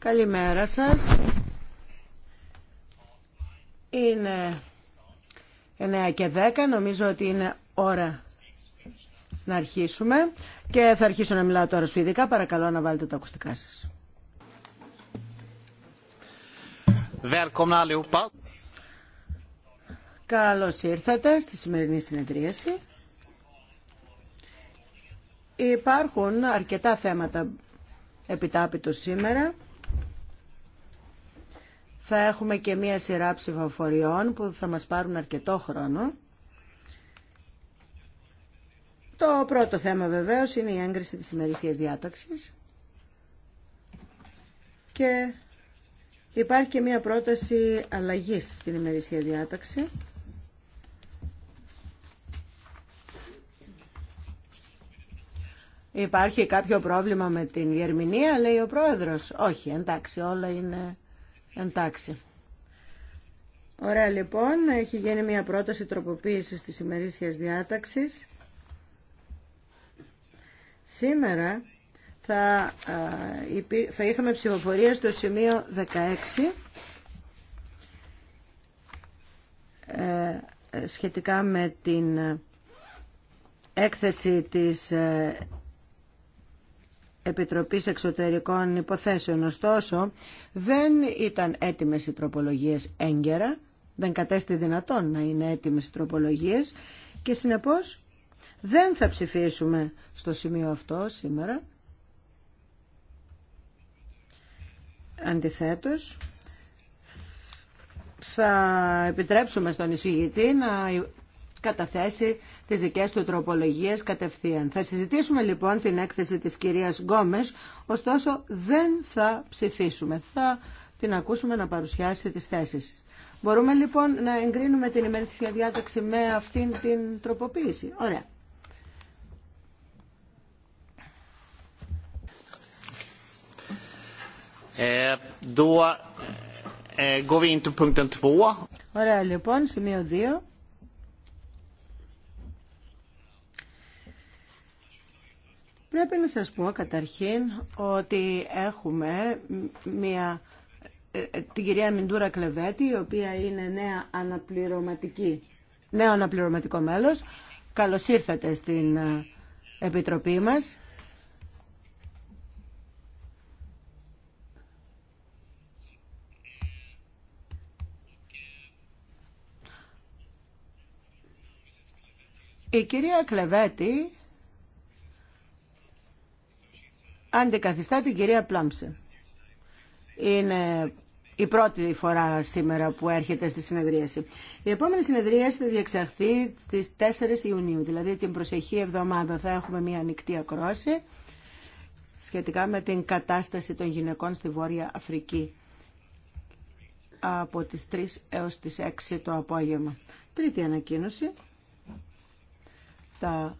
Καλημέρα σας. Είναι 9 και 10, νομίζω ότι είναι ώρα να αρχίσουμε και θα αρχίσω να μιλάω τώρα σου παρακαλώ να βάλετε τα ακουστικά σας. Välkomna Καλώς ήρθατε στη σημερινή συνεδρίαση. Υπάρχουν αρκετά θέματα επιτάπητο σήμερα. Θα έχουμε και μία σειρά ψηφοφοριών που θα μας πάρουν αρκετό χρόνο. Το πρώτο θέμα βεβαίως είναι η έγκριση της ημερήσιας διάταξης. Και υπάρχει και μία πρόταση αλλαγής στην ημερήσια διάταξη. Υπάρχει κάποιο πρόβλημα με την γερμηνία, λέει ο πρόεδρος. Όχι, εντάξει, όλα είναι εντάξει. Ωραία λοιπόν, έχει γίνει μια πρόταση τροποποίησης της ημερήσιας διάταξης. Σήμερα θα, θα είχαμε ψηφοφορία στο σημείο 16 ε, σχετικά με την ε, έκθεση της ε, Επιτροπής Εξωτερικών Υποθέσεων. Ωστόσο, δεν ήταν έτοιμες οι τροπολογίες έγκαιρα, δεν κατέστη δυνατόν να είναι έτοιμες οι τροπολογίες και συνεπώς δεν θα ψηφίσουμε στο σημείο αυτό σήμερα. Αντιθέτως, θα επιτρέψουμε στον εισηγητή να καταθέσει τις δικές του τροπολογίες κατευθείαν. Θα συζητήσουμε λοιπόν την έκθεση της κυρίας Γκόμες, ωστόσο δεν θα ψηφίσουμε. Θα την ακούσουμε να παρουσιάσει τις θέσεις. Μπορούμε λοιπόν να εγκρίνουμε την ημερήθησια διάταξη με αυτήν την τροποποίηση. Ωραία. Ε, 2. Ε, ε, Ωραία λοιπόν, σημείο 2. Πρέπει να σας πω καταρχήν ότι έχουμε μια, ε, ε, την κυρία Μιντούρα Κλεβέτη, η οποία είναι νέα αναπληρωματική, νέο αναπληρωματικό μέλος. Καλώς ήρθατε στην ε, Επιτροπή μας. Η κυρία Κλεβέτη αντικαθιστά την κυρία Πλάμψε. Είναι η πρώτη φορά σήμερα που έρχεται στη συνεδρίαση. Η επόμενη συνεδρίαση θα διεξαχθεί στις 4 Ιουνίου, δηλαδή την προσεχή εβδομάδα θα έχουμε μια ανοιχτή ακρόαση σχετικά με την κατάσταση των γυναικών στη Βόρεια Αφρική από τις 3 έως τις 6 το απόγευμα. Τρίτη ανακοίνωση. Τα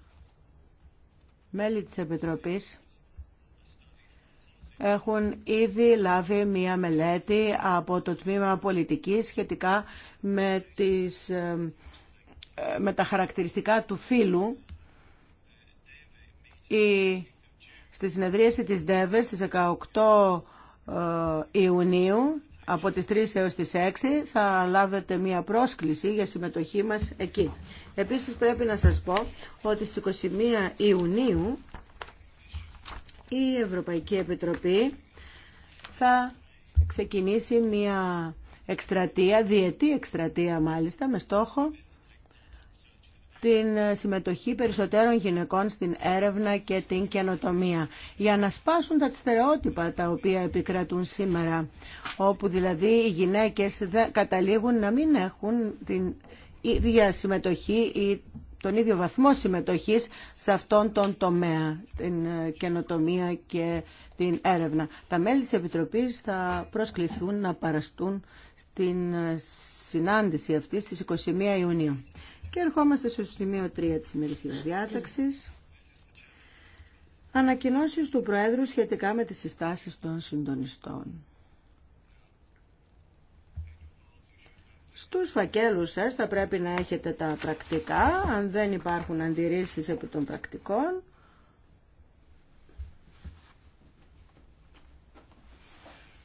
μέλη της Επιτροπής έχουν ήδη λάβει μία μελέτη από το Τμήμα Πολιτικής σχετικά με, τις, ε, με τα χαρακτηριστικά του φύλου. Η, στη συνεδρίαση της ΔΕΒΕ στις 18 ε, Ιουνίου από τις 3 έως τις 6 θα λάβετε μία πρόσκληση για συμμετοχή μας εκεί. Επίσης πρέπει να σας πω ότι στις 21 Ιουνίου η Ευρωπαϊκή Επιτροπή θα ξεκινήσει μια εκστρατεία, διετή εκστρατεία μάλιστα, με στόχο την συμμετοχή περισσότερων γυναικών στην έρευνα και την καινοτομία για να σπάσουν τα στερεότυπα τα οποία επικρατούν σήμερα όπου δηλαδή οι γυναίκες καταλήγουν να μην έχουν την ίδια συμμετοχή ή τον ίδιο βαθμό συμμετοχής σε αυτόν τον τομέα, την ε, καινοτομία και την έρευνα. Τα μέλη της Επιτροπής θα προσκληθούν να παραστούν στην ε, συνάντηση αυτή στις 21 Ιουνίου. Και ερχόμαστε στο σημείο 3 της ημερησίας διάταξης. Ανακοινώσεις του Προέδρου σχετικά με τις συστάσεις των συντονιστών. Στους φακέλους σας θα πρέπει να έχετε τα πρακτικά, αν δεν υπάρχουν αντιρρήσεις επί των πρακτικών.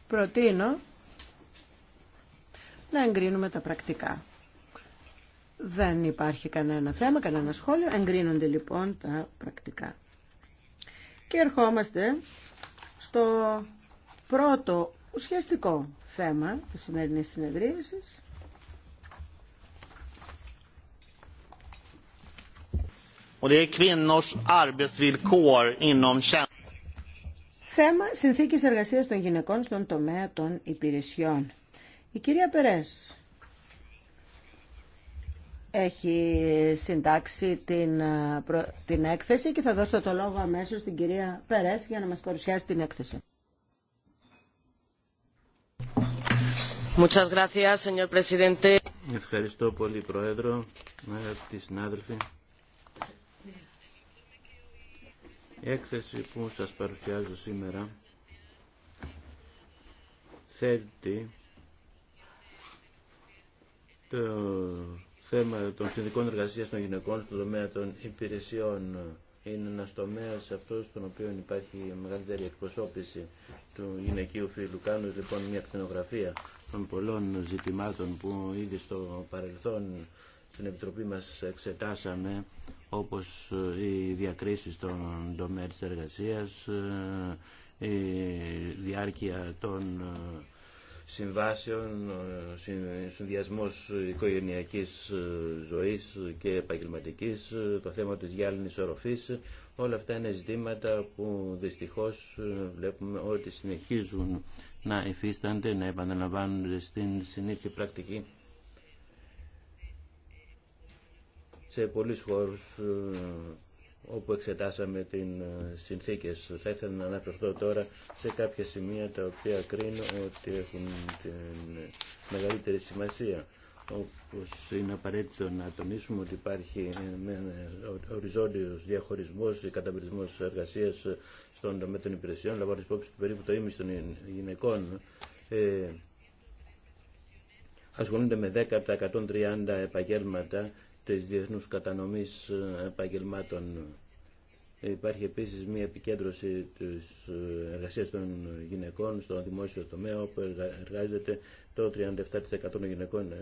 Προτείνω να εγκρίνουμε τα πρακτικά. Δεν υπάρχει κανένα θέμα, κανένα σχόλιο. Εγκρίνονται λοιπόν τα πρακτικά. Και ερχόμαστε στο πρώτο ουσιαστικό θέμα της σημερινής συνεδρίασης. Och det är kvinnors arbetsvillkor inom Θέμα συνθήκης εργασίας των γυναικών στον τομέα των υπηρεσιών. Η κυρία Περές έχει συντάξει την, ε, την έκθεση και θα δώσω το λόγο αμέσως στην κυρία Περές για να μας παρουσιάσει την έκθεση. Ευχαριστώ πολύ, Πρόεδρο, αγαπητοί συνάδελφοι. έκθεση που σας παρουσιάζω σήμερα θέτει το θέμα των συνδικών εργασίας των γυναικών στον τομέα των υπηρεσιών είναι ένας τομέας αυτός στον οποίο υπάρχει μεγαλύτερη εκπροσώπηση του γυναικείου φίλου. Κάνω λοιπόν μια κτηνογραφία των πολλών ζητημάτων που ήδη στο παρελθόν στην Επιτροπή μας εξετάσαμε όπως οι διακρίσεις των τομέα της εργασίας, η διάρκεια των συμβάσεων, συνδυασμός οικογενειακής ζωής και επαγγελματικής, το θέμα της γυάλινης οροφής, όλα αυτά είναι ζητήματα που δυστυχώς βλέπουμε ότι συνεχίζουν να υφίστανται, να επαναλαμβάνονται στην συνήθεια πρακτική σε πολλούς χώρους ε, όπου εξετάσαμε την ε, συνθήκες. Θα ήθελα να αναφερθώ τώρα σε κάποια σημεία τα οποία κρίνω ότι έχουν την μεγαλύτερη σημασία. Όπως είναι απαραίτητο να τονίσουμε ότι υπάρχει ε, οριζόντιος διαχωρισμός, καταπληρισμός εργασίας στον τομέα των υπηρεσιών, λαμβάνοντας υπόψη περίπου το ίμιση των γυναικών ασχολούνται με 10 από τα 130 επαγγέλματα της διεθνούς κατανομής ε, επαγγελμάτων. Υπάρχει επίσης μια επικέντρωση της ε, εργασίας των γυναικών στο δημόσιο τομέα όπου εργάζεται το 37% των γυναικών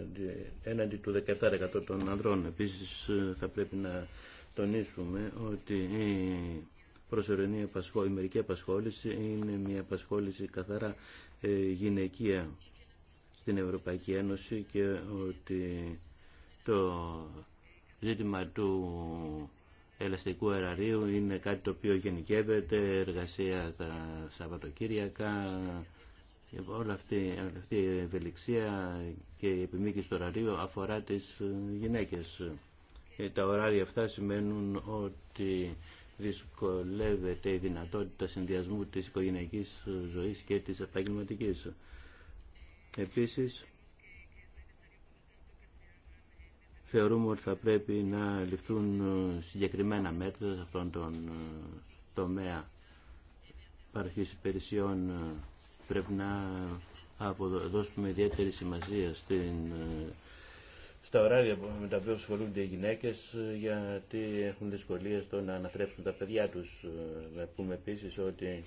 έναντι του 17% των ανδρών. Επίσης ε, θα πρέπει να τονίσουμε ότι η προσωρινή ημερική η μερική απασχόληση είναι μια απασχόληση καθαρά γυναικεία στην Ευρωπαϊκή Ένωση και ότι το ζήτημα του ελαστικού αεραρίου είναι κάτι το οποίο γενικεύεται, εργασία τα Σαββατοκύριακα, όλη αυτή, όλη αυτή η ευελιξία και η επιμήκυση του αεραρίου αφορά τις γυναίκες. Ε, τα ωράρια αυτά σημαίνουν ότι δυσκολεύεται η δυνατότητα συνδυασμού της οικογενειακής ζωής και της επαγγελματικής. Επίσης, θεωρούμε ότι θα πρέπει να ληφθούν ε, συγκεκριμένα μέτρα σε αυτόν τον ε, τομέα παροχής υπηρεσιών ε, πρέπει να δώσουμε ιδιαίτερη σημασία στην, στα ωράρια με τα οποία ασχολούνται οι γυναίκες γιατί έχουν δυσκολίες στο να αναθρέψουν τα παιδιά τους. Να πούμε επίσης ότι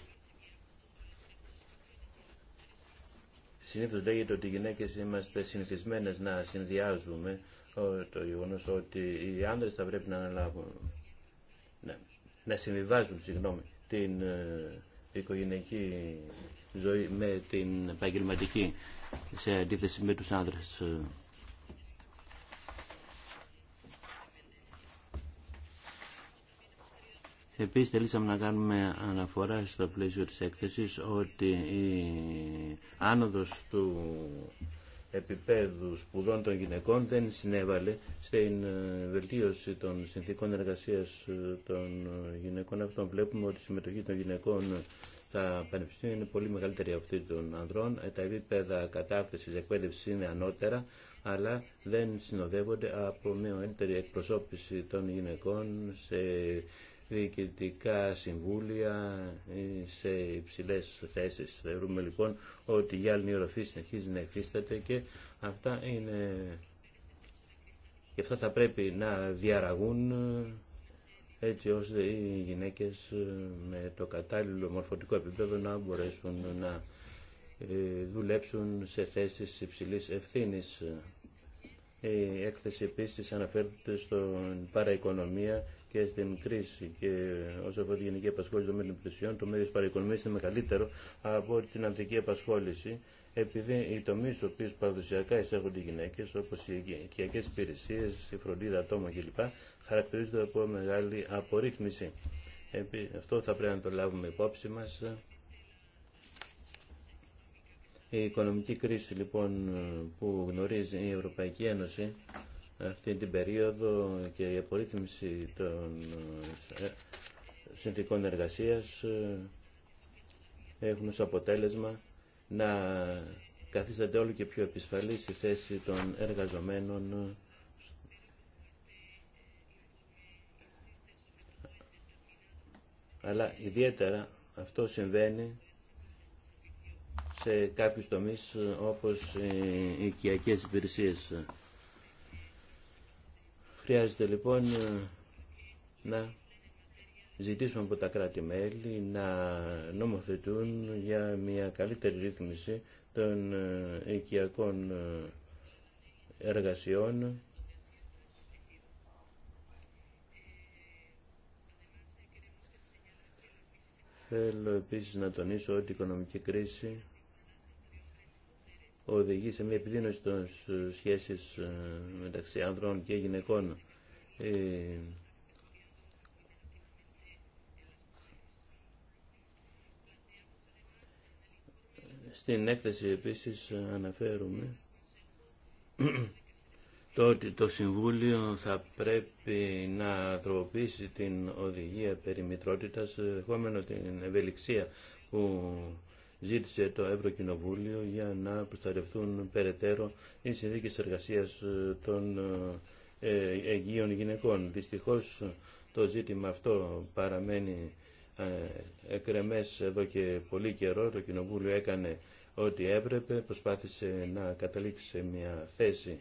συνήθως λέγεται ότι οι γυναίκες είμαστε συνηθισμένες να συνδυάζουμε το γεγονό ότι οι άνδρες θα πρέπει να αναλάβουν, να, να συμβιβάζουν συγγνώμη, την ε, οικογενειακή ζωή με την επαγγελματική σε αντίθεση με τους άντρες. Επίσης θέλησαμε να κάνουμε αναφορά στο πλαίσιο της έκθεσης ότι η άνοδος του επίπεδου σπουδών των γυναικών δεν συνέβαλε στην ε, βελτίωση των συνθήκων εργασίας ε, των γυναικών αυτών. Βλέπουμε ότι η συμμετοχή των γυναικών στα πανεπιστήμια είναι πολύ μεγαλύτερη από αυτή των ανδρών. Ε, τα επίπεδα κατάρτισης εκπαίδευση είναι ανώτερα, αλλά δεν συνοδεύονται από μια μεγαλύτερη εκπροσώπηση των γυναικών σε διοικητικά συμβούλια σε υψηλές θέσεις. Θεωρούμε λοιπόν ότι η γυάλινη οροφή συνεχίζει να υφίσταται και αυτά είναι και αυτά θα πρέπει να διαραγούν ε, έτσι ώστε οι γυναίκες ε, με το κατάλληλο μορφωτικό επίπεδο να μπορέσουν να ε, δουλέψουν σε θέσεις υψηλής ευθύνης. Η έκθεση επίσης αναφέρεται στον παραοικονομία και στην κρίση και όσο αφορά τη γενική απασχόληση των μέλων πλησιών, το μέγεθο παραοικονομία είναι μεγαλύτερο από την αντρική απασχόληση, επειδή οι τομεί στου οποίου παραδοσιακά εισέρχονται οι γυναίκε, όπω οι οικιακέ υπηρεσίε, η φροντίδα ατόμων κλπ., χαρακτηρίζονται από μεγάλη απορρίθμιση. αυτό θα πρέπει να το λάβουμε υπόψη μα. Η οικονομική κρίση λοιπόν που γνωρίζει η Ευρωπαϊκή Ένωση αυτή την περίοδο και η απορρίθμιση των ε, συνθηκών εργασίας ε, έχουν ως αποτέλεσμα να καθίσταται όλο και πιο επισφαλή η θέση των εργαζομένων ε, αλλά ιδιαίτερα αυτό συμβαίνει σε κάποιους τομείς όπως οι οικιακές υπηρεσίες. Χρειάζεται λοιπόν ε, να ζητήσουμε από τα κράτη-μέλη να νομοθετούν για μια καλύτερη ρύθμιση των ε, οικιακών ε, εργασιών Θέλω επίσης να τονίσω ότι η οικονομική κρίση οδηγεί σε μια επιδείνωση των σχέσεων μεταξύ ανδρών και γυναικών. Ε, στην έκθεση επίσης αναφέρουμε το ότι το Συμβούλιο θα πρέπει να τροποποιήσει την οδηγία περιμητρότητας, δεχόμενο την ευελιξία που ζήτησε το Ευρωκοινοβούλιο για να προστατευτούν περαιτέρω οι συνθήκες εργασίας ε, των ε, ε, εγγύων γυναικών. Δυστυχώς το ζήτημα αυτό παραμένει εκρεμές εδώ και πολύ καιρό. Το Κοινοβούλιο έκανε ό,τι έπρεπε, προσπάθησε να καταλήξει σε μια θέση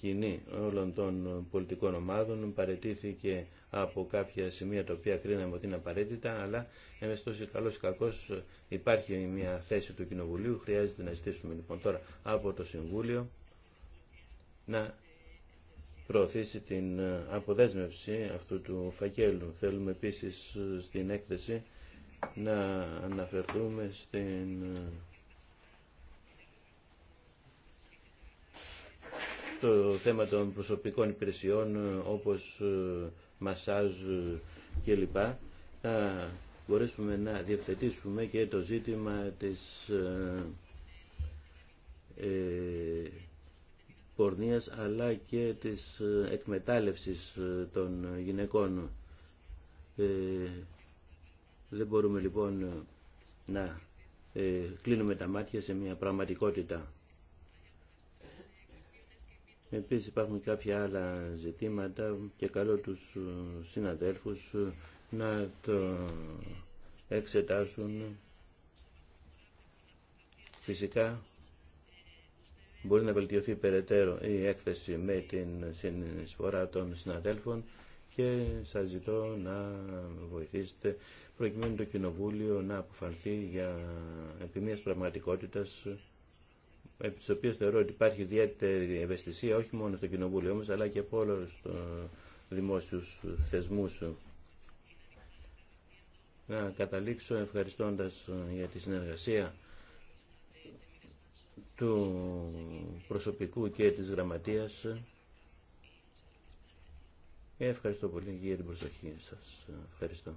κοινή όλων των πολιτικών ομάδων παρετήθηκε από κάποια σημεία τα οποία κρίναμε ότι είναι απαραίτητα, αλλά εμείς τόσο καλός κακός υπάρχει μια θέση του Κοινοβουλίου, χρειάζεται να ζητήσουμε λοιπόν τώρα από το Συμβούλιο να προωθήσει την αποδέσμευση αυτού του φακέλου. Θέλουμε επίσης στην έκθεση να αναφερθούμε στην το θέμα των προσωπικών υπηρεσιών όπως ε, μασάζ ε, κλπ. Θα μπορέσουμε να διευθετήσουμε και το ζήτημα της ε, ε πορνείας αλλά και της εκμετάλλευσης των γυναικών. Ε, δεν μπορούμε λοιπόν να κλείνουμε τα μάτια σε μια πραγματικότητα Επίσης υπάρχουν κάποια άλλα ζητήματα και καλό τους ε, συναδέλφους ε, να το εξετάσουν. Φυσικά μπορεί να βελτιωθεί περαιτέρω η έκθεση με την συνεισφορά των συναδέλφων και σας ζητώ να βοηθήσετε προκειμένου το Κοινοβούλιο να αποφανθεί για επιμίας πραγματικότητας επί τη οποία θεωρώ ότι υπάρχει ιδιαίτερη ευαισθησία όχι μόνο στο Κοινοβούλιο μας αλλά και από όλου του δημόσιου θεσμούς. Να καταλήξω ευχαριστώντας ε, για τη συνεργασία του προσωπικού και της γραμματείας. Ε, ευχαριστώ πολύ για την προσοχή σας. Ευχαριστώ.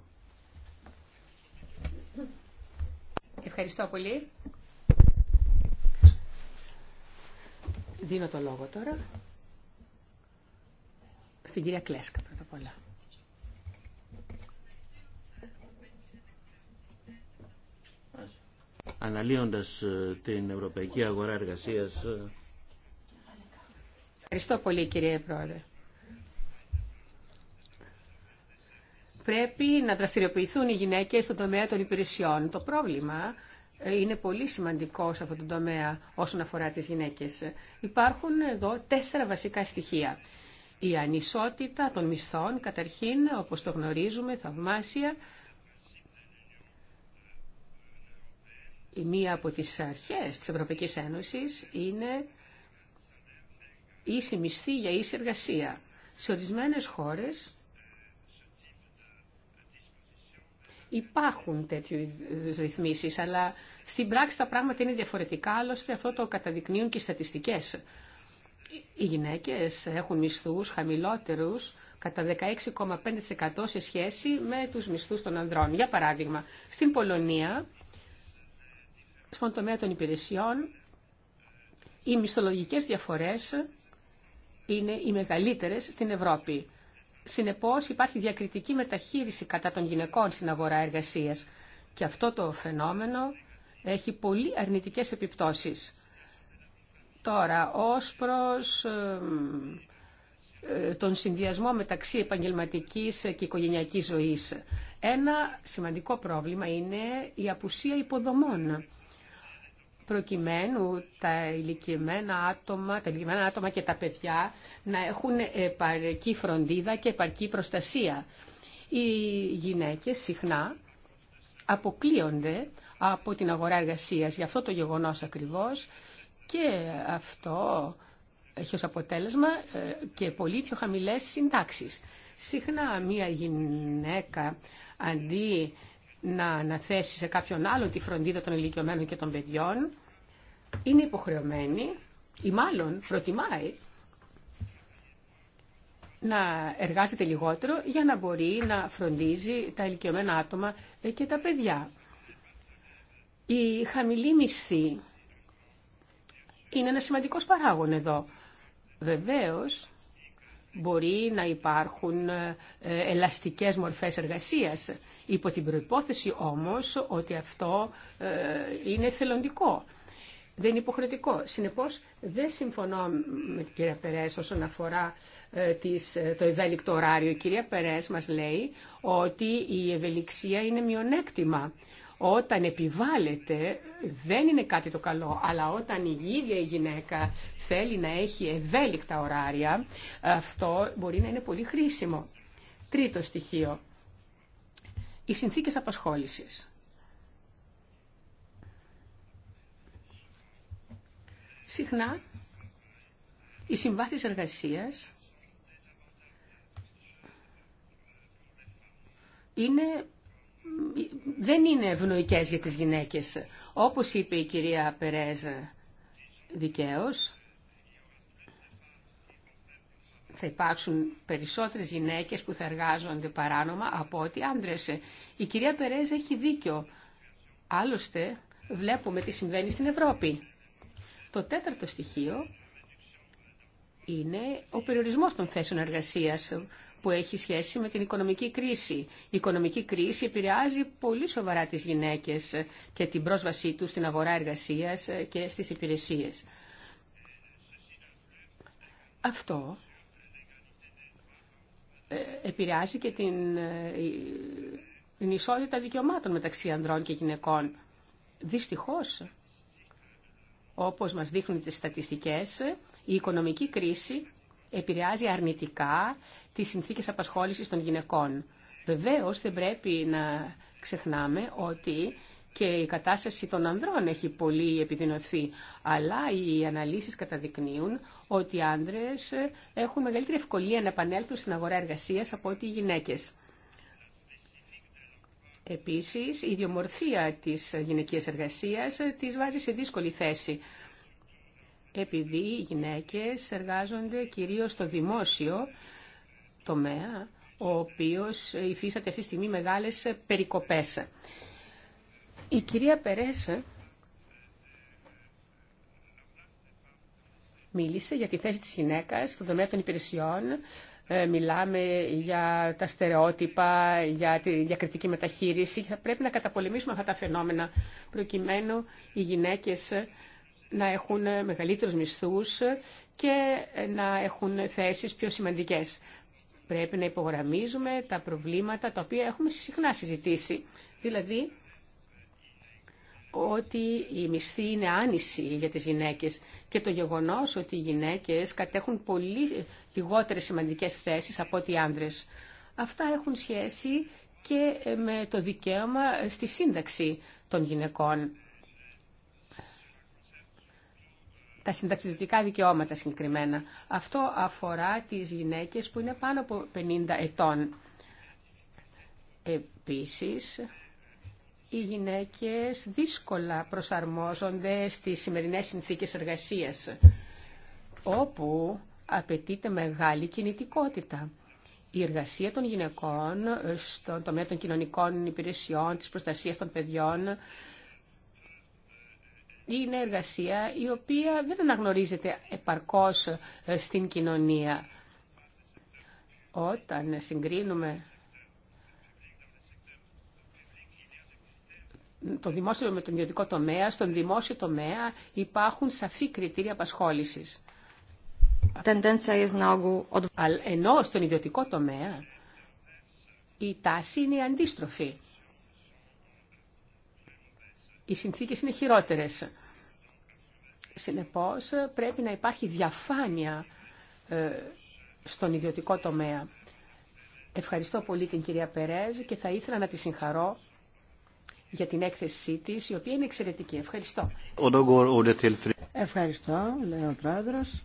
Ευχαριστώ πολύ. Δίνω το λόγο τώρα στην κυρία Κλέσκα πρώτα απ' όλα. Αναλύοντας ε, την Ευρωπαϊκή Αγορά Εργασίας... Ε, Ευχαριστώ πολύ κύριε Πρόεδρε. Πρέπει να δραστηριοποιηθούν οι γυναίκες στον τομέα των υπηρεσιών. Το πρόβλημα είναι πολύ σημαντικό σε αυτόν τον τομέα όσον αφορά τις γυναίκες. Υπάρχουν εδώ τέσσερα βασικά στοιχεία. Η ανισότητα των μισθών, καταρχήν, όπως το γνωρίζουμε, θαυμάσια, η μία από τις αρχές της Ευρωπαϊκής Ένωσης είναι ίση μισθή για ίση εργασία. Σε ορισμένες χώρες Υπάρχουν τέτοιου ρυθμίσεις, αλλά στην πράξη τα πράγματα είναι διαφορετικά, άλλωστε αυτό το καταδεικνύουν και οι στατιστικέ. Οι γυναίκες έχουν μισθούς χαμηλότερους κατά 16,5% σε σχέση με τους μισθούς των ανδρών. Για παράδειγμα, στην Πολωνία, στον τομέα των υπηρεσιών, οι μισθολογικές διαφορές είναι οι μεγαλύτερες στην Ευρώπη. Συνεπώς υπάρχει διακριτική μεταχείριση κατά των γυναικών στην αγορά εργασίας και αυτό το φαινόμενο έχει πολύ αρνητικές επιπτώσεις. Τώρα, ως προς ε, τον συνδυασμό μεταξύ επαγγελματικής και οικογενειακής ζωής. Ένα σημαντικό πρόβλημα είναι η απουσία υποδομών προκειμένου τα ηλικιωμένα άτομα, τα ηλικιωμένα άτομα και τα παιδιά να έχουν επαρκή φροντίδα και επαρκή προστασία. Οι γυναίκες συχνά αποκλείονται από την αγορά εργασίας για αυτό το γεγονός ακριβώς και αυτό έχει ως αποτέλεσμα ε, και πολύ πιο χαμηλές συντάξεις. Συχνά μία γυναίκα αντί να αναθέσει σε κάποιον άλλον τη φροντίδα των ηλικιωμένων και των παιδιών, είναι υποχρεωμένη ή μάλλον προτιμάει να εργάζεται λιγότερο για να μπορεί να φροντίζει τα ηλικιωμένα άτομα και τα παιδιά. Η χαμηλή μισθή είναι ένα σημαντικός παράγον εδώ. Βεβαίως, μπορεί να υπάρχουν ε, ελαστικές μορφές εργασίας. Υπό την προϋπόθεση όμως ότι αυτό ε, είναι θελοντικό. Δεν είναι υποχρεωτικό. Συνεπώς δεν συμφωνώ με την κυρία Περές όσον αφορά ε, το ευέλικτο ωράριο. Η κυρία Περές μας λέει ότι η ευελιξία είναι μειονέκτημα όταν επιβάλλεται δεν είναι κάτι το καλό, αλλά όταν η ίδια η γυναίκα θέλει να έχει ευέλικτα ωράρια, αυτό μπορεί να είναι πολύ χρήσιμο. Τρίτο στοιχείο, οι συνθήκες απασχόλησης. Συχνά οι συμβάσεις εργασίας είναι δεν είναι ευνοϊκέ για τις γυναίκες. Όπως είπε η κυρία Περέζα δικαίως, θα υπάρξουν περισσότερες γυναίκες που θα εργάζονται παράνομα από ότι άντρες. Η κυρία Περέζ έχει δίκιο. Άλλωστε, βλέπουμε τι συμβαίνει στην Ευρώπη. Το τέταρτο στοιχείο είναι ο περιορισμός των θέσεων εργασίας που έχει σχέση με την οικονομική κρίση. Η οικονομική κρίση επηρεάζει πολύ σοβαρά τις γυναίκες και την πρόσβασή τους στην αγορά εργασίας και στις υπηρεσίες. Αυτό ε, επηρεάζει και την, την ε, ισότητα δικαιωμάτων μεταξύ ανδρών και γυναικών. Δυστυχώς, όπως μας δείχνουν τις στατιστικές, η οικονομική κρίση επηρεάζει αρνητικά τις συνθήκες απασχόλησης των γυναικών. Βεβαίως δεν πρέπει να ξεχνάμε ότι και η κατάσταση των ανδρών έχει πολύ επιδεινωθεί. Αλλά οι αναλύσεις καταδεικνύουν ότι οι άνδρες έχουν μεγαλύτερη ευκολία να επανέλθουν στην αγορά εργασίας από ότι οι γυναίκες. Επίσης, η ιδιομορφία της γυναικείας εργασίας τις βάζει σε δύσκολη θέση επειδή οι γυναίκες εργάζονται κυρίως στο δημόσιο τομέα, ο οποίος υφίσταται αυτή τη στιγμή μεγάλες περικοπές. Η κυρία Περέσε μίλησε για τη θέση της γυναίκας στον τομέα των υπηρεσιών. Ε, μιλάμε για τα στερεότυπα, για τη διακριτική μεταχείριση. Θα πρέπει να καταπολεμήσουμε αυτά τα φαινόμενα προκειμένου οι γυναίκες να έχουν μεγαλύτερους μισθούς και να έχουν θέσεις πιο σημαντικές. Πρέπει να υπογραμμίζουμε τα προβλήματα τα οποία έχουμε συχνά συζητήσει. Δηλαδή, ότι η μισθή είναι άνηση για τις γυναίκες και το γεγονός ότι οι γυναίκες κατέχουν πολύ λιγότερες σημαντικές θέσεις από ότι οι άνδρες. Αυτά έχουν σχέση και με το δικαίωμα στη σύνταξη των γυναικών. τα συνταξιδοτικά δικαιώματα συγκεκριμένα. Αυτό αφορά τις γυναίκες που είναι πάνω από 50 ετών. Επίσης, οι γυναίκες δύσκολα προσαρμόζονται στις σημερινές συνθήκες εργασίας, όπου απαιτείται μεγάλη κινητικότητα. Η εργασία των γυναικών στον τομέα των κοινωνικών υπηρεσιών, της προστασίας των παιδιών, είναι εργασία η οποία δεν αναγνωρίζεται επαρκώς ε, στην κοινωνία. Όταν συγκρίνουμε το δημόσιο με τον ιδιωτικό τομέα, στον δημόσιο τομέα υπάρχουν σαφή κριτήρια απασχόλησης. Ενώ στον ιδιωτικό τομέα η τάση είναι αντίστροφη οι συνθήκες είναι χειρότερες. Συνεπώς, πρέπει να υπάρχει διαφάνεια ε, στον ιδιωτικό τομέα. Ευχαριστώ πολύ την κυρία Περέζ και θα ήθελα να τη συγχαρώ για την έκθεσή της, η οποία είναι εξαιρετική. Ευχαριστώ. Ευχαριστώ, λέει ο Πρόεδρος.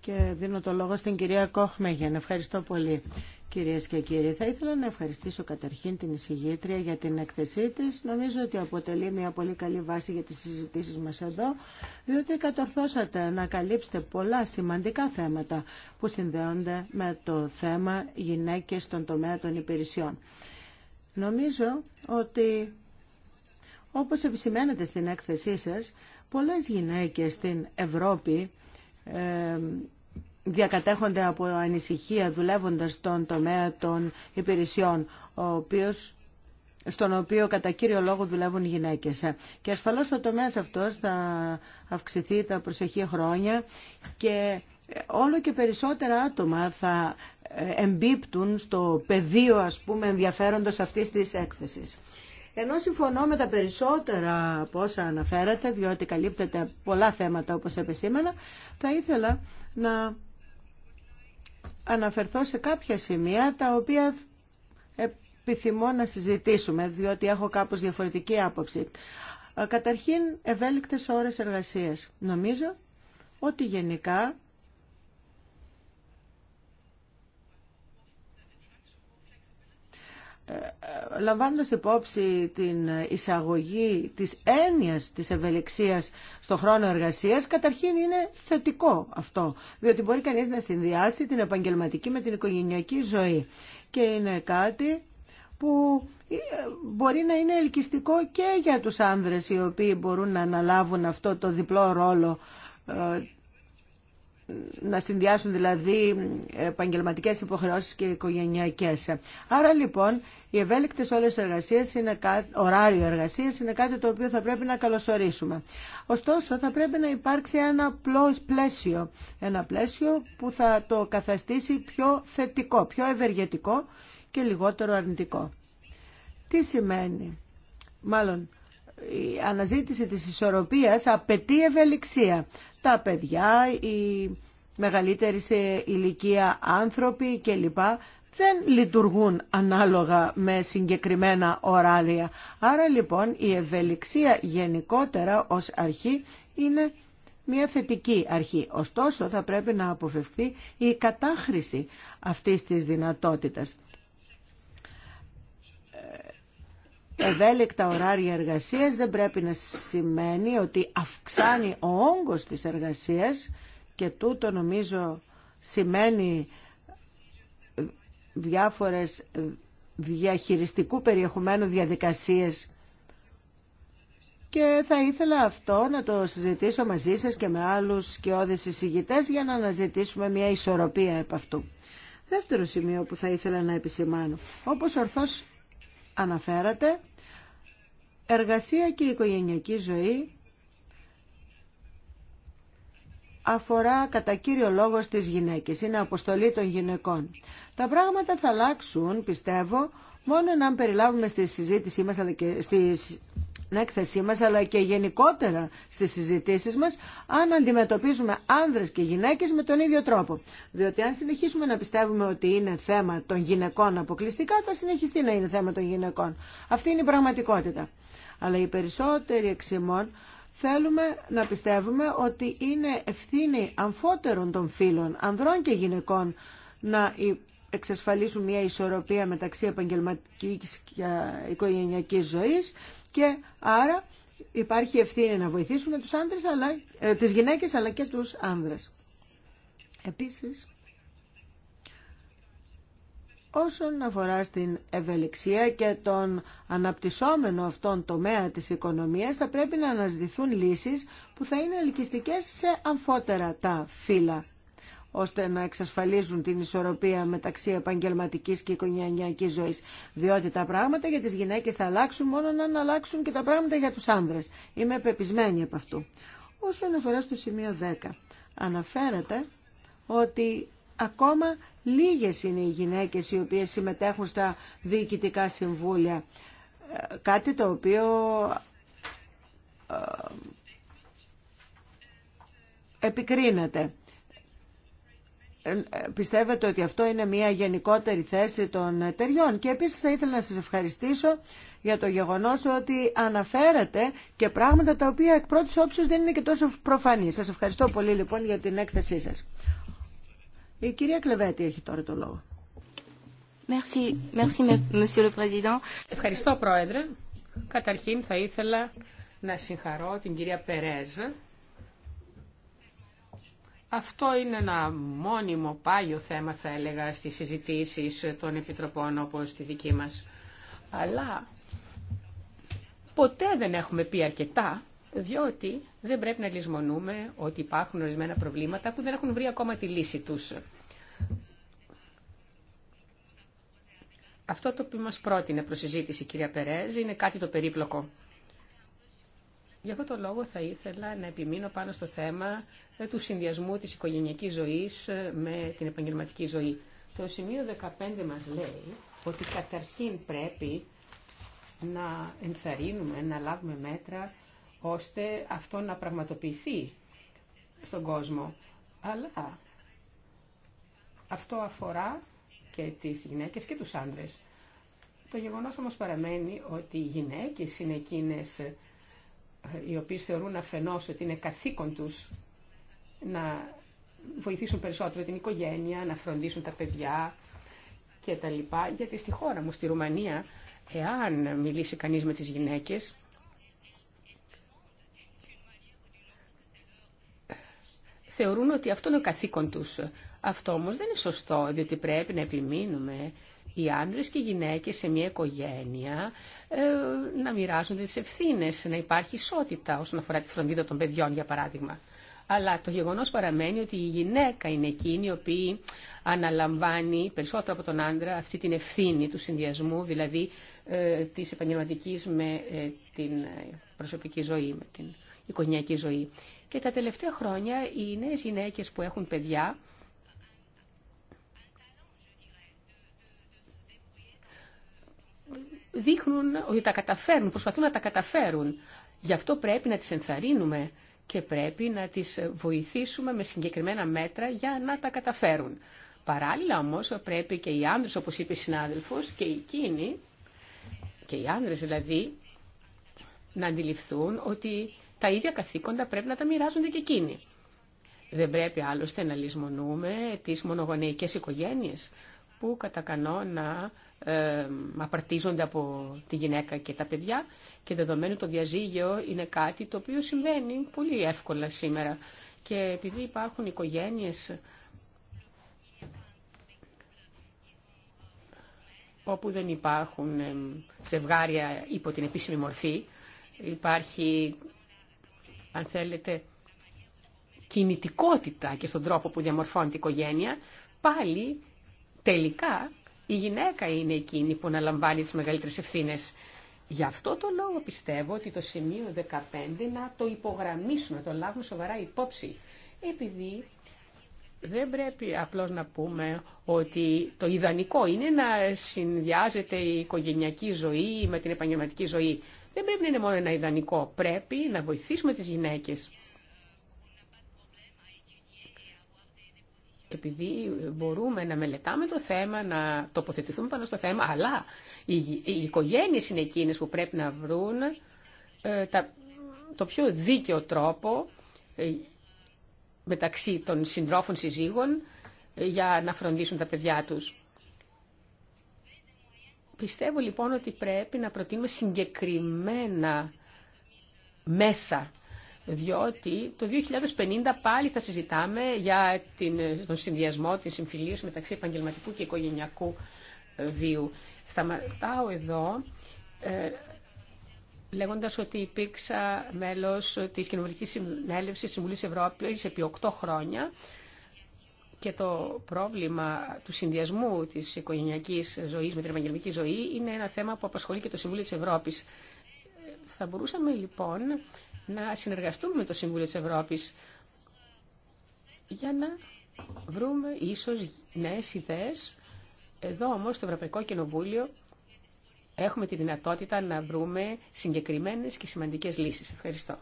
Και δίνω το λόγο στην κυρία Κόχμεγεν. Ευχαριστώ πολύ. Κυρίες και κύριοι, θα ήθελα να ευχαριστήσω καταρχήν την εισηγήτρια για την έκθεσή της. Νομίζω ότι αποτελεί μια πολύ καλή βάση για τις συζητήσεις μας εδώ, διότι κατορθώσατε να καλύψετε πολλά σημαντικά θέματα που συνδέονται με το θέμα γυναίκες στον τομέα των υπηρεσιών. Νομίζω ότι, όπως επισημαίνετε στην έκθεσή σας, πολλές γυναίκες στην Ευρώπη ε, διακατέχονται από ανησυχία δουλεύοντας στον τομέα των υπηρεσιών, ο στον οποίο κατά κύριο λόγο δουλεύουν οι γυναίκες. Και ασφαλώς ο τομέας αυτός θα αυξηθεί τα προσεχή χρόνια και όλο και περισσότερα άτομα θα ε, εμπίπτουν στο πεδίο ας πούμε ενδιαφέροντος αυτής της έκθεσης. Ενώ συμφωνώ με τα περισσότερα από όσα αναφέρατε, διότι καλύπτεται πολλά θέματα όπως επεσήμενα, θα ήθελα να αναφερθώ σε κάποια σημεία τα οποία επιθυμώ να συζητήσουμε, διότι έχω κάπως διαφορετική άποψη. Ε, καταρχήν, ευέλικτες ώρες εργασίας. Νομίζω ότι γενικά Ε, ε, λαμβάνοντας υπόψη την εισαγωγή της έννοιας της ευελιξίας στον χρόνο εργασίας, καταρχήν είναι θετικό αυτό, διότι μπορεί κανείς να συνδυάσει την επαγγελματική με την οικογενειακή ζωή. Και είναι κάτι που ε, μπορεί να είναι ελκυστικό και για τους άνδρες οι οποίοι μπορούν να αναλάβουν αυτό το διπλό ρόλο να συνδυάσουν δηλαδή επαγγελματικές υποχρεώσεις και οικογενειακές. Άρα λοιπόν οι ευέλικτε όλες εργασίες είναι κά... ωράριο εργασίες είναι κάτι το οποίο θα πρέπει να καλωσορίσουμε. Ωστόσο θα πρέπει να υπάρξει ένα απλό πλαίσιο, ένα πλαίσιο που θα το καθαστήσει πιο θετικό, πιο ευεργετικό και λιγότερο αρνητικό. Τι σημαίνει, μάλλον η αναζήτηση της ισορροπίας απαιτεί ευελιξία τα παιδιά, οι μεγαλύτεροι σε ηλικία άνθρωποι κλπ. Δεν λειτουργούν ανάλογα με συγκεκριμένα ωράρια. Άρα λοιπόν η ευελιξία γενικότερα ως αρχή είναι μια θετική αρχή. Ωστόσο θα πρέπει να αποφευθεί η κατάχρηση αυτής της δυνατότητας. ευέλικτα ωράρια εργασίας δεν πρέπει να σημαίνει ότι αυξάνει ο όγκος της εργασίας και τούτο νομίζω σημαίνει διάφορες διαχειριστικού περιεχομένου διαδικασίες και θα ήθελα αυτό να το συζητήσω μαζί σας και με άλλους σκιώδες εισηγητές για να αναζητήσουμε μια ισορροπία επ' αυτού. Δεύτερο σημείο που θα ήθελα να επισημάνω. Όπως ορθώς αναφέρατε, εργασία και οικογενειακή ζωή αφορά κατά κύριο λόγο στις γυναίκες. Είναι αποστολή των γυναικών. Τα πράγματα θα αλλάξουν, πιστεύω, μόνο αν περιλάβουμε στη συζήτησή μας αλλά και στις έκθεσή μας αλλά και γενικότερα στις συζητήσεις μας αν αντιμετωπίζουμε άνδρες και γυναίκες με τον ίδιο τρόπο. Διότι αν συνεχίσουμε να πιστεύουμε ότι είναι θέμα των γυναικών αποκλειστικά θα συνεχιστεί να είναι θέμα των γυναικών. Αυτή είναι η πραγματικότητα. Αλλά οι περισσότεροι εξημών θέλουμε να πιστεύουμε ότι είναι ευθύνη αμφότερων των φίλων, ανδρών και γυναικών να εξασφαλίσουν μια ισορροπία μεταξύ επαγγελματικής και οικογενειακής ζωής και άρα υπάρχει ευθύνη να βοηθήσουμε τους άνδρες, αλλά, ε, τις γυναίκες αλλά και τους άνδρες. Επίσης, όσον αφορά στην ευελιξία και τον αναπτυσσόμενο αυτόν τομέα της οικονομίας, θα πρέπει να αναζητηθούν λύσεις που θα είναι ελκυστικές σε αμφότερα τα φύλλα ώστε να εξασφαλίζουν την ισορροπία μεταξύ επαγγελματικής και οικογενειακής ζωής. Διότι τα πράγματα για τις γυναίκες θα αλλάξουν μόνο αν αλλάξουν και τα πράγματα για τους άνδρες. Είμαι πεπισμένη από αυτού. Όσον αφορά στο σημείο 10, αναφέρεται ότι ακόμα λίγες είναι οι γυναίκες οι οποίες συμμετέχουν στα διοικητικά συμβούλια. Ε, κάτι το οποίο ε, επικρίνεται πιστεύετε ότι αυτό είναι μια γενικότερη θέση των εταιριών. Και επίσης θα ήθελα να σας ευχαριστήσω για το γεγονός ότι αναφέρατε και πράγματα τα οποία εκ πρώτης όψης δεν είναι και τόσο προφανή. Σας ευχαριστώ πολύ λοιπόν για την έκθεσή σας. Η κυρία Κλεβέτη έχει τώρα το λόγο. Merci. Merci, Monsieur le Président. Ευχαριστώ Πρόεδρε. Καταρχήν θα ήθελα να συγχαρώ την κυρία Περέζ αυτό είναι ένα μόνιμο πάγιο θέμα θα έλεγα στις συζητήσεις των επιτροπών όπως τη δική μας. Αλλά ποτέ δεν έχουμε πει αρκετά διότι δεν πρέπει να λησμονούμε ότι υπάρχουν ορισμένα προβλήματα που δεν έχουν βρει ακόμα τη λύση τους. Αυτό το οποίο μας πρότεινε προς συζήτηση η κυρία Περέζη είναι κάτι το περίπλοκο. Γι' αυτό το λόγο θα ήθελα να επιμείνω πάνω στο θέμα ε, του συνδυασμού της οικογενειακής ζωής ε, με την επαγγελματική ζωή. Το σημείο 15 μας λέει ότι καταρχήν πρέπει να ενθαρρύνουμε, να λάβουμε μέτρα ώστε αυτό να πραγματοποιηθεί στον κόσμο. Αλλά αυτό αφορά και τις γυναίκες και τους άντρες. Το γεγονός όμως παραμένει ότι οι γυναίκες είναι εκείνες ε, οι οποίες θεωρούν αφενός ότι είναι καθήκον τους να βοηθήσουν περισσότερο την οικογένεια, να φροντίσουν τα παιδιά και τα λοιπά. Γιατί στη χώρα μου, στη Ρουμανία, εάν μιλήσει κανείς με τις γυναίκες, θεωρούν ότι αυτό είναι ο καθήκον τους. Αυτό όμως δεν είναι σωστό, διότι πρέπει να επιμείνουμε οι άντρες και οι γυναίκες σε μια οικογένεια ε, να μοιράζονται τις ευθύνες, να υπάρχει ισότητα όσον αφορά τη φροντίδα των παιδιών, για παράδειγμα αλλά το γεγονός παραμένει ότι η γυναίκα είναι εκείνη η οποία αναλαμβάνει περισσότερο από τον άντρα αυτή την ευθύνη του συνδυασμού, δηλαδή ε, της επαγγελματικής με ε, την ε, προσωπική ζωή, με την οικογενειακή ζωή. Και τα τελευταία χρόνια οι νέες γυναίκες που έχουν παιδιά δείχνουν ότι τα καταφέρνουν, προσπαθούν να τα καταφέρουν. Γι' αυτό πρέπει να τις ενθαρρύνουμε και πρέπει να τις βοηθήσουμε με συγκεκριμένα μέτρα για να τα καταφέρουν. Παράλληλα όμως πρέπει και οι άνδρες, όπως είπε η συνάδελφος, και εκείνοι, και οι άνδρες δηλαδή, να αντιληφθούν ότι τα ίδια καθήκοντα πρέπει να τα μοιράζονται και εκείνοι. Δεν πρέπει άλλωστε να λησμονούμε τις μονογονεϊκές οικογένειες που κατά κανόνα ε, απαρτίζονται από τη γυναίκα και τα παιδιά και δεδομένου το διαζύγιο είναι κάτι το οποίο συμβαίνει πολύ εύκολα σήμερα. Και επειδή υπάρχουν οικογένειες όπου δεν υπάρχουν ε, ζευγάρια υπό την επίσημη μορφή, υπάρχει, αν θέλετε, κινητικότητα και στον τρόπο που διαμορφώνεται η οικογένεια, πάλι τελικά η γυναίκα είναι εκείνη που αναλαμβάνει τις μεγαλύτερες ευθύνες. Γι' αυτό το λόγο πιστεύω ότι το σημείο 15 να το υπογραμμίσουμε, να το λάβουμε σοβαρά υπόψη. Επειδή δεν πρέπει απλώς να πούμε ότι το ιδανικό είναι να συνδυάζεται η οικογενειακή ζωή με την επαγγελματική ζωή. Δεν πρέπει να είναι μόνο ένα ιδανικό. Πρέπει να βοηθήσουμε τις γυναίκες επειδή μπορούμε να μελετάμε το θέμα, να τοποθετηθούμε πάνω στο θέμα, αλλά οι οικογένειες είναι εκείνες που πρέπει να βρουν ε, το πιο δίκαιο τρόπο ε, μεταξύ των συντρόφων συζύγων ε, για να φροντίσουν τα παιδιά τους. Πιστεύω λοιπόν ότι πρέπει να προτείνουμε συγκεκριμένα μέσα διότι το 2050 πάλι θα συζητάμε για την, τον συνδυασμό, τη συμφιλίωση μεταξύ επαγγελματικού και οικογενειακού ε, βίου. Σταματάω εδώ ε, λέγοντας ότι υπήρξα μέλος της Κοινοβουλικής Συνέλευσης της Συμβουλής Ευρώπης επί 8 χρόνια και το πρόβλημα του συνδυασμού της οικογενειακής ζωής με την επαγγελματική ζωή είναι ένα θέμα που απασχολεί και το Συμβούλιο της Ευρώπης. Ε, θα μπορούσαμε λοιπόν να συνεργαστούμε με το Συμβούλιο της Ευρώπης για να βρούμε ίσως νέες ιδέες. Εδώ όμως στο Ευρωπαϊκό Κοινοβούλιο έχουμε τη δυνατότητα να βρούμε συγκεκριμένες και σημαντικές λύσεις. Ευχαριστώ.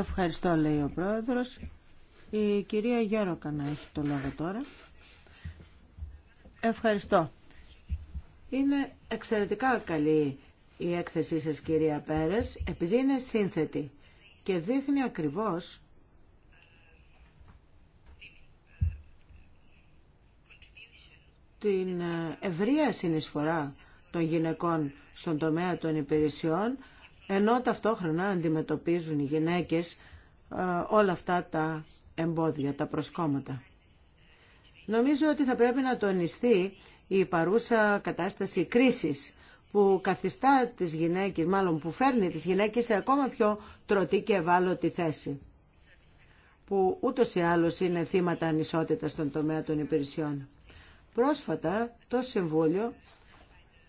Ευχαριστώ λέει ο Πρόεδρος. Η κυρία Γέροκα να έχει το λόγο τώρα. Ευχαριστώ. Είναι εξαιρετικά καλή η έκθεσή σας κυρία Πέρες επειδή είναι σύνθετη και δείχνει ακριβώς την ε, ευρεία συνεισφορά των γυναικών στον τομέα των υπηρεσιών ενώ ταυτόχρονα αντιμετωπίζουν οι γυναίκες ε, όλα αυτά τα εμπόδια, τα προσκόμματα. Νομίζω ότι θα πρέπει να τονιστεί η παρούσα κατάσταση κρίσης που καθιστά τις γυναίκες, μάλλον που φέρνει τις γυναίκες σε ακόμα πιο τρωτή και ευάλωτη θέση, που ούτως ή άλλως είναι θύματα ανισότητας στον τομέα των υπηρεσιών. Πρόσφατα το Συμβούλιο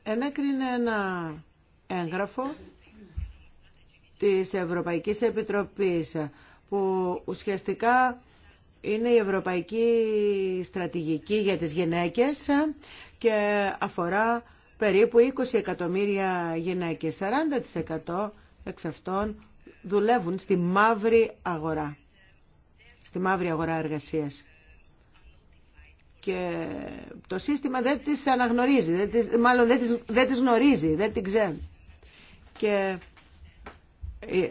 ενέκρινε ένα έγγραφο της Ευρωπαϊκής Επιτροπής που ουσιαστικά είναι η Ευρωπαϊκή Στρατηγική για τις Γυναίκες και αφορά περίπου 20 εκατομμύρια γυναίκες. 40% εξ αυτών δουλεύουν στη μαύρη αγορά, στη μαύρη αγορά εργασίας. Και το σύστημα δεν τις αναγνωρίζει, δεν τις, μάλλον δεν τις, δεν τις γνωρίζει, δεν την ξέρει. Και ε,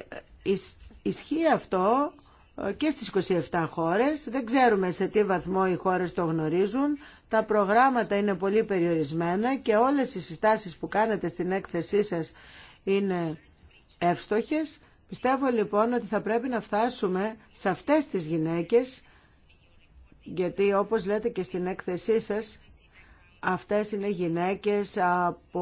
ε, ισχύει αυτό ε, και στις 27 χώρες. Δεν ξέρουμε σε τι βαθμό οι χώρες το γνωρίζουν. Τα προγράμματα είναι πολύ περιορισμένα και όλες οι συστάσεις που κάνετε στην έκθεσή σας είναι εύστοχες. Πιστεύω λοιπόν ότι θα πρέπει να φτάσουμε σε αυτές τις γυναίκες, γιατί όπως λέτε και στην έκθεσή σας, αυτές είναι γυναίκες από,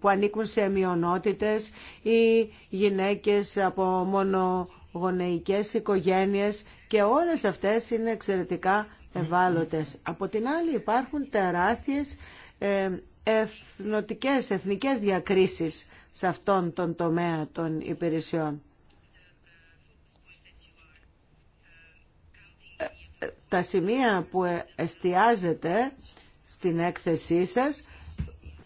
που ανήκουν σε μειονότητες ή γυναίκες από μόνο γονεϊκές οικογένειες και όλες αυτές είναι εξαιρετικά ευάλωτες. Από την άλλη υπάρχουν τεράστιες ε, εθνοτικές, εθνικές διακρίσεις σε αυτόν τον τομέα των υπηρεσιών. Τα σημεία που ε, εστιάζετε στην έκθεσή σας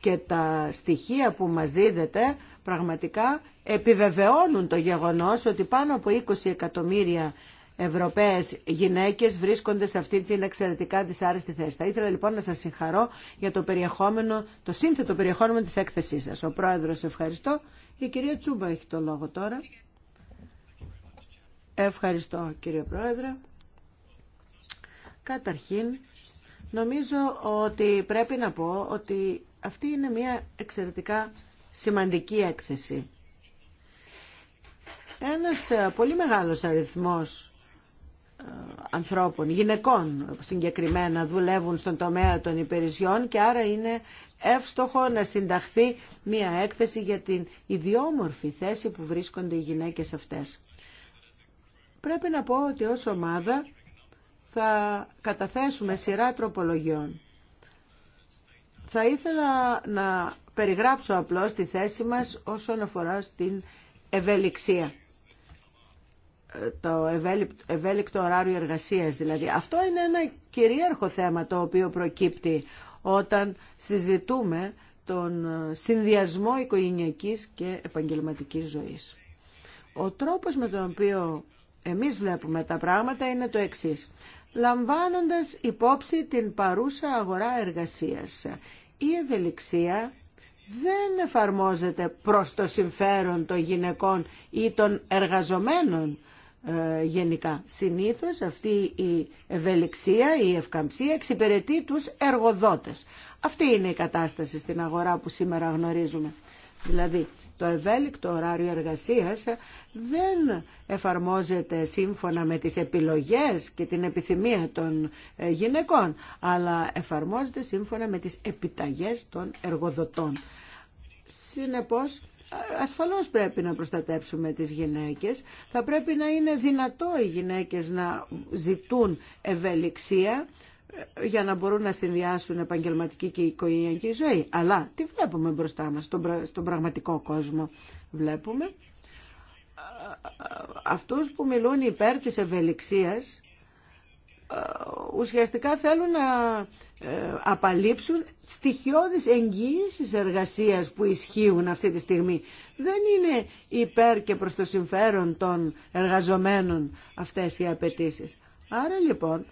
και τα στοιχεία που μας δίδετε πραγματικά επιβεβαιώνουν το γεγονός ότι πάνω από 20 εκατομμύρια Ευρωπαίες γυναίκες βρίσκονται σε αυτή την εξαιρετικά δυσάρεστη θέση. Θα ήθελα λοιπόν να σας συγχαρώ για το περιεχόμενο, το σύνθετο περιεχόμενο της έκθεσής σας. Ο Πρόεδρος ευχαριστώ. Η κυρία Τσούμπα έχει το λόγο τώρα. Ευχαριστώ κύριε Πρόεδρε. Καταρχήν, νομίζω ότι πρέπει να πω ότι αυτή είναι μια εξαιρετικά σημαντική έκθεση. Ένας ε, πολύ μεγάλος αριθμός ε, ανθρώπων, γυναικών συγκεκριμένα δουλεύουν στον τομέα των υπηρεσιών και άρα είναι εύστοχο να συνταχθεί μία έκθεση για την ιδιόμορφη θέση που βρίσκονται οι γυναίκες αυτές. Πρέπει να πω ότι ως ομάδα θα καταθέσουμε σειρά τροπολογιών. Θα ήθελα να περιγράψω απλώς τη θέση μας όσον αφορά στην ευελιξία. Ε, το ευέλικτο ωράριο εργασίας δηλαδή. Αυτό είναι ένα κυρίαρχο θέμα το οποίο προκύπτει όταν συζητούμε τον συνδυασμό οικογενειακής και επαγγελματικής ζωής. Ο τρόπος με τον οποίο εμείς βλέπουμε τα πράγματα είναι το εξής. Λαμβάνοντας υπόψη την παρούσα αγορά εργασίας, η ευελιξία δεν εφαρμόζεται προς το συμφέρον των γυναικών ή των εργαζομένων ε, γενικά. Συνήθως αυτή η των εργαζομενων γενικα συνηθως αυτη η ευκαμψία εξυπηρετεί τους εργοδότες. Αυτή είναι η κατάσταση στην αγορά που σήμερα γνωρίζουμε. Δηλαδή, το ευέλικτο ωράριο εργασίας δεν εφαρμόζεται σύμφωνα με τις επιλογές και την επιθυμία των ε, γυναικών, αλλά εφαρμόζεται σύμφωνα με τις επιταγές των εργοδοτών. Συνεπώς, ε, ασφαλώς πρέπει να προστατέψουμε τις γυναίκες. Θα πρέπει να είναι δυνατό οι γυναίκες να ζητούν ευελιξία, για να μπορούν να συνδυάσουν επαγγελματική και οικογενειακή ζωή. Αλλά τι βλέπουμε μπροστά μας στον πραγματικό κόσμο. Βλέπουμε αυτούς που μιλούν υπέρ της ευελιξίας ε, ουσιαστικά θέλουν να ε, απαλείψουν στοιχειώδεις εγγύησης εργασίας που ισχύουν αυτή τη στιγμή. Δεν είναι υπέρ και προς το συμφέρον των εργαζομένων αυτές οι απαιτήσει. Άρα λοιπόν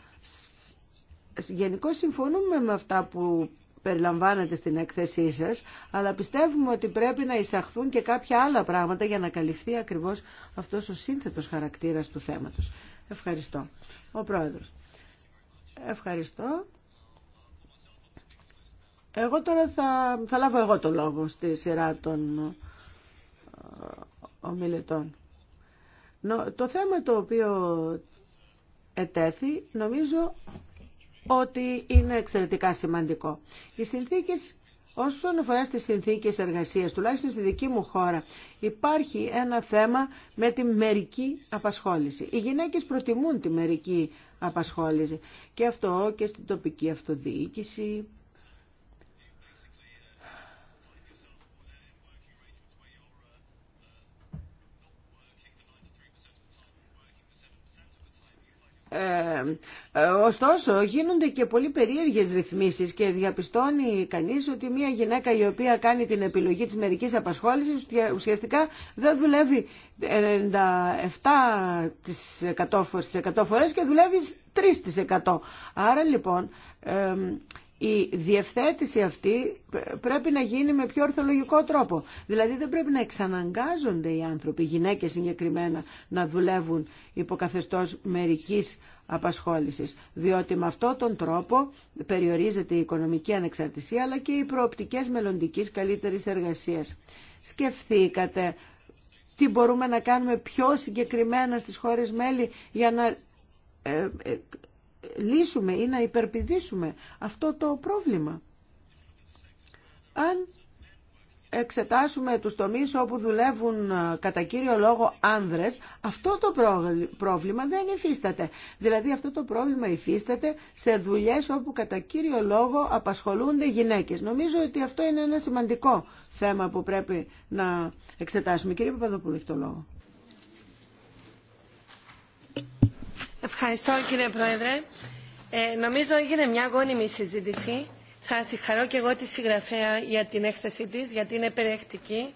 γενικώ συμφωνούμε με αυτά που περιλαμβάνεται στην έκθεσή σας, αλλά πιστεύουμε ότι πρέπει να εισαχθούν και κάποια άλλα πράγματα για να καλυφθεί ακριβώς αυτός ο σύνθετος χαρακτήρας του θέματος. Ευχαριστώ. Ο Πρόεδρος. Ευχαριστώ. Εγώ τώρα θα, θα λάβω εγώ το λόγο στη σειρά των ε, ομιλητών. Το θέμα το οποίο ετέθη νομίζω ότι είναι εξαιρετικά σημαντικό. Οι συνθήκες Όσον αφορά στις συνθήκες εργασίας, τουλάχιστον στη δική μου χώρα, υπάρχει ένα θέμα με τη μερική απασχόληση. Οι γυναίκες προτιμούν τη μερική απασχόληση και αυτό και στην τοπική αυτοδιοίκηση Ε, ε, ωστόσο γίνονται και πολύ περίεργες ρυθμίσεις και διαπιστώνει κανείς ότι μια γυναίκα η οποία κάνει την επιλογή της μερικής απασχόλησης ουσιαστικά δεν δουλεύει 97% φορές και δουλεύει 3%. Άρα λοιπόν η διευθέτηση αυτή πρέπει να γίνει με πιο ορθολογικό τρόπο. Δηλαδή δεν πρέπει να εξαναγκάζονται οι άνθρωποι, οι γυναίκες συγκεκριμένα, να δουλεύουν υποκαθεστώς μερικής απασχόλησης. Διότι με αυτόν τον τρόπο περιορίζεται η οικονομική ανεξαρτησία αλλά και οι προοπτικές μελλοντική καλύτερης εργασίας. Σκεφτήκατε τι μπορούμε να κάνουμε πιο συγκεκριμένα στις χώρες μέλη για να ε, ε, λύσουμε ή να υπερπηδήσουμε αυτό το πρόβλημα. Αν εξετάσουμε τους τομείς όπου δουλεύουν ε, κατά κύριο λόγο άνδρες, αυτό το πρόβλημα δεν υφίσταται. Δηλαδή αυτό το πρόβλημα υφίσταται σε δουλειές όπου κατά κύριο λόγο απασχολούνται γυναίκες. Νομίζω ότι αυτό είναι ένα σημαντικό θέμα που πρέπει να εξετάσουμε. Κύριε Παπαδοπούλου, έχει το λόγο. Ευχαριστώ κύριε Πρόεδρε. Ε, νομίζω έγινε μια αγώνιμη συζήτηση. Θα συγχαρώ και εγώ τη συγγραφέα για την έκθεσή της, γιατί είναι περιεκτική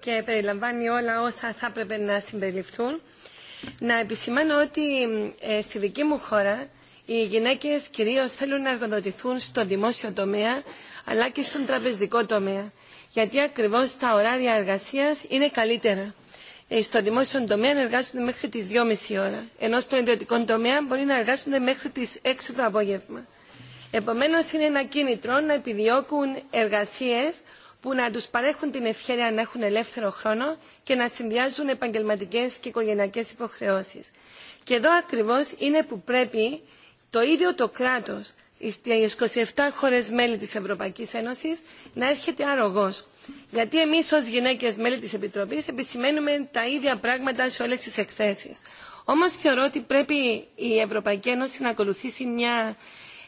και περιλαμβάνει όλα όσα θα έπρεπε να συμπεριληφθούν. Να επισημάνω ότι ε, στη δική μου χώρα οι γυναίκες κυρίως θέλουν να εργοδοτηθούν στο δημόσιο τομέα, αλλά και στον τραπεζικό τομέα, γιατί ακριβώς τα ωράρια εργασίας είναι καλύτερα ε, στο δημόσιο τομέα εργάζονται μέχρι τις 2.30 ώρα, ενώ στον ιδιωτικό τομέα μπορεί να εργάζονται μέχρι τις 6 το απόγευμα. Επομένως, είναι ένα κίνητρο να επιδιώκουν εργασίες που να τους παρέχουν την ευχαίρεια να έχουν ελεύθερο χρόνο και να συνδυάζουν επαγγελματικές και οικογενειακές υποχρεώσεις. Και εδώ ακριβώς είναι που πρέπει το ίδιο το κράτος Στι 27 χώρε μέλη τη Ευρωπαϊκή Ένωση να έρχεται άρωγος. Γιατί εμεί ω γυναίκε μέλη τη Επιτροπή επισημαίνουμε τα ίδια πράγματα σε όλε τι εκθέσει. Όμω θεωρώ ότι πρέπει η Ευρωπαϊκή Ένωση να ακολουθήσει μια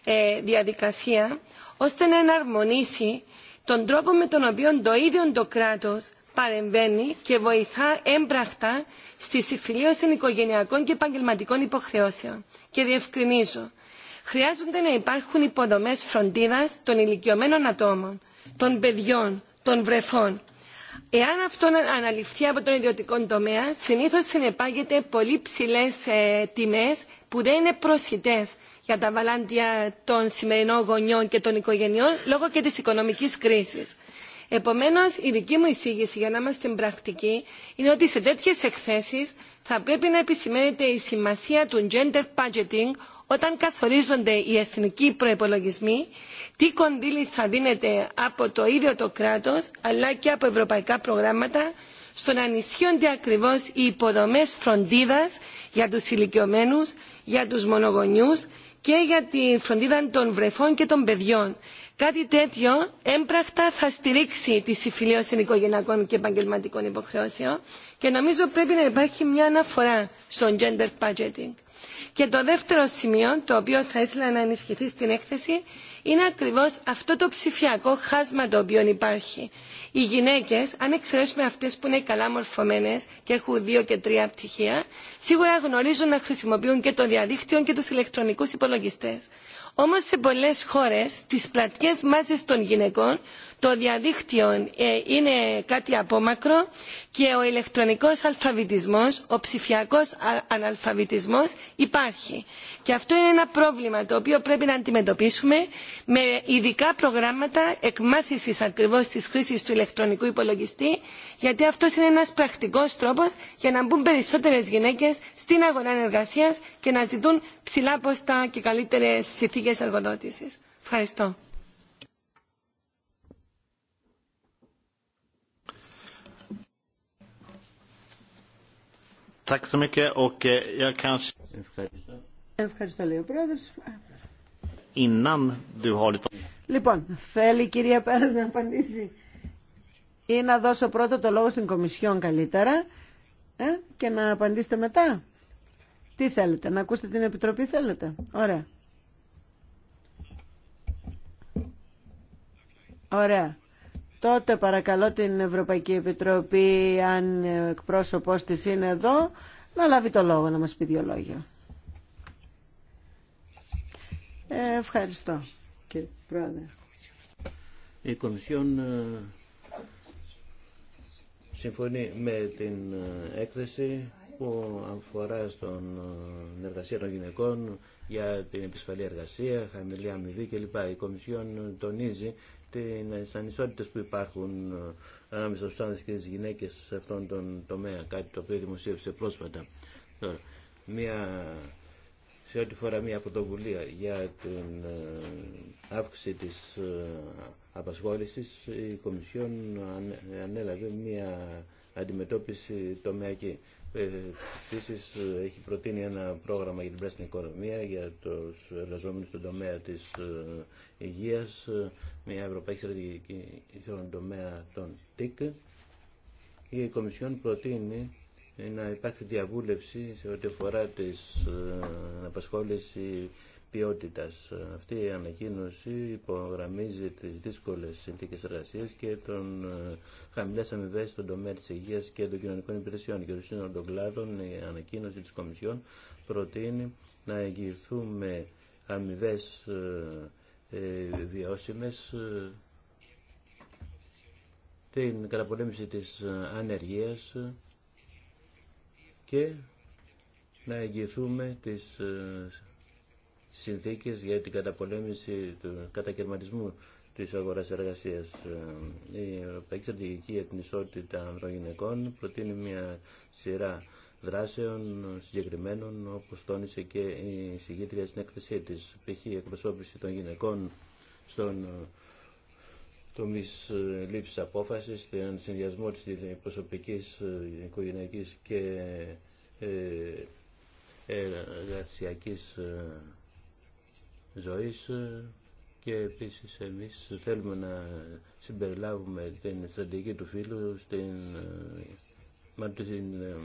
ε, διαδικασία ώστε να εναρμονίσει τον τρόπο με τον οποίο το ίδιο το κράτο παρεμβαίνει και βοηθά έμπραχτα στη συμφιλίωση των οικογενειακών και επαγγελματικών υποχρεώσεων. Και διευκρινίζω χρειάζονται να υπάρχουν υποδομές φροντίδας των ηλικιωμένων ατόμων, των παιδιών, των βρεφών. Εάν αυτό αναλυφθεί από τον ιδιωτικό τομέα, συνήθω συνεπάγεται πολύ ψηλέ ε, τιμέ που δεν είναι προσιτές για τα βαλάντια των σημερινών γονιών και των οικογενειών λόγω και τη οικονομική κρίση. Επομένω, η δική μου εισήγηση για να είμαστε πρακτικοί είναι ότι σε τέτοιε εκθέσει θα πρέπει να επισημαίνεται η σημασία του gender budgeting όταν καθορίζονται οι εθνικοί προπολογισμοί τι κονδύλι θα δίνεται από το ίδιο το κράτος αλλά και από ευρωπαϊκά προγράμματα στο να ενισχύονται ακριβώς οι υποδομές φροντίδας για τους ηλικιωμένους, για τους μονογονιούς και για τη φροντίδα των βρεφών και των παιδιών. Κάτι τέτοιο έμπρακτα θα στηρίξει τη συμφιλίωση οικογενειακών και επαγγελματικών υποχρεώσεων και νομίζω πρέπει να υπάρχει μια αναφορά στο gender budgeting. Και το δεύτερο σημείο, το οποίο θα ήθελα να ενισχυθεί στην έκθεση, είναι ακριβώς αυτό το ψηφιακό χάσμα το οποίο υπάρχει. Οι γυναίκες, αν εξαιρέσουμε αυτές που είναι καλά μορφωμένες και έχουν δύο και τρία πτυχία, σίγουρα γνωρίζουν να χρησιμοποιούν και το διαδίκτυο και τους ηλεκτρονικούς υπολογιστές. Όμως σε πολλές χώρες τις πλατιές μάζες των γυναικών το διαδίκτυο ε, είναι κάτι απόμακρο και ο ηλεκτρονικός αλφαβητισμός, ο ψηφιακός αναλφαβητισμός υπάρχει. Και αυτό είναι ένα πρόβλημα το οποίο πρέπει να αντιμετωπίσουμε με ειδικά προγράμματα εκμάθησης ακριβώς της χρήσης του ηλεκτρονικού υπολογιστή γιατί αυτό είναι ένας πρακτικός τρόπος για να μπουν περισσότερες γυναίκες στην αγορά εργασίας και να ζητούν ψηλά πόστα και καλύτερες συνθήκες εργοδότησης. Ευχαριστώ. Eh, Ευχαριστώ. λέει ο Λοιπόν, θέλει η κυρία Πέρας να απαντήσει ή να δώσω πρώτα το λόγο στην Κομισιόν καλύτερα ε, και να απαντήσετε μετά. Τι θέλετε, να ακούσετε την Επιτροπή θέλετε. Ωραία. Ωραία τότε παρακαλώ την Ευρωπαϊκή Επιτροπή, αν εκπρόσωπός της είναι εδώ, να λάβει το λόγο, να μας πει δύο λόγια. Ε, ευχαριστώ, κύριε Πρόεδρε. Η Κομισιόν ε, συμφωνεί με την ε, έκθεση που αφορά στον ε, εργασία των γυναικών για την επισφαλή εργασία, χαμηλή αμοιβή κλπ. Η Κομισιόν τονίζει τις ανισότητες που υπάρχουν ε, ανάμεσα στους άνδρες και τις γυναίκες σε αυτόν τον τομέα, κάτι το οποίο δημοσίευσε πρόσφατα. μια, σε ό,τι φορά μια πρωτοβουλία για την ε, αύξηση της ε, απασχόλησης, η Κομισιόν ανέλαβε μια αντιμετώπιση τομεακή. Ε, Επίση ε, έχει προτείνει ένα πρόγραμμα για την πράσινη οικονομία για του εργαζόμενου στον τομέα τη ε, υγεία μια ευρωπαϊκή στρατηγική στον τομέα των ΤΙΚ. Η Κομισιόν προτείνει να υπάρξει διαβούλευση σε ό,τι αφορά την απασχόληση ποιότητας. Αυτή η ανακοίνωση υπογραμμίζει τις δύσκολες συνθήκες εργασίας και των ε, χαμηλές αμοιβές στον τομέα της υγείας και των κοινωνικών υπηρεσιών. Και το σύνολο των κλάδων η ανακοίνωση της Κομισιόν προτείνει να εγγυηθούμε αμοιβέ ε, ε, βιώσιμε την καταπολέμηση της ανεργίας και να εγγυηθούμε τις Συνθήκε για την καταπολέμηση του κατακαιρματισμού της αγοράς εργασίας. Ε, η Ευρωπαϊκή Στρατηγική για την Ισότητα Ανδρογυναικών προτείνει μια σειρά δράσεων συγκεκριμένων όπως τόνισε και η συγγήτρια στην έκθεσή της. Π.χ. η εκπροσώπηση των γυναικών στον τομεί ε, λήψη απόφαση, στον συνδυασμό τη προσωπική, ε, οικογενειακής και εργασιακή ζωής ε, και επίσης εμείς θέλουμε να συμπεριλάβουμε την στρατηγική του φίλου στην, ε, την ε,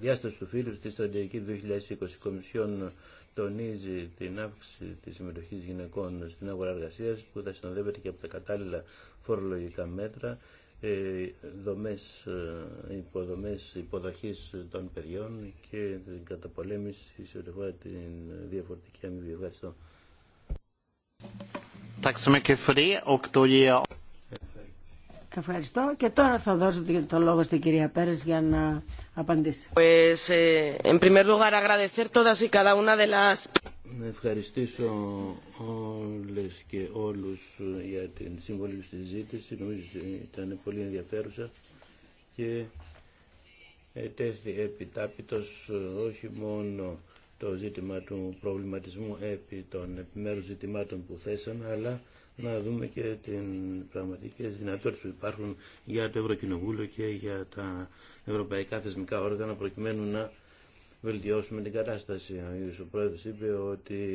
διάσταση του φίλου στη στρατηγική 2020 Κομισιόν τονίζει την αύξηση της συμμετοχή γυναικών στην αγορά εργασία που θα συνοδεύεται και από τα κατάλληλα φορολογικά μέτρα δομές, υποδομές υποδοχής των παιδιών και την καταπολέμηση σε την διαφορετική αμοιβή. Ευχαριστώ. Ευχαριστώ και τώρα θα δώσω το λόγο στην κυρία Πέρες για να απαντήσει. Να ευχαριστήσω όλες και όλους για την συμβολή στη συζήτηση. Νομίζω ήταν πολύ ενδιαφέρουσα και τέθη επιτάπητος όχι μόνο το ζήτημα του προβληματισμού επί των επιμέρους ζητημάτων που θέσαμε, αλλά να δούμε και την πραγματικέ δυνατότητε που υπάρχουν για το Ευρωκοινοβούλιο και για τα ευρωπαϊκά θεσμικά όργανα προκειμένου να βελτιώσουμε την κατάσταση. Ο πρόεδρο είπε ότι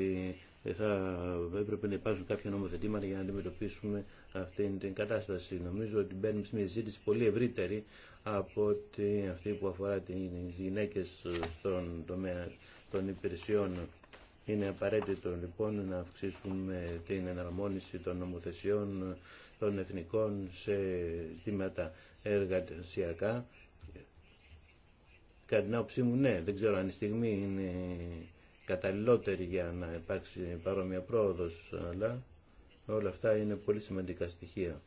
θα έπρεπε να υπάρχουν κάποια νομοθετήματα για να αντιμετωπίσουμε αυτή την κατάσταση. Νομίζω ότι μπαίνουμε σε μια ζήτηση πολύ ευρύτερη από ότι αυτή που αφορά τι γυναίκε στον τομέα των υπηρεσιών. Είναι απαραίτητο λοιπόν να αυξήσουμε την εναρμόνιση των νομοθεσιών των εθνικών σε ζητήματα εργασιακά. Κατά την άποψή μου, ναι, δεν ξέρω αν η στιγμή είναι καταλληλότερη για να υπάρξει παρόμοια πρόοδο, αλλά όλα αυτά είναι πολύ σημαντικά στοιχεία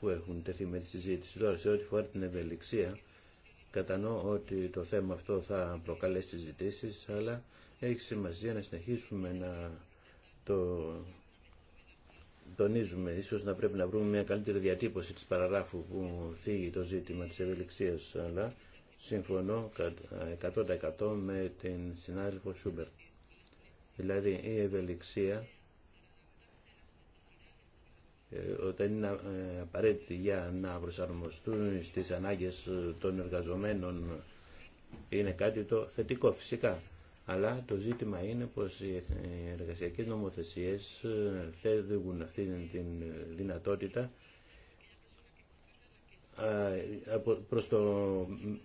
που έχουν τεθεί με τη συζήτηση. Τώρα, σε ό,τι φορά την ευελιξία, Κατανοώ ότι το θέμα αυτό θα προκαλέσει συζητήσει, αλλά έχει σημασία να συνεχίσουμε να το τονίζουμε. Ίσως να πρέπει να βρούμε μια καλύτερη διατύπωση της παραγράφου που θίγει το ζήτημα της ευελιξίας, αλλά συμφωνώ 100% με την συνάδελφο Σούμπερ, Δηλαδή η ευελιξία ε, όταν είναι ε, απαραίτητη για να προσαρμοστούν στις ανάγκες ε, των εργαζομένων είναι κάτι το θετικό φυσικά. Αλλά το ζήτημα είναι πως οι εργασιακές νομοθεσίες θέτουν αυτή την δυνατότητα προς το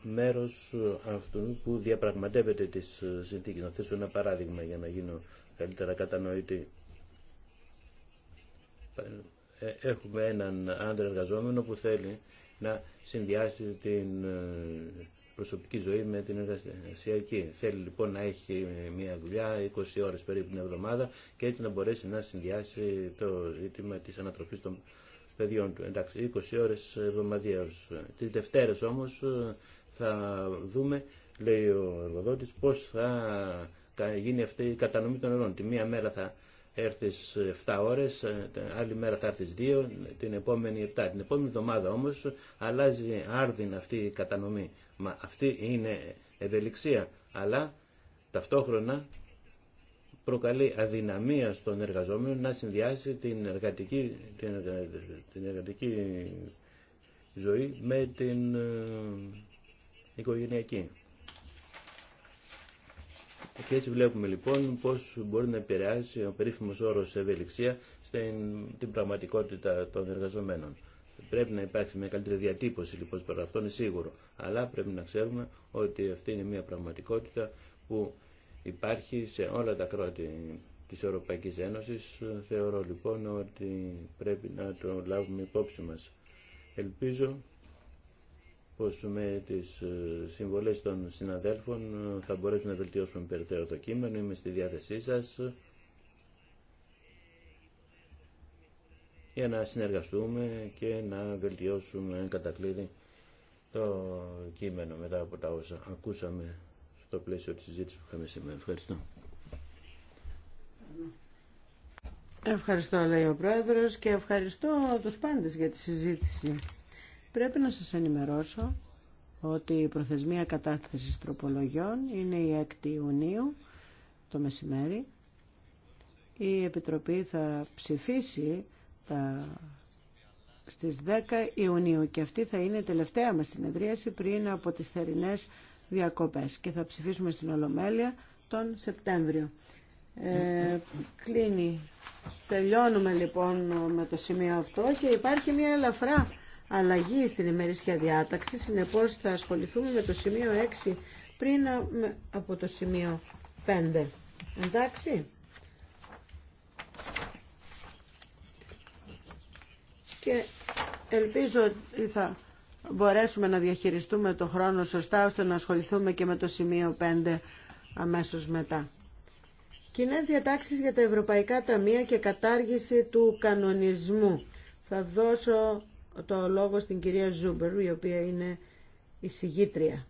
μέρος αυτού που διαπραγματεύεται τις συνθήκες. Να θέσω ένα παράδειγμα για να γίνω καλύτερα κατανοητή. Ε, έχουμε έναν άντρα εργαζόμενο που θέλει να συνδυάσει την ε, προσωπική ζωή με την εργασιακή. Θέλει λοιπόν να έχει μια δουλειά 20 ώρες περίπου την εβδομάδα και έτσι να μπορέσει να συνδυάσει το ζήτημα της ανατροφής των παιδιών του. Εντάξει, 20 ώρες εβδομαδίως. Τις Δευτέρες όμως ε, θα δούμε, λέει ο εργοδότης, πώς θα γίνει αυτή η κατανομή των ερών. Τη μία μέρα θα έρθει 7 ώρες, ε, άλλη μέρα θα έρθει 2, την επόμενη 7. Την επόμενη εβδομάδα όμως αλλάζει άρδιν αυτή η κατανομή. Μα αυτή είναι ευελιξία, αλλά ταυτόχρονα προκαλεί αδυναμία στον εργαζόμενο να συνδυάσει την εργατική, την, την εργατική ζωή με την ε, οικογενειακή. Και έτσι βλέπουμε λοιπόν πώς μπορεί να επηρεάσει ο περίφημος όρος ευελιξία στην την πραγματικότητα των εργαζομένων. Πρέπει να υπάρξει μια καλύτερη διατύπωση λοιπόν πέρα αυτό είναι σίγουρο. Αλλά πρέπει να ξέρουμε ότι αυτή είναι μια πραγματικότητα που υπάρχει σε όλα τα κράτη της Ευρωπαϊκής Ένωσης. Θεωρώ λοιπόν ότι πρέπει να το λάβουμε υπόψη μας. Ελπίζω πως με τις ε, συμβολές των συναδέλφων θα μπορέσουμε να βελτιώσουμε περαιτέρω το κείμενο. Είμαι στη διάθεσή σας για να συνεργαστούμε και να βελτιώσουμε κατακλείδη το κείμενο μετά από τα όσα ακούσαμε στο πλαίσιο της συζήτησης που είχαμε σήμερα. Ευχαριστώ. Ευχαριστώ λέει ο Πρόεδρος και ευχαριστώ τους πάντες για τη συζήτηση. Πρέπει να σας ενημερώσω ότι η προθεσμία κατάθεσης τροπολογιών είναι η 6η Ιουνίου το μεσημέρι. Η Επιτροπή θα ψηφίσει τα... στις 10 Ιουνίου και αυτή θα είναι η τελευταία μας συνεδρίαση πριν από τις θερινές διακοπές και θα ψηφίσουμε στην Ολομέλεια τον Σεπτέμβριο. Ε, κλείνει. Τελειώνουμε λοιπόν με το σημείο αυτό και υπάρχει μια ελαφρά αλλαγή στην ημερήσια διάταξη. Συνεπώς θα ασχοληθούμε με το σημείο 6 πριν από το σημείο 5. Εντάξει. Και ελπίζω ότι θα μπορέσουμε να διαχειριστούμε το χρόνο σωστά ώστε να ασχοληθούμε και με το σημείο 5 αμέσως μετά. Κοινέ διατάξεις για τα Ευρωπαϊκά Ταμεία και κατάργηση του κανονισμού. Θα δώσω το λόγο στην κυρία Ζούμπερ, η οποία είναι η συγγήτρια.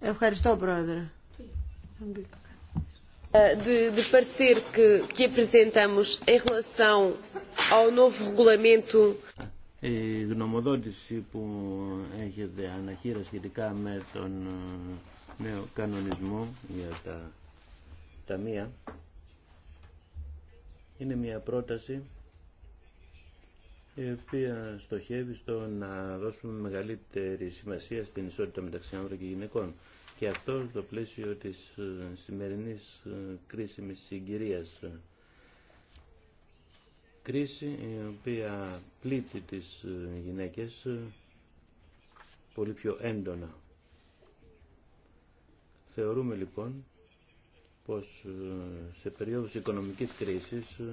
Ευχαριστώ, Πρόεδρε. De, de parecer que, que apresentamos em relação ao novo regulamento. Η γνωμοδότηση που έχετε αναχείρα σχετικά με τον νέο κανονισμό για τα ταμεία είναι μια πρόταση η οποία στοχεύει στο να δώσουμε μεγαλύτερη σημασία στην ισότητα μεταξύ άνδρων και γυναικών και αυτό στο πλαίσιο της ε, σημερινής ε, κρίσιμης συγκυρίας κρίση η οποία πλήττει τις ε, γυναίκες πολύ πιο έντονα Θεωρούμε λοιπόν πως ε, σε περίοδους οικονομικής κρίσης, ε,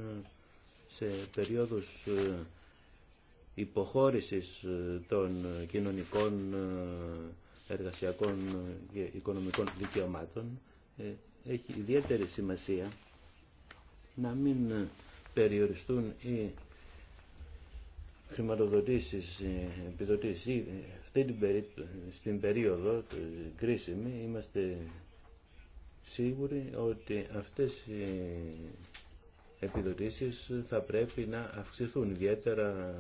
σε περίοδους ε, υποχώρησης των κοινωνικών, εργασιακών και οικονομικών δικαιωμάτων, έχει ιδιαίτερη σημασία να μην περιοριστούν οι χρηματοδοτήσεις, επιδοτήσεις ή στην περίοδο κρίσιμη είμαστε σίγουροι ότι αυτές οι επιδοτήσεις θα πρέπει να αυξηθούν ιδιαίτερα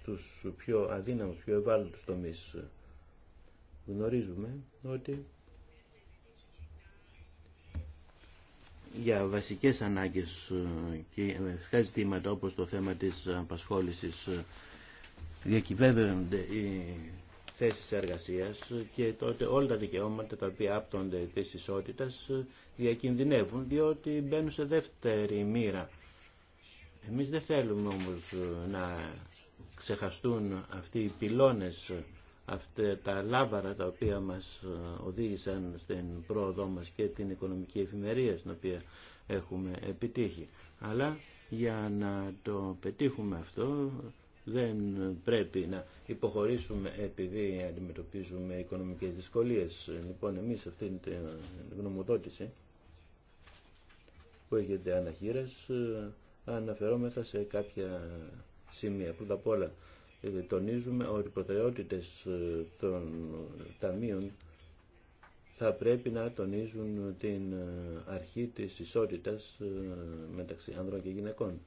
στους πιο αδύναμους, πιο ευάλωτους τομείς. Γνωρίζουμε ότι για βασικές ανάγκες ε, και ζητήματα όπως το θέμα της απασχόλησης ε, διακυβεύονται θέσεις εργασίας και τότε όλα τα δικαιώματα τα οποία άπτονται της ισότητας διακινδυνεύουν διότι μπαίνουν σε δεύτερη μοίρα. Εμείς δεν θέλουμε όμως να ξεχαστούν αυτοί οι πυλώνες, αυτά τα λάβαρα τα οποία μας οδήγησαν στην πρόοδό μας και την οικονομική εφημερία στην οποία έχουμε επιτύχει. Αλλά για να το πετύχουμε αυτό δεν πρέπει να υποχωρήσουμε επειδή αντιμετωπίζουμε οικονομικές δυσκολίες. Λοιπόν, εμείς αυτήν την γνωμοδότηση που έχετε αναχείρες αναφερόμεθα σε κάποια σημεία. Πρώτα απ' όλα ε, τονίζουμε ότι οι προτεραιότητες ε, των ταμείων θα πρέπει να τονίζουν την ε, αρχή της ισότητας μεταξύ άνδρων και γυναικών.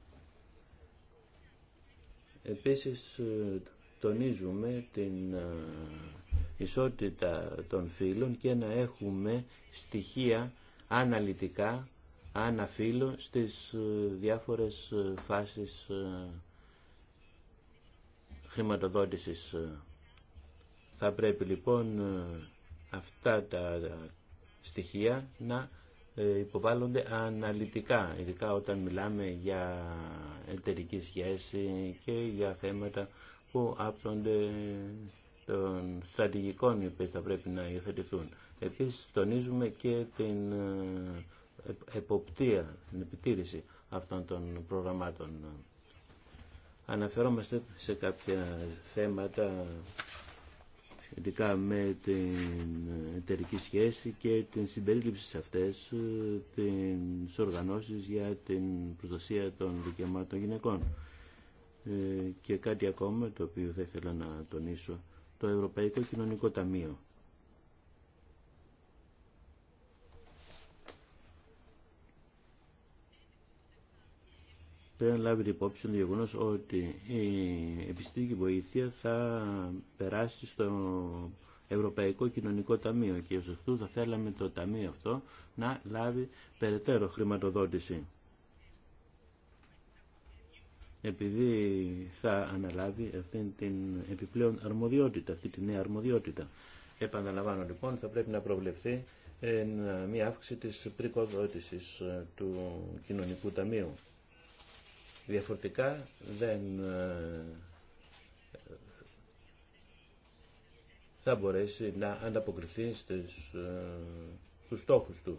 Επίσης ε, τονίζουμε την ε, ισότητα των φύλων και να έχουμε στοιχεία αναλυτικά αναφύλων στις ε, διάφορες φάσεις χρηματοδότησης. Θα πρέπει λοιπόν αυτά τα στοιχεία να ε, υποβάλλονται αναλυτικά, ειδικά όταν μιλάμε για εταιρική σχέση και για θέματα που άπτονται των στρατηγικών οι οποίες θα πρέπει να υιοθετηθούν. Επίσης τονίζουμε και την ε, εποπτεία, την επιτήρηση αυτών των προγραμμάτων. Αναφερόμαστε σε κάποια θέματα Ειδικά με την εταιρική σχέση και την συμπερίληψη σε αυτές ε, τις οργανώσεις για την προστασία των δικαιωμάτων γυναικών. Ε, και κάτι ακόμα το οποίο θα ήθελα να τονίσω, το Ευρωπαϊκό Κοινωνικό Ταμείο. πρέπει να την υπόψη το γεγονό ότι η επιστήμη βοήθεια θα περάσει στο Ευρωπαϊκό Κοινωνικό Ταμείο και ως αυτού θα θέλαμε το ταμείο αυτό να λάβει περαιτέρω χρηματοδότηση. Επειδή θα αναλάβει αυτή την επιπλέον αρμοδιότητα, αυτή τη νέα αρμοδιότητα. Επαναλαμβάνω λοιπόν, θα πρέπει να προβλεφθεί ε, μια αύξηση της πρικοδότησης ε, του Κοινωνικού Ταμείου. Διαφορετικά δεν ε, θα μπορέσει να ανταποκριθεί στις, στους ε, στόχους του.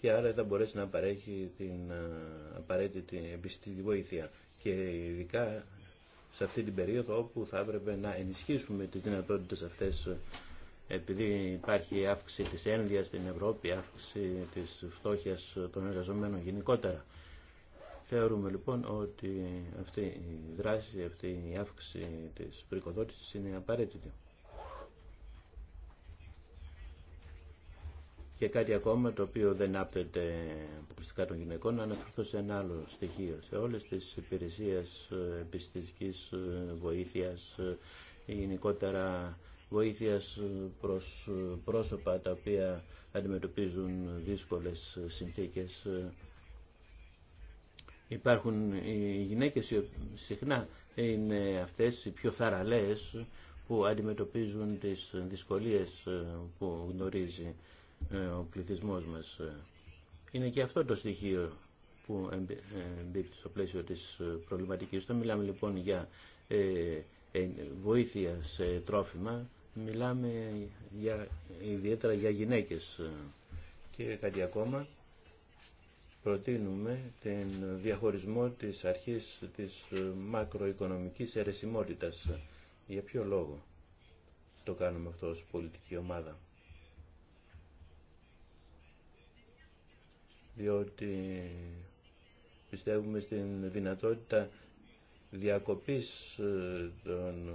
Και άρα θα μπορέσει να παρέχει την ε, απαραίτητη εμπιστητική βοήθεια. Και ειδικά σε αυτή την περίοδο όπου θα έπρεπε να ενισχύσουμε τις δυνατότητες αυτές επειδή υπάρχει αύξηση της ένδυας στην Ευρώπη, αύξηση της φτώχειας των εργαζομένων γενικότερα. Θεωρούμε λοιπόν ότι αυτή η δράση, αυτή η αύξηση της πρικοδότησης είναι απαραίτητη. Και κάτι ακόμα το οποίο δεν άπτεται αποκλειστικά των γυναικών, να αναφερθώ σε ένα άλλο στοιχείο. Σε όλες τις υπηρεσίες ε, επιστημικής ε, βοήθειας, ε, γενικότερα βοήθειας ε, προς ε, πρόσωπα τα οποία αντιμετωπίζουν δύσκολες ε, συνθήκες. Υπάρχουν οι γυναίκες συχνά είναι αυτές οι πιο θαραλέες που αντιμετωπίζουν τις δυσκολίες που γνωρίζει ο πληθυσμός μας. Είναι και αυτό το στοιχείο που εμπίπτει στο πλαίσιο της προβληματικής. Δεν μιλάμε λοιπόν για βοήθεια σε τρόφιμα, μιλάμε για, ιδιαίτερα για γυναίκες και κάτι ακόμα προτείνουμε την διαχωρισμό της αρχής της μακροοικονομικής αιρεσιμότητας. Για ποιο λόγο το κάνουμε αυτό ως πολιτική ομάδα. Διότι πιστεύουμε στην δυνατότητα διακοπής ε, των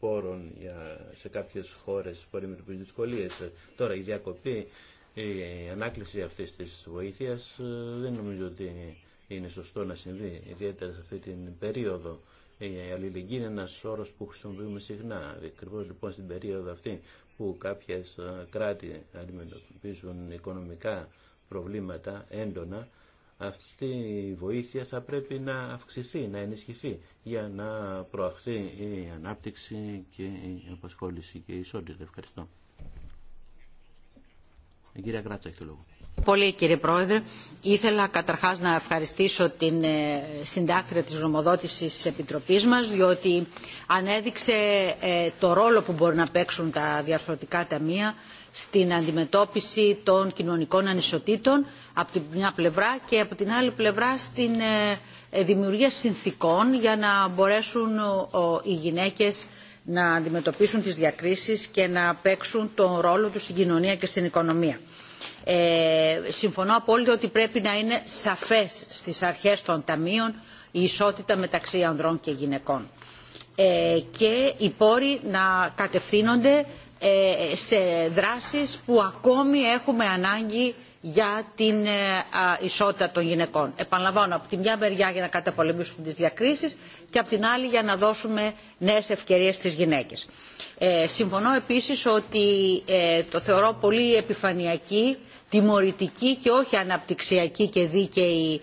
πόρων για, σε κάποιες χώρες που αντιμετωπίζουν δυσκολίες. Τώρα η διακοπή, η ανάκληση αυτής της βοήθειας ε, δεν νομίζω ότι είναι σωστό να συμβεί, ιδιαίτερα σε αυτή την περίοδο. Η αλληλεγγύη είναι ένας όρος που χρησιμοποιούμε συχνά. Ακριβώ λοιπόν στην περίοδο αυτή που κάποιες ε, κράτη αντιμετωπίζουν οικονομικά προβλήματα έντονα, αυτή η βοήθεια θα πρέπει να αυξηθεί, να ενισχυθεί για να προαχθεί η ανάπτυξη και η απασχόληση και η ισότητα. Ευχαριστώ. Η κυρία Κράτσα έχει το λόγο. Πολύ κύριε Πρόεδρε. Ήθελα καταρχάς να ευχαριστήσω την ε, συντάκτρια της γνωμοδότησης της Επιτροπής μας διότι ανέδειξε ε, το ρόλο που μπορεί να παίξουν τα διαφορετικά ταμεία στην αντιμετώπιση των κοινωνικών ανισοτήτων από την μια πλευρά και από την άλλη πλευρά στην ε, ε, δημιουργία συνθήκων για να μπορέσουν οι γυναίκες να αντιμετωπίσουν τις διακρίσεις και να παίξουν τον ρόλο τους στην κοινωνία και στην οικονομία. Ε, συμφωνώ απόλυτα ότι πρέπει να είναι σαφές στις αρχές των ταμείων η ισότητα μεταξύ ανδρών και γυναικών ε, και οι πόροι να κατευθύνονται ε, σε δράσεις που ακόμη έχουμε ανάγκη για την ε, ισότητα των γυναικών. Επαναλαμβάνω, από τη μια μεριά για να καταπολεμήσουμε τις διακρίσεις και από την άλλη για να δώσουμε νέες ευκαιρίες στις γυναίκες. Ε, συμφωνώ επίσης ότι το θεωρώ πολύ επιφανειακή, τιμωρητική και όχι αναπτυξιακή και δίκαιη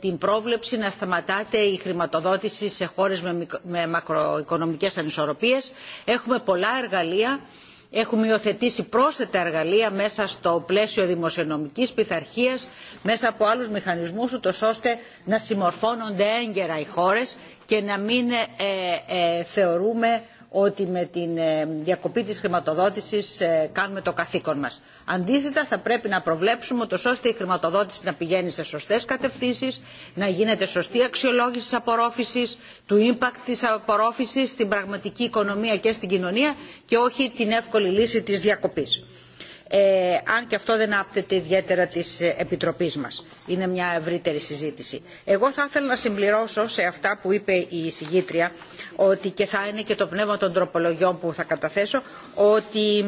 την πρόβλεψη να σταματάτε η χρηματοδότηση σε χώρες με, με μακροοικονομικές ανισορροπίες. Έχουμε πολλά εργαλεία έχουμε υιοθετήσει πρόσθετα εργαλεία μέσα στο πλαίσιο δημοσιονομικής πειθαρχία, μέσα από άλλους μηχανισμούς, ούτω ώστε να συμμορφώνονται έγκαιρα οι χώρες και να μην ε, ε, θεωρούμε ότι με την ε, διακοπή της χρηματοδότησης ε, κάνουμε το καθήκον μας. Αντίθετα θα πρέπει να προβλέψουμε το ώστε η χρηματοδότηση να πηγαίνει σε σωστές κατευθύνσεις, να γίνεται σωστή αξιολόγηση της απορρόφησης, του impact της απορρόφησης στην πραγματική οικονομία και στην κοινωνία και όχι την εύκολη λύση της διακοπής. Ε, αν και αυτό δεν άπτεται ιδιαίτερα της ε, Επιτροπής μας. Είναι μια ευρύτερη συζήτηση. Εγώ θα ήθελα να συμπληρώσω σε αυτά που είπε η συγγήτρια, ότι και θα είναι και το πνεύμα των τροπολογιών που θα καταθέσω, ότι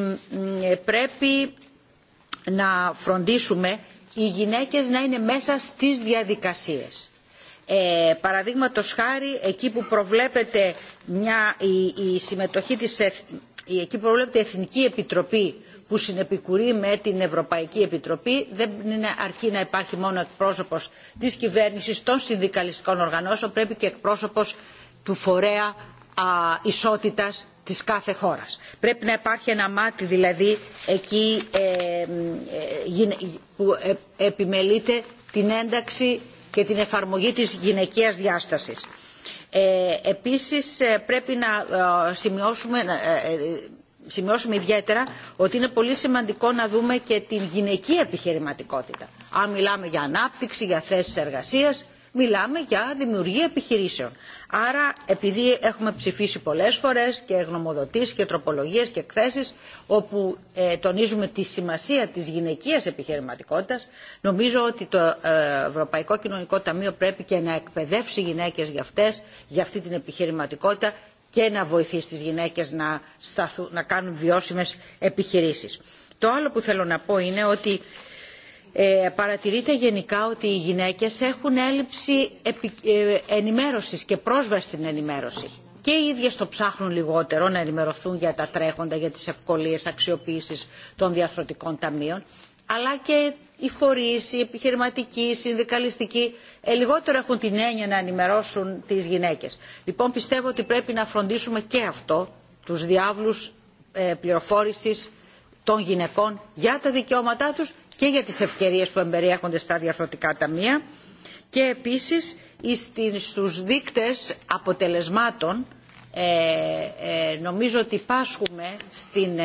ε, πρέπει να φροντίσουμε οι γυναίκες να είναι μέσα στις διαδικασίες. Ε, παραδείγματος χάρη εκεί που προβλέπεται μια, η, συμμετοχή εκεί που προβλέπεται η Εθνική Επιτροπή που συνεπικουρεί με την Ευρωπαϊκή Επιτροπή. Δεν είναι αρκεί να υπάρχει μόνο εκπρόσωπος της κυβέρνησης των συνδικαλιστικών οργανώσεων, πρέπει και εκπρόσωπος του φορέα α, ισότητας της κάθε χώρας. Πρέπει να υπάρχει ένα μάτι δηλαδή εκεί ε, ε, που ε, επιμελείται την ένταξη και την εφαρμογή της γυναικείας διάστασης. επίσης πρέπει να σημειώσουμε σημειώσουμε ιδιαίτερα ότι είναι πολύ σημαντικό να δούμε και την γυναική επιχειρηματικότητα. Αν μιλάμε για ανάπτυξη, για θέσεις εργασίας, μιλάμε για δημιουργία επιχειρήσεων. Άρα, επειδή έχουμε ψηφίσει πολλές φορές και γνωμοδοτήσεις και τροπολογίες και εκθέσεις όπου ε, τονίζουμε τη σημασία της γυναικείας επιχειρηματικότητας, νομίζω ότι το ε, Ευρωπαϊκό Κοινωνικό Ταμείο πρέπει και να εκπαιδεύσει γυναίκες για αυτές, για αυτή την επιχειρηματικότητα και να βοηθήσει τις γυναίκες να, να κάνουν βιώσιμες επιχειρήσεις. Το άλλο που θέλω να πω είναι ότι ε, παρατηρείται γενικά ότι οι γυναίκες έχουν έλλειψη επι, ε, ενημέρωσης και πρόσβαση στην ενημέρωση. Και οι ίδιες το ψάχνουν λιγότερο να ενημερωθούν για τα τρέχοντα, για τις ευκολίες αξιοποίησης των διαθροτικών ταμείων, αλλά και οι φορείς, οι επιχειρηματικοί, οι συνδικαλιστικοί ε, λιγότερο έχουν την έννοια να ενημερώσουν τις γυναίκες. Λοιπόν πιστεύω ότι πρέπει να φροντίσουμε και αυτό, τους διάβλους ε, πληροφόρηση των γυναικών για τα δικαιώματά τους και για τις ευκαιρίες που εμπεριέχονται στα διαφορετικά ταμεία και επίσης στους δείκτες αποτελεσμάτων ε, νομίζω ότι πάσχουμε στην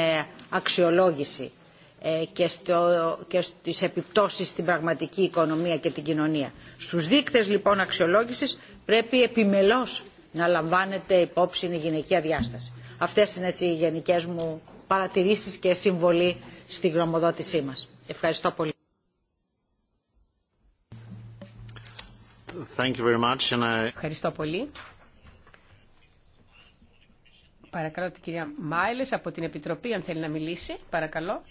αξιολόγηση ε, και, στις επιπτώσεις στην πραγματική οικονομία και την κοινωνία. Στους δείκτες λοιπόν αξιολόγησης πρέπει επιμελώς να λαμβάνεται υπόψη η γυναικεία διάσταση. Αυτές είναι έτσι οι γενικές μου παρατηρήσεις και συμβολή στη γνωμοδότησή μας. Ευχαριστώ πολύ. Thank Ευχαριστώ πολύ. Παρακαλώ την κυρία Μάιλες από την Επιτροπή αν θέλει να μιλήσει. Παρακαλώ.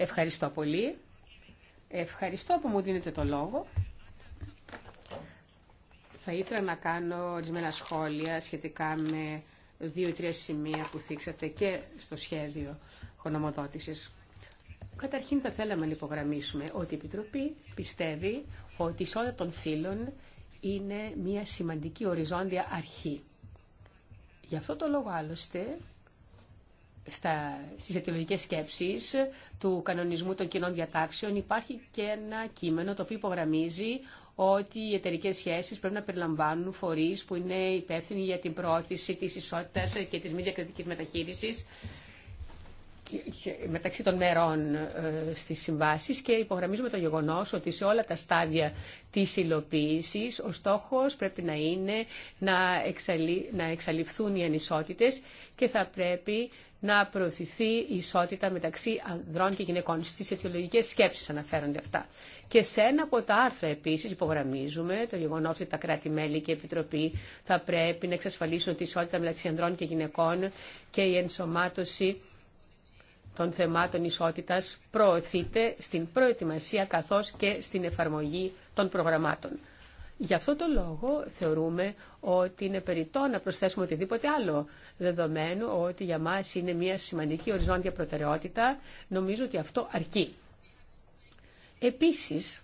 Ευχαριστώ πολύ. Ευχαριστώ που μου δίνετε το λόγο. Θα ήθελα να κάνω ορισμένα σχόλια σχετικά με δύο ή τρία σημεία που θίξατε και στο σχέδιο χρονομοδότησης. Καταρχήν θα θέλαμε να υπογραμμίσουμε ότι η Επιτροπή πιστεύει ότι η ισότητα των φύλων είναι μια σημαντική οριζόντια αρχή. Γι' αυτό το λόγο άλλωστε στα, στις αιτιολογικές σκέψεις του κανονισμού των κοινών διατάξεων υπάρχει και ένα κείμενο το οποίο υπογραμμίζει ότι οι εταιρικέ σχέσει πρέπει να περιλαμβάνουν φορεί που είναι υπεύθυνοι για την προώθηση τη ισότητα και τη μη διακριτική μεταχείριση μεταξύ των μερών στι ε, στις συμβάσεις και υπογραμμίζουμε το γεγονός ότι σε όλα τα στάδια της υλοποίηση ο στόχος πρέπει να είναι να, να εξαλειφθούν οι ανισότητες και θα πρέπει να προωθηθεί η ισότητα μεταξύ ανδρών και γυναικών. Στι αιτιολογικέ σκέψει αναφέρονται αυτά. Και σε ένα από τα άρθρα επίση υπογραμμίζουμε το γεγονό ότι τα κράτη-μέλη και η Επιτροπή θα πρέπει να εξασφαλίσουν ότι η ισότητα μεταξύ ανδρών και γυναικών και η ενσωμάτωση των θεμάτων ισότητας προωθείται στην προετοιμασία καθώς και στην εφαρμογή των προγραμμάτων. Γι' αυτό το λόγο θεωρούμε ότι είναι περιττό να προσθέσουμε οτιδήποτε άλλο, δεδομένου ότι για μας είναι μια σημαντική οριζόντια προτεραιότητα. Νομίζω ότι αυτό αρκεί. Επίσης,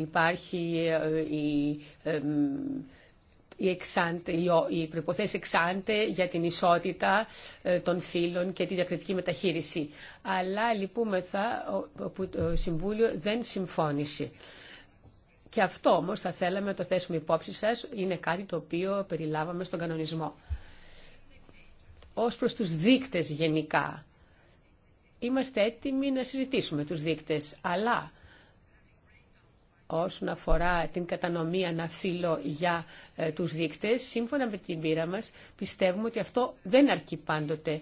υπάρχει ε, η, η, εξάντε, η προϋποθέση εξάντε για την ισότητα ε, των φύλων και τη διακριτική μεταχείριση. Αλλά λυπούμεθα που το Συμβούλιο δεν συμφώνησε. Και αυτό όμως θα θέλαμε να το θέσουμε υπόψη σας, είναι κάτι το οποίο περιλάβαμε στον κανονισμό. Ως προς τους δείκτες γενικά, είμαστε έτοιμοι να συζητήσουμε τους δείκτες, αλλά όσον αφορά την κατανομή αναφύλω για ε, τους δείκτες, σύμφωνα με την πείρα μας, πιστεύουμε ότι αυτό δεν αρκεί πάντοτε.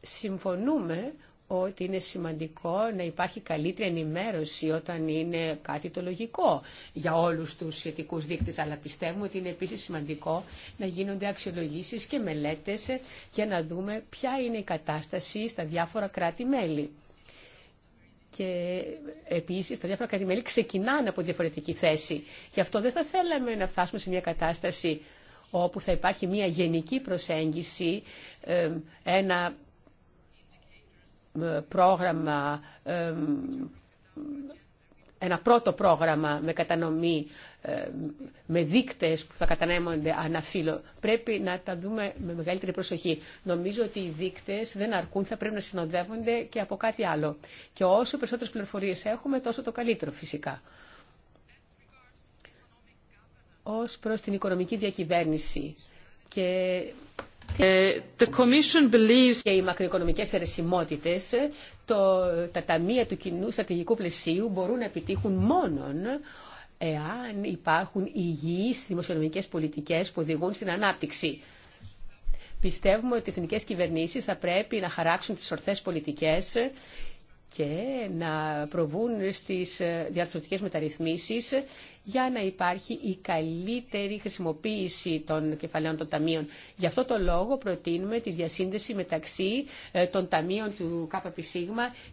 Συμφωνούμε ότι είναι σημαντικό να υπάρχει καλύτερη ενημέρωση όταν είναι κάτι το λογικό για όλους τους σχετικούς δείκτες. Αλλά πιστεύουμε ότι είναι επίσης σημαντικό να γίνονται αξιολογήσεις και μελέτες για να δούμε ποια είναι η κατάσταση στα διάφορα κράτη-μέλη. Και επίσης τα διάφορα κράτη-μέλη ξεκινάνε από διαφορετική θέση. Γι' αυτό δεν θα θέλαμε να φτάσουμε σε μια κατάσταση όπου θα υπάρχει μια γενική προσέγγιση, ένα πρόγραμμα, ένα πρώτο πρόγραμμα με κατανομή, με δείκτες που θα κατανέμονται αναφύλλο. Πρέπει να τα δούμε με μεγαλύτερη προσοχή. Νομίζω ότι οι δείκτες δεν αρκούν, θα πρέπει να συνοδεύονται και από κάτι άλλο. Και όσο περισσότερες πληροφορίες έχουμε, τόσο το καλύτερο φυσικά. Ως προς την οικονομική διακυβέρνηση και ε, και οι μακροοικονομικέ τα ταμεία του κοινού στρατηγικού πλαισίου μπορούν να επιτύχουν μόνον εάν υπάρχουν υγιείς δημοσιονομικέ πολιτικές που οδηγούν στην ανάπτυξη. Πιστεύουμε ότι οι εθνικέ κυβερνήσεις θα πρέπει να χαράξουν τις ορθές πολιτικές και να προβούν στις ε, διαρθρωτικές μεταρρυθμίσεις για να υπάρχει η καλύτερη χρησιμοποίηση των κεφαλαίων των ταμείων. Γι' αυτό το λόγο προτείνουμε τη διασύνδεση μεταξύ ε, των ταμείων του ΚΠΣ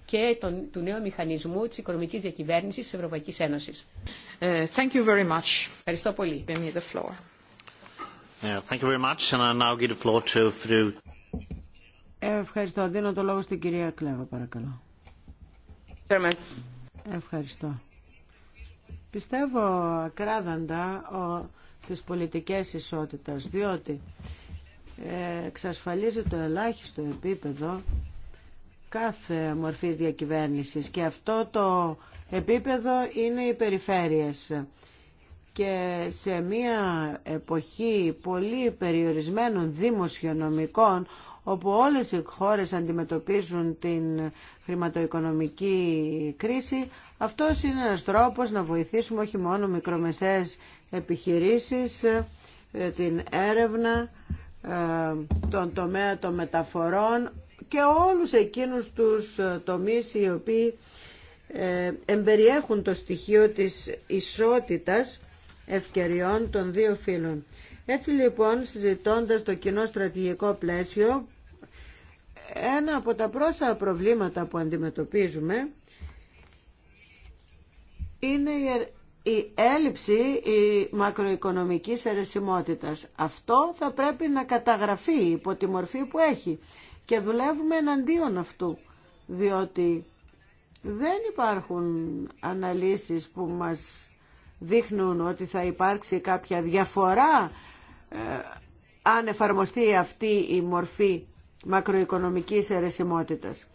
και του νέου μηχανισμού της οικονομικής διακυβέρνησης της Ευρωπαϊκής Ένωσης. Ε, ευχαριστώ πολύ. Ευχαριστώ. Δίνω το λόγο στην κυρία Κλέβα, παρακαλώ. Ευχαριστώ. Πιστεύω κράδαντα στις πολιτικές ισότητας, διότι ε, εξασφαλίζει το ελάχιστο επίπεδο κάθε μορφής διακυβέρνησης και αυτό το επίπεδο είναι οι περιφέρειες και σε μια εποχή πολύ περιορισμένων δημοσιονομικών όπου όλες οι χώρες αντιμετωπίζουν την χρηματοοικονομική κρίση, αυτός είναι ένας τρόπος να βοηθήσουμε όχι μόνο μικρομεσαίες επιχειρήσεις, ε, την έρευνα, ε, τον τομέα των μεταφορών και όλους εκείνους τους ε, τομείς οι οποίοι εμπεριέχουν το στοιχείο της ισότητας ευκαιριών των δύο φύλων. Έτσι λοιπόν, συζητώντας το κοινό στρατηγικό πλαίσιο ένα από τα πρόσφατα προβλήματα που αντιμετωπίζουμε είναι η έλλειψη η μακροοικονομικής αιρεσιμότητας. Αυτό θα πρέπει να καταγραφεί υπό τη μορφή που έχει και δουλεύουμε εναντίον αυτού, διότι δεν υπάρχουν αναλύσεις που μας δείχνουν ότι θα υπάρξει κάποια διαφορά ε, αν εφαρμοστεί αυτή η μορφή μακροοικονομικής αιρεσιμότητας.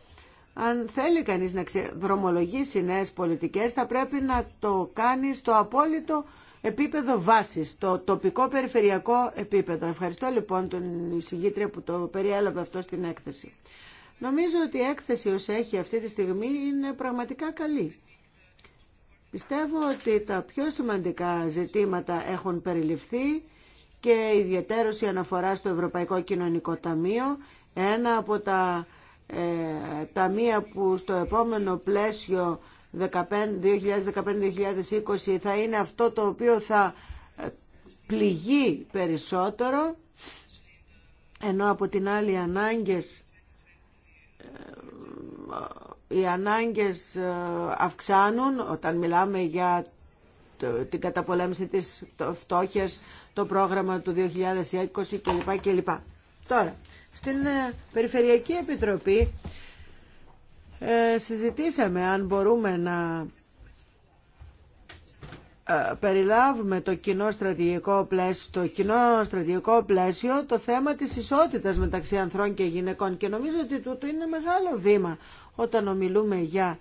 Αν θέλει κανείς να δρομολογήσει νέες πολιτικές θα πρέπει να το κάνει στο απόλυτο επίπεδο βάσης, στο τοπικό περιφερειακό επίπεδο. Ευχαριστώ λοιπόν τον εισηγήτρια που το περιέλαβε αυτό στην έκθεση. Νομίζω ότι η έκθεση ως έχει αυτή τη στιγμή είναι πραγματικά καλή. Πιστεύω ότι τα πιο σημαντικά ζητήματα έχουν περιληφθεί και ιδιαίτερως η αναφορά στο Ευρωπαϊκό Κοινωνικό Ταμείο ένα από τα ε, ταμεία που στο επόμενο πλαίσιο 2015-2020 θα είναι αυτό το οποίο θα ε, πληγεί περισσότερο ενώ από την άλλη οι ανάγκες, ε, οι ανάγκες ε, αυξάνουν όταν μιλάμε για την καταπολέμηση της φτώχειας, το πρόγραμμα του 2020 κλπ. κλπ. Τώρα, στην ε, Περιφερειακή Επιτροπή ε, συζητήσαμε αν μπορούμε να ε, περιλάβουμε το κοινό στρατηγικό πλαίσιο, το στρατηγικό πλαίσιο θέμα της ισότητας μεταξύ ανθρώπων και γυναικών και νομίζω ότι τούτο είναι μεγάλο βήμα όταν ομιλούμε για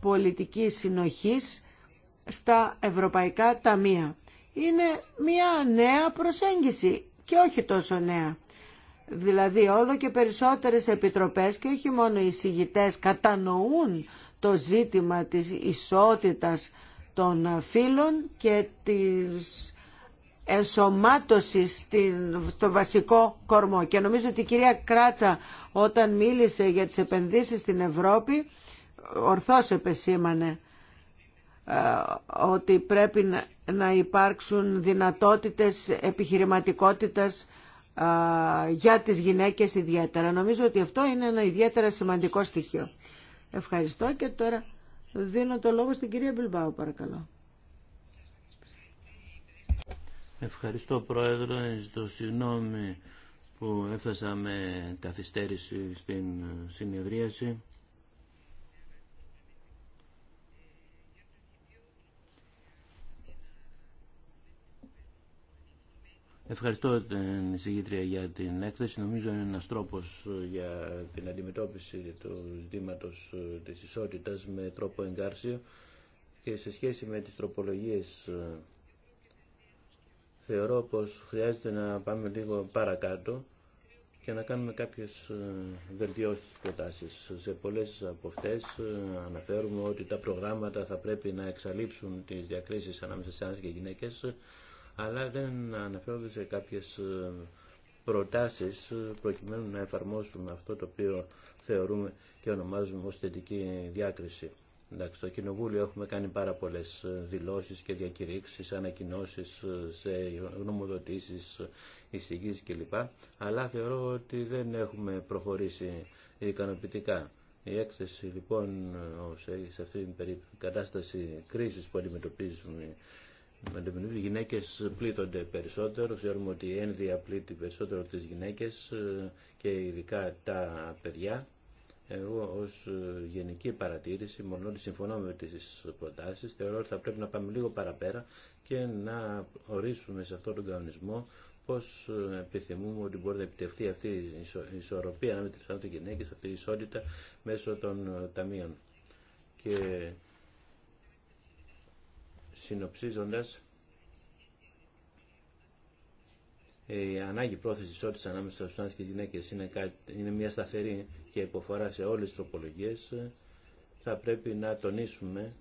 πολιτική συνοχής στα ευρωπαϊκά ταμεία. Είναι μια νέα προσέγγιση και όχι τόσο νέα. Δηλαδή όλο και περισσότερες επιτροπές και όχι μόνο οι συγητές κατανοούν το ζήτημα της ισότητας των φύλων και της ενσωμάτωσης στο βασικό κορμό. Και νομίζω ότι η κυρία Κράτσα όταν μίλησε για τις επενδύσεις στην Ευρώπη ορθώς επεσήμανε ε, ότι πρέπει να υπάρξουν δυνατότητες επιχειρηματικότητας για τις γυναίκες ιδιαίτερα. Νομίζω ότι αυτό είναι ένα ιδιαίτερα σημαντικό στοιχείο. Ευχαριστώ και τώρα δίνω το λόγο στην κυρία Μπιλμπάου παρακαλώ. Ευχαριστώ Πρόεδρο, ζητώ συγγνώμη που έφτασα με καθυστέρηση στην συνεδρίαση. Ευχαριστώ την εισηγήτρια για την έκθεση. Νομίζω είναι ένας τρόπος για την αντιμετώπιση του ζητήματος της ισότητας με τρόπο εγκάρσιο και σε σχέση με τις τροπολογίες θεωρώ πως χρειάζεται να πάμε λίγο παρακάτω και να κάνουμε κάποιες ε, βελτιώσεις προτάσεις. Σε πολλές από αυτές ε, αναφέρουμε ότι τα προγράμματα θα πρέπει να εξαλείψουν τις διακρίσεις ανάμεσα σε άνθρωποι και γυναίκες αλλά δεν αναφέρονται σε κάποιες ε, προτάσεις ε, προκειμένου να εφαρμόσουμε αυτό το οποίο θεωρούμε και ονομάζουμε ως θετική διάκριση. Εντάξει, στο Κοινοβούλιο έχουμε κάνει πάρα πολλές ε, δηλώσεις και διακηρύξεις, ανακοινώσεις σε γνωμοδοτήσεις, εισηγήσεις κλπ. Αλλά θεωρώ ότι δεν έχουμε προχωρήσει ικανοποιητικά. Η έκθεση λοιπόν σε αυτή την κατάσταση κρίσης που αντιμετωπίζουμε ποινή. Οι γυναίκες πλήττονται περισσότερο, ξέρουμε ότι η ένδυα πλήττει περισσότερο τις γυναίκες ε, και ειδικά τα παιδιά. Εγώ ως ε, γενική παρατήρηση, μόνο ότι συμφωνώ με τις προτάσει, θεωρώ ότι θα πρέπει να πάμε λίγο παραπέρα και να ορίσουμε σε αυτόν τον κανονισμό πώς ε, επιθυμούμε ότι μπορεί να επιτευχθεί αυτή η ισορροπία ανάμεσα στι γυναίκε, αυτή η ισότητα μέσω των ταμείων. Και Συνοψίζοντας, ε, η ανάγκη πρόθεση ό,τι ανάμεσα στους άντρε και γυναίκε είναι, είναι μια σταθερή και υποφορά σε όλε τις τροπολογίε. Θα πρέπει να τονίσουμε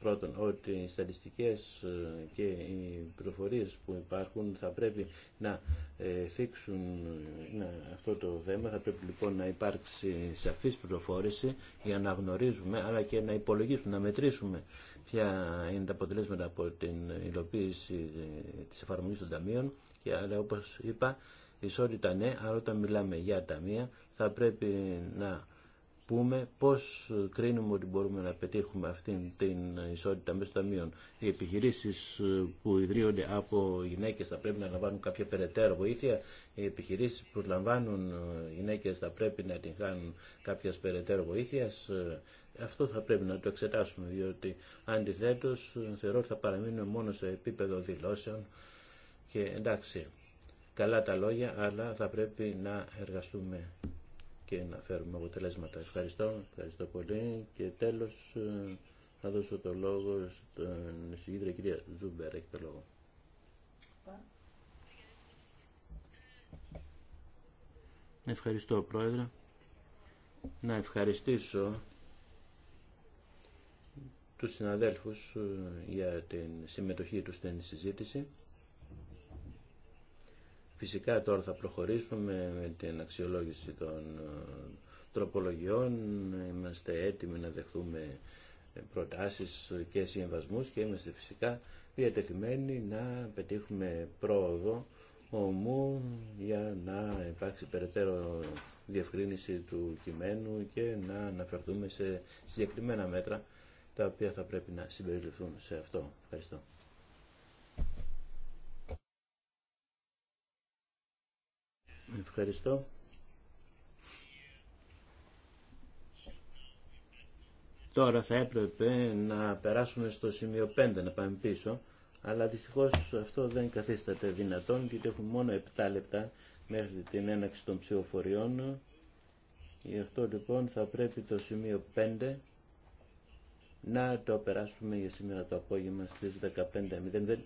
πρώτον ότι οι στατιστικές ε, και οι πληροφορίε που υπάρχουν θα πρέπει να ε, θίξουν αυτό το θέμα. Θα πρέπει λοιπόν να υπάρξει σαφής πληροφόρηση για να γνωρίζουμε αλλά και να υπολογίσουμε, να μετρήσουμε ποια είναι τα αποτελέσματα από την υλοποίηση της εφαρμογής των ταμείων και αλλά όπως είπα ισότητα ναι, αλλά όταν μιλάμε για ταμεία θα πρέπει να πούμε πώς κρίνουμε ότι μπορούμε να πετύχουμε αυτή την ισότητα μέσω ταμείων. Οι επιχειρήσεις ε, που ιδρύονται από γυναίκες θα πρέπει να λαμβάνουν κάποια περαιτέρω βοήθεια. Οι επιχειρήσεις που λαμβάνουν ε, γυναίκες θα πρέπει να την κάνουν κάποιας περαιτέρω βοήθειας. Ε, αυτό θα πρέπει να το εξετάσουμε, διότι αντιθέτω, θεωρώ ότι θα παραμείνουμε μόνο σε επίπεδο δηλώσεων και εντάξει, καλά τα λόγια, αλλά θα πρέπει να εργαστούμε και να φέρουμε αποτελέσματα. Ευχαριστώ, ευχαριστώ πολύ και τέλος ε, θα δώσω το λόγο στον συγκίτρια κυρία Ζούμπερ, έχει το Ευχαριστώ Πρόεδρε. Να ευχαριστήσω τους συναδέλφους ε, για την συμμετοχή τους στην συζήτηση. Φυσικά τώρα θα προχωρήσουμε με την αξιολόγηση των ε, τροπολογιών. Είμαστε έτοιμοι να δεχθούμε προτάσεις και συμβασμούς και είμαστε φυσικά διατεθειμένοι να πετύχουμε πρόοδο ομού για να υπάρξει περαιτέρω διευκρίνηση του κειμένου και να αναφερθούμε σε συγκεκριμένα μέτρα τα οποία θα πρέπει να συμπεριληφθούν σε αυτό. Ευχαριστώ. Ευχαριστώ. Τώρα θα έπρεπε να περάσουμε στο σημείο 5, να πάμε πίσω, αλλά δυστυχώς αυτό δεν καθίσταται δυνατόν, γιατί έχουμε μόνο 7 λεπτά μέχρι την έναξη των ψηφοφοριών. Γι' αυτό λοιπόν θα πρέπει το σημείο 5 να το περάσουμε για σήμερα το απόγευμα στις 15.00.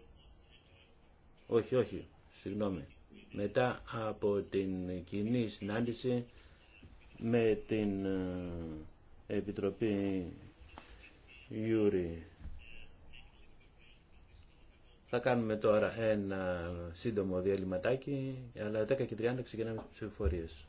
Όχι, όχι, συγγνώμη μετά από την κοινή συνάντηση με την ε, Επιτροπή Ιουρί. Θα κάνουμε τώρα ένα σύντομο διαλυματάκι, αλλά 10 και 30 ξεκινάμε τις ψηφοφορίες.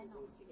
I know.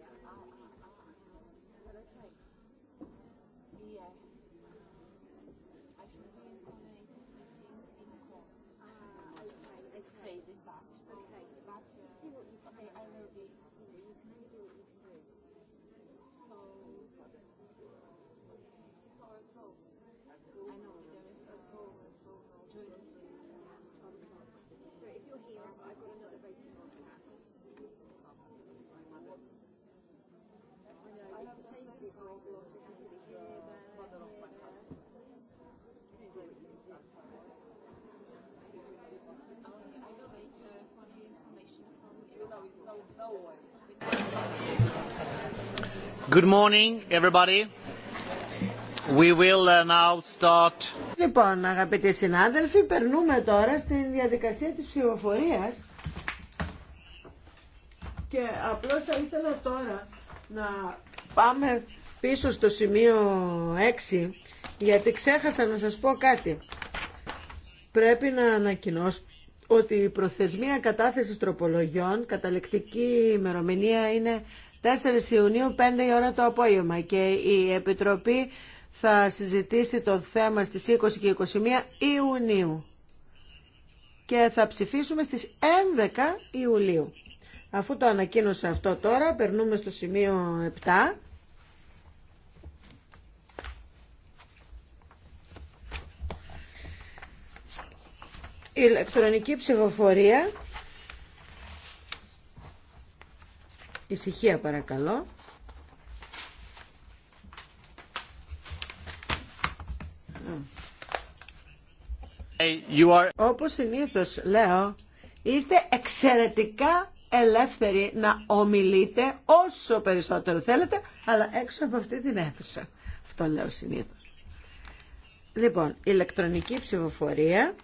Good morning, everybody. We will uh, now start. Λοιπόν, αγαπητοί συνάδελφοι, περνούμε τώρα στην διαδικασία της ψηφοφορίας και απλώς θα ήθελα τώρα να πάμε πίσω στο σημείο 6 γιατί ξέχασα να σας πω κάτι. Πρέπει να ανακοινώσω ότι η προθεσμία κατάθεσης τροπολογιών, καταληκτική ημερομηνία είναι 4 Ιουνίου, 5 η ώρα το απόγευμα και η Επιτροπή θα συζητήσει το θέμα στις 20 και 21 Ιουνίου και θα ψηφίσουμε στις 11 Ιουλίου. Αφού το ανακοίνωσα αυτό τώρα, περνούμε στο σημείο 7 ηλεκτρονική ψηφοφορία. Ησυχία παρακαλώ. You are... Όπως συνήθω λέω, είστε εξαιρετικά ελεύθεροι να ομιλείτε όσο περισσότερο θέλετε, αλλά έξω από αυτή την αίθουσα. Αυτό λέω συνήθως. Λοιπόν, ηλεκτρονική ψηφοφορία.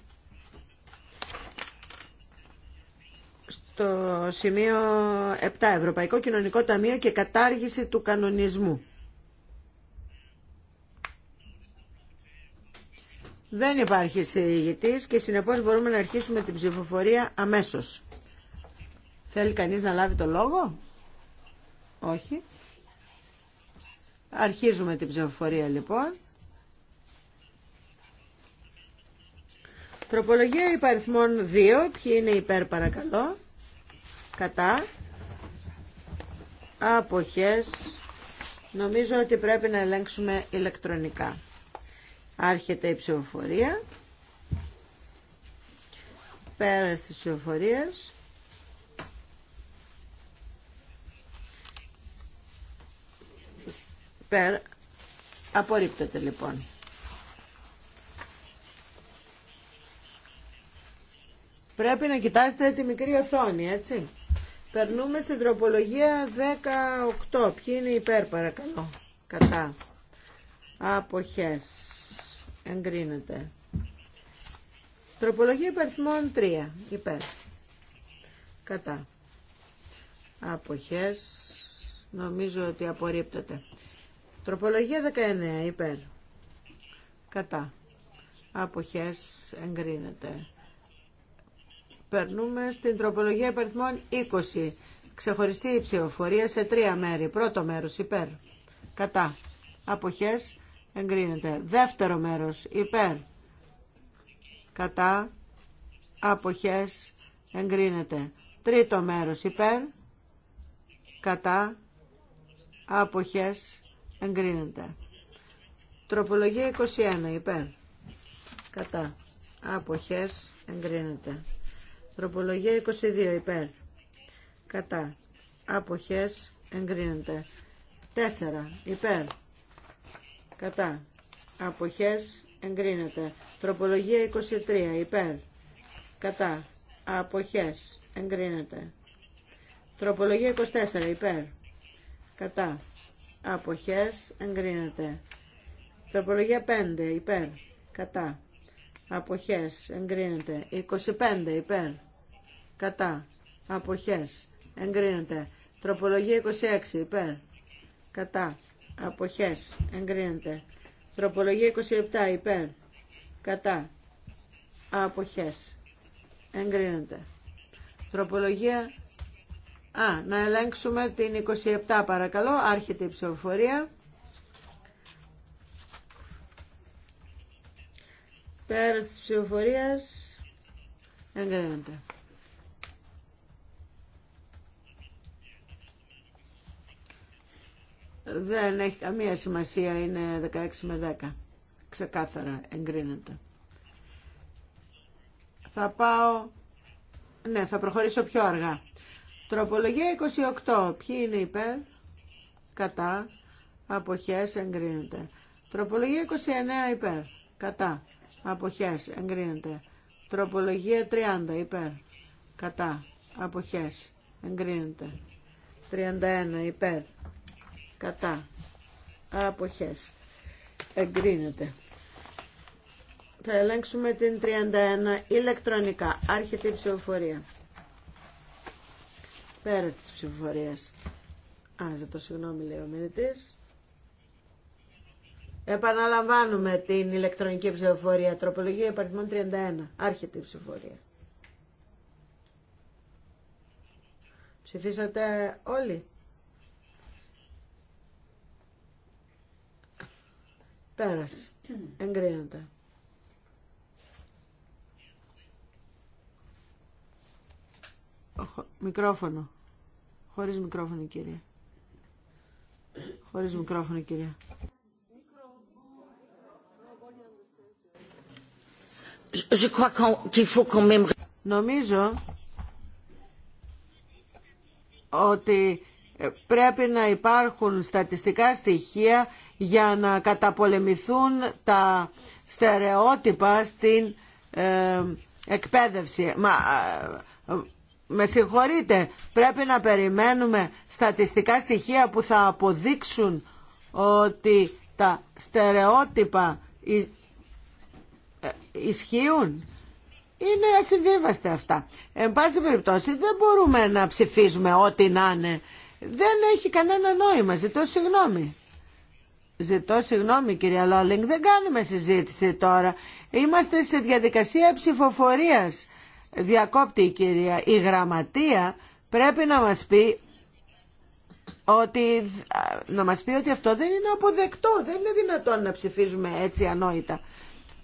το σημείο 7 Ευρωπαϊκό Κοινωνικό Ταμείο και κατάργηση του κανονισμού. Δεν υπάρχει συγητής και συνεπώς μπορούμε να αρχίσουμε την ψηφοφορία αμέσως. Θέλει κανείς να λάβει το λόγο? Όχι. Αρχίζουμε την ψηφοφορία λοιπόν. Τροπολογία υπαριθμών 2. Ποιοι είναι υπέρ παρακαλώ κατά αποχές νομίζω ότι πρέπει να ελέγξουμε ηλεκτρονικά άρχεται η ψηφοφορία Πέρα στις ψηφοφορίες. πέρα απορρίπτεται λοιπόν πρέπει να κοιτάζετε τη μικρή οθόνη έτσι Περνούμε στην τροπολογία 18. Ποιοι είναι υπέρ παρακαλώ. Κατά. Αποχές. Εγκρίνεται. Τροπολογία υπερθμών 3. Υπέρ. Κατά. Αποχές. Νομίζω ότι απορρίπτεται. Τροπολογία 19. Υπέρ. Κατά. Αποχές. Εγκρίνεται. Περνούμε στην τροπολογία υπαριθμών 20. Ξεχωριστή η ψηφοφορία σε τρία μέρη. Πρώτο μέρος υπέρ. Κατά. Αποχές εγκρίνεται. Δεύτερο μέρος υπέρ. Κατά. Αποχές εγκρίνεται. Τρίτο μέρος υπέρ. Κατά. Αποχές εγκρίνεται. Τροπολογία 21 υπέρ. Κατά. Αποχές εγκρίνεται. Τροπολογία 22 υπέρ. Κατά. Αποχές εγκρίνεται. 4 υπέρ. Κατά. Αποχές εγκρίνεται. Τροπολογία 23 υπέρ. Κατά. Αποχές εγκρίνεται. Τροπολογία 24 υπέρ. Κατά. Αποχές εγκρίνεται. Τροπολογία 5 υπέρ. Κατά αποχές εγκρίνεται 25 υπέρ κατά αποχές εγκρίνεται τροπολογία 26 υπέρ κατά αποχές εγκρίνεται τροπολογία 27 υπέρ κατά αποχές εγκρίνεται τροπολογία Α, να ελέγξουμε την 27 παρακαλώ, άρχεται η ψηφοφορία. Πέρα της ψηφοφορίας εγκρίνεται. Δεν έχει καμία σημασία, είναι 16 με 10. Ξεκάθαρα εγκρίνεται. Θα πάω... Ναι, θα προχωρήσω πιο αργά. Τροπολογία 28. Ποιοι είναι υπέρ, κατά, αποχές, εγκρίνεται. Τροπολογία 29 υπέρ, κατά, αποχές εγκρίνεται. Τροπολογία 30 υπέρ κατά αποχές εγκρίνεται. 31 υπέρ κατά αποχές εγκρίνεται. Θα ελέγξουμε την 31 ηλεκτρονικά. Άρχεται η ψηφοφορία. Πέρα της ψηφοφορίας. Άζε το συγγνώμη λέει ο μηνυτής. Επαναλαμβάνουμε την ηλεκτρονική ψηφοφορία. Τροπολογία υπαριθμών 31. Άρχεται η ψηφοφορία. Ψηφίσατε όλοι. Πέρασε. Εγκρίνεται. Μικρόφωνο. Χωρίς μικρόφωνο, κυρία. Χωρίς μικρόφωνο, κυρία. Νομίζω ότι ε, πρέπει να υπάρχουν στατιστικά στοιχεία για να καταπολεμηθούν τα στερεότυπα στην ε, εκπαίδευση. Μα, ε, με συγχωρείτε, πρέπει να περιμένουμε στατιστικά στοιχεία που θα αποδείξουν ότι τα στερεότυπα ε, ισχύουν. Είναι ασυμβίβαστα αυτά. Εν πάση περιπτώσει δεν μπορούμε να ψηφίζουμε ό,τι να είναι. Δεν έχει κανένα νόημα. Ζητώ συγγνώμη. Ζητώ συγγνώμη κυρία Λόλινγκ. Δεν κάνουμε συζήτηση τώρα. Είμαστε σε διαδικασία ψηφοφορίας. Διακόπτη η κυρία. Η γραμματεία πρέπει να μας πει ότι, να μας πει ότι αυτό δεν είναι αποδεκτό. Δεν είναι δυνατόν να ψηφίζουμε έτσι ανόητα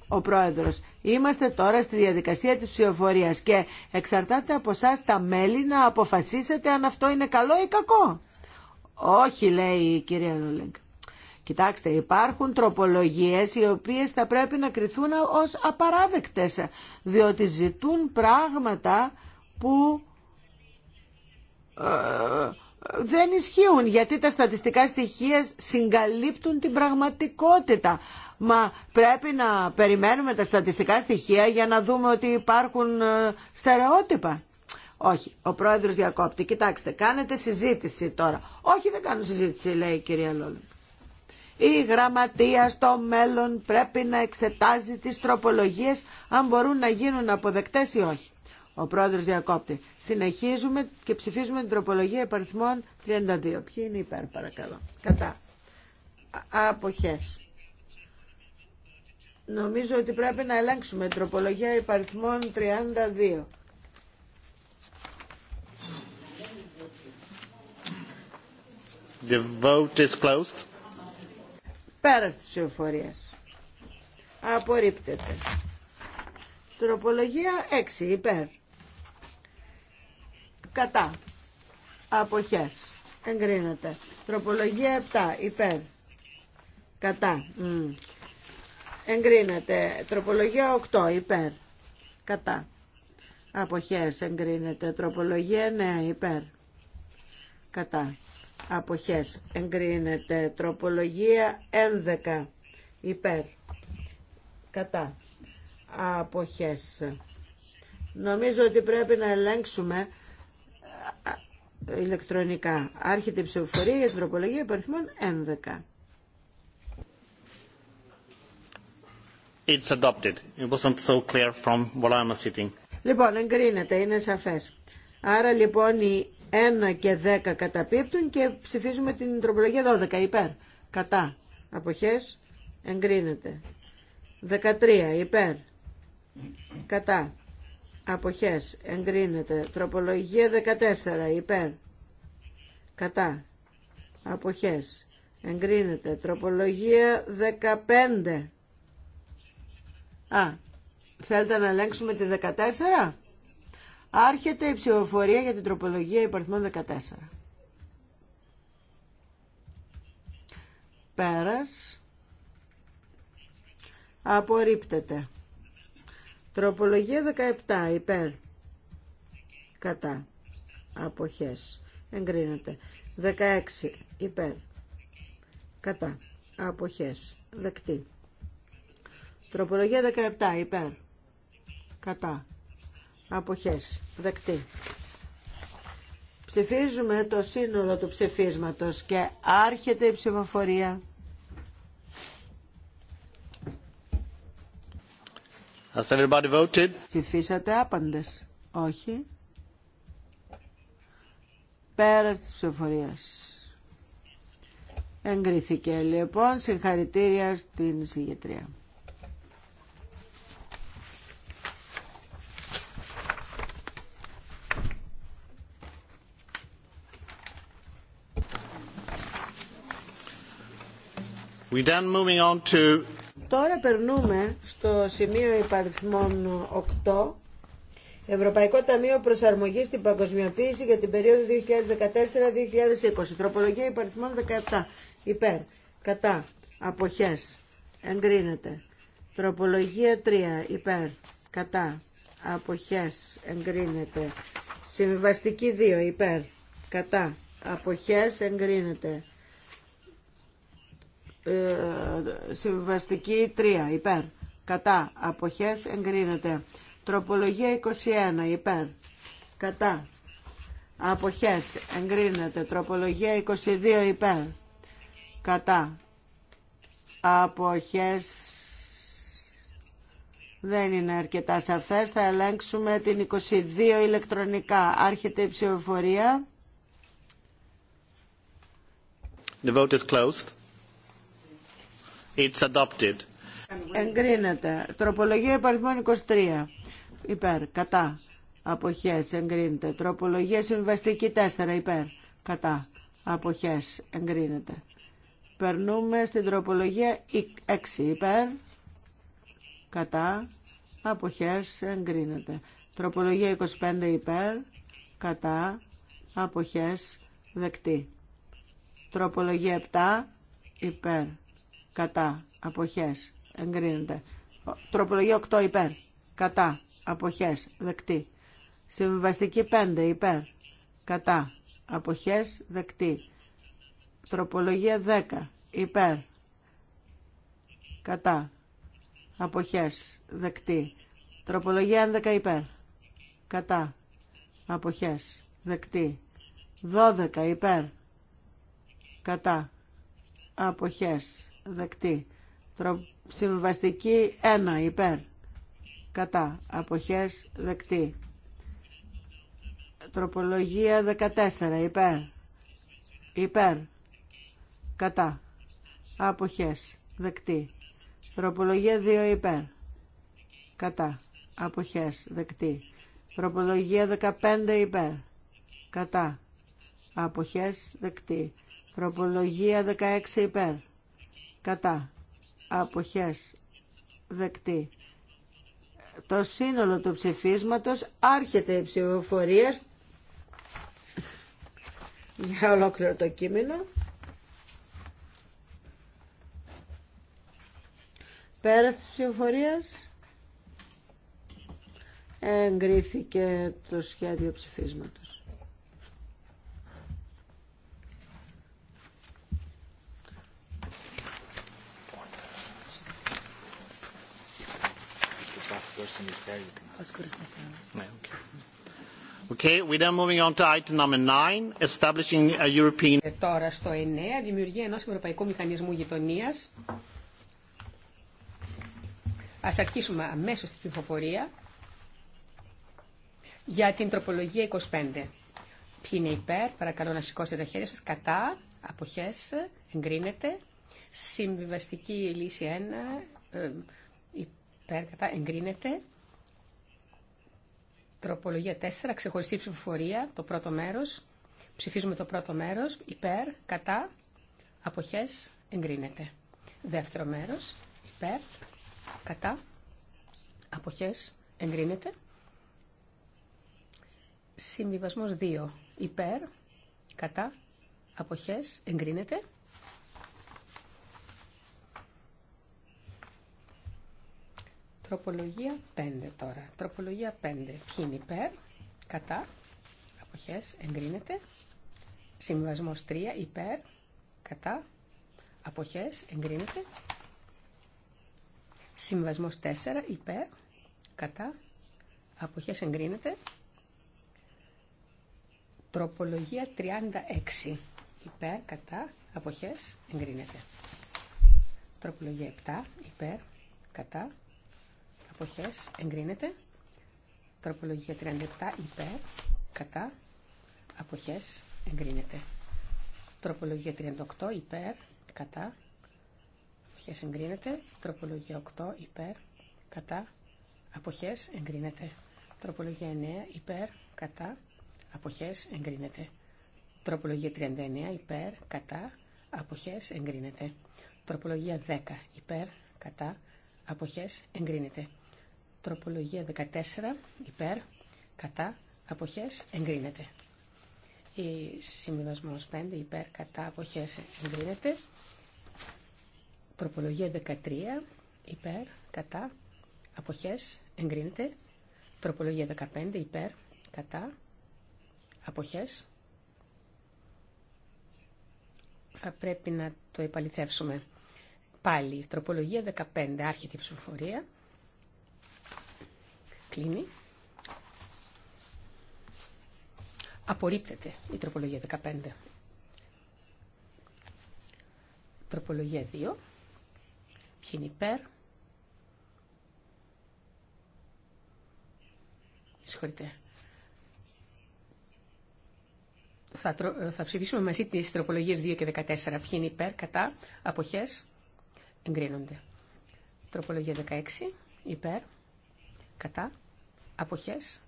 ο Πρόεδρος. Είμαστε τώρα στη διαδικασία της ψηφοφορία και εξαρτάται από εσά τα μέλη να αποφασίσετε αν αυτό είναι καλό ή κακό. Όχι, λέει η κυρία Λούλεγκ. Κοιτάξτε, υπάρχουν τροπολογίες οι οποίες θα πρέπει να κριθούν ως απαράδεκτες, διότι ζητούν πράγματα που ε, δεν ισχύουν γιατί τα στατιστικά στοιχεία συγκαλύπτουν την πραγματικότητα. Μα πρέπει να περιμένουμε τα στατιστικά στοιχεία για να δούμε ότι υπάρχουν ε, στερεότυπα. Όχι, ο πρόεδρος διακόπτει. Κοιτάξτε, κάνετε συζήτηση τώρα. Όχι, δεν κάνω συζήτηση, λέει η κυρία Λόλου. Η γραμματεία στο μέλλον πρέπει να εξετάζει τις τροπολογίες αν μπορούν να γίνουν αποδεκτές ή όχι. Ο πρόεδρος διακόπτει. Συνεχίζουμε και ψηφίζουμε την τροπολογία επαριθμών 32. Ποιοι είναι υπέρ παρακαλώ. Κατά. Αποχές. Νομίζω ότι πρέπει να ελέγξουμε τροπολογία υπαριθμών 32. The vote is closed. Πέρας της Απορρίπτεται. Τροπολογία 6 υπέρ. Κατά. Αποχές. Εγκρίνεται. Τροπολογία 7 υπέρ. Κατά εγκρίνεται. Τροπολογία 8 υπέρ. Κατά. Αποχές εγκρίνεται. Τροπολογία 9 υπέρ. Κατά. Αποχές εγκρίνεται. Τροπολογία 11 υπέρ. Κατά. Αποχές. Νομίζω ότι πρέπει να ελέγξουμε ε, ε, ηλεκτρονικά. Άρχεται η ψηφοφορία για την τροπολογία υπαριθμών 11. It's adopted. It wasn't so clear from what I'm sitting. Λοιπόν, εγκρίνεται, είναι σαφέ. Άρα λοιπόν οι 1 και 10 καταπίπτουν και ψηφίζουμε την τροπολογία 12 υπέρ. Κατά. Αποχές. Εγκρίνεται. 13 υπέρ. Κατά. Αποχές. Εγκρίνεται. Τροπολογία 14 υπέρ. Κατά. Αποχές. Εγκρίνεται. Τροπολογία 15 Α, θέλετε να ελέγξουμε τη 14. Άρχεται η ψηφοφορία για την τροπολογία υπαριθμών 14. Πέρας. Απορρίπτεται. Τροπολογία 17. Υπέρ. Κατά. Αποχές. Εγκρίνεται. 16. Υπέρ. Κατά. Αποχές. Δεκτή. Τροπολογία 17 υπέρ. Κατά. Αποχές. Δεκτή. Ψηφίζουμε το σύνολο του ψηφίσματος και άρχεται η ψηφοφορία. Has everybody voted? Ψηφίσατε άπαντες. Όχι. Πέρα της ψηφοφορίας. Εγκρίθηκε λοιπόν. Συγχαρητήρια στην συγγετρία. Τώρα περνούμε στο σημείο υπαριθμών 8. Ευρωπαϊκό Ταμείο Προσαρμογής στην Παγκοσμιοποίηση για την περίοδο 2014-2020. Τροπολογία υπαριθμών 17. Υπέρ. Κατά. Αποχές. Εγκρίνεται. Τροπολογία 3. Υπέρ. Κατά. Αποχές. Εγκρίνεται. Συμβιβαστική 2. Υπέρ. Κατά. Αποχές. Εγκρίνεται. Ε, συμβαστική 3 υπέρ κατά αποχές εγκρίνεται τροπολογία 21 υπέρ κατά αποχές εγκρίνεται τροπολογία 22 υπέρ κατά αποχές δεν είναι αρκετά σαφές θα ελέγξουμε την 22 ηλεκτρονικά άρχεται η ψηφοφορία The vote is closed. It's adopted. Εγκρίνεται. Τροπολογία υπαριθμών 23. Υπέρ. Κατά. Αποχές. Εγκρίνεται. Τροπολογία συμβαστική 4. Υπέρ. Κατά. Αποχές. Εγκρίνεται. Περνούμε στην τροπολογία 6. Υπέρ. Κατά. Αποχές. Εγκρίνεται. Τροπολογία 25. Υπέρ. Κατά. Αποχές. Δεκτή. Τροπολογία 7. Υπέρ κατά, αποχές, εγκρίνεται. Τροπολογία 8 υπέρ, κατά, αποχές, δεκτή. Συμβιβαστική 5 υπέρ, κατά, αποχές, δεκτή. Τροπολογία 10 υπέρ, κατά, αποχές, δεκτή. Τροπολογία 11 υπέρ, κατά, αποχές, δεκτή. 12 υπέρ, κατά, αποχές, δεκτή. Συμβαστική 1 υπέρ. Κατά. Αποχές δεκτή. Τροπολογία 14 υπέρ. Υπέρ. Κατά. Αποχές δεκτή. Τροπολογία 2 υπέρ. Κατά. Αποχές δεκτή. Τροπολογία 15 υπέρ. Κατά. Αποχές δεκτή. Τροπολογία 16 υπέρ κατά αποχές δεκτή. Το σύνολο του ψηφίσματος άρχεται η ψηφοφορία για ολόκληρο το κείμενο. Πέρας της ψηφοφορίας εγκρίθηκε το σχέδιο ψηφίσματος. person is there, you can. As good as they Okay. Okay, we then moving on to item number nine, establishing a European. Ε, τώρα στο 9, δημιουργία ενός ευρωπαϊκού μηχανισμού γειτονίας. Ας αρχίσουμε αμέσως την ψηφοφορία για την τροπολογία 25. Ποιοι είναι υπέρ, παρακαλώ να σηκώσετε τα χέρια σας. Κατά, αποχές, εγκρίνεται. Συμβιβαστική λύση 1, Υπέρ κατά εγκρίνεται. Τροπολογία 4, ξεχωριστή ψηφοφορία, το πρώτο μέρος. Ψηφίζουμε το πρώτο μέρος. Υπέρ κατά αποχές εγκρίνεται. Δεύτερο μέρος. Υπέρ κατά αποχές εγκρίνεται. Συμβιβασμός 2. Υπέρ κατά αποχές εγκρίνεται. Τροπολογία 5 τώρα. Τροπολογία 5. Ποιοι είναι υπέρ, κατά, αποχές, εγκρίνεται. Συμβασμός 3, υπέρ, κατά, αποχές, εγκρίνεται. Συμβασμός 4, υπέρ, κατά, αποχές, εγκρίνεται. Τροπολογία 36, υπέρ, κατά, αποχές, εγκρίνεται. Τροπολογία 7, υπέρ, κατά, αποχές εγκρίνεται. Τροπολογία 37 υπέρ, κατά, αποχές εγκρίνεται. Τροπολογία 38 υπέρ, κατά, αποχές εγκρίνεται. Τροπολογία 8 υπέρ, κατά, αποχές εγκρίνεται. Τροπολογία 9 υπέρ, κατά, αποχές εγκρίνεται. Τροπολογία 39 υπέρ, κατά, αποχές εγκρίνεται. Τροπολογία 10 υπέρ, κατά, αποχές εγκρίνεται. Τροπολογία 14 υπέρ κατά αποχές εγκρίνεται. Η συμβιβασμός 5 υπέρ κατά αποχές εγκρίνεται. Τροπολογία 13 υπέρ κατά αποχές εγκρίνεται. Τροπολογία 15 υπέρ κατά αποχές θα πρέπει να το επαληθεύσουμε. Πάλι, τροπολογία 15, άρχιτη ψηφοφορία. Κλείνει. Απορρίπτεται η τροπολογία 15. Τροπολογία 2. Ποιοι είναι υπέρ. Συγχωρείτε. Θα, θα ψηφίσουμε μαζί τις τροπολογίες 2 και 14. Ποιοι είναι υπέρ, κατά, αποχές, εγκρίνονται. Τροπολογία 16, υπέρ κατά, αποχές,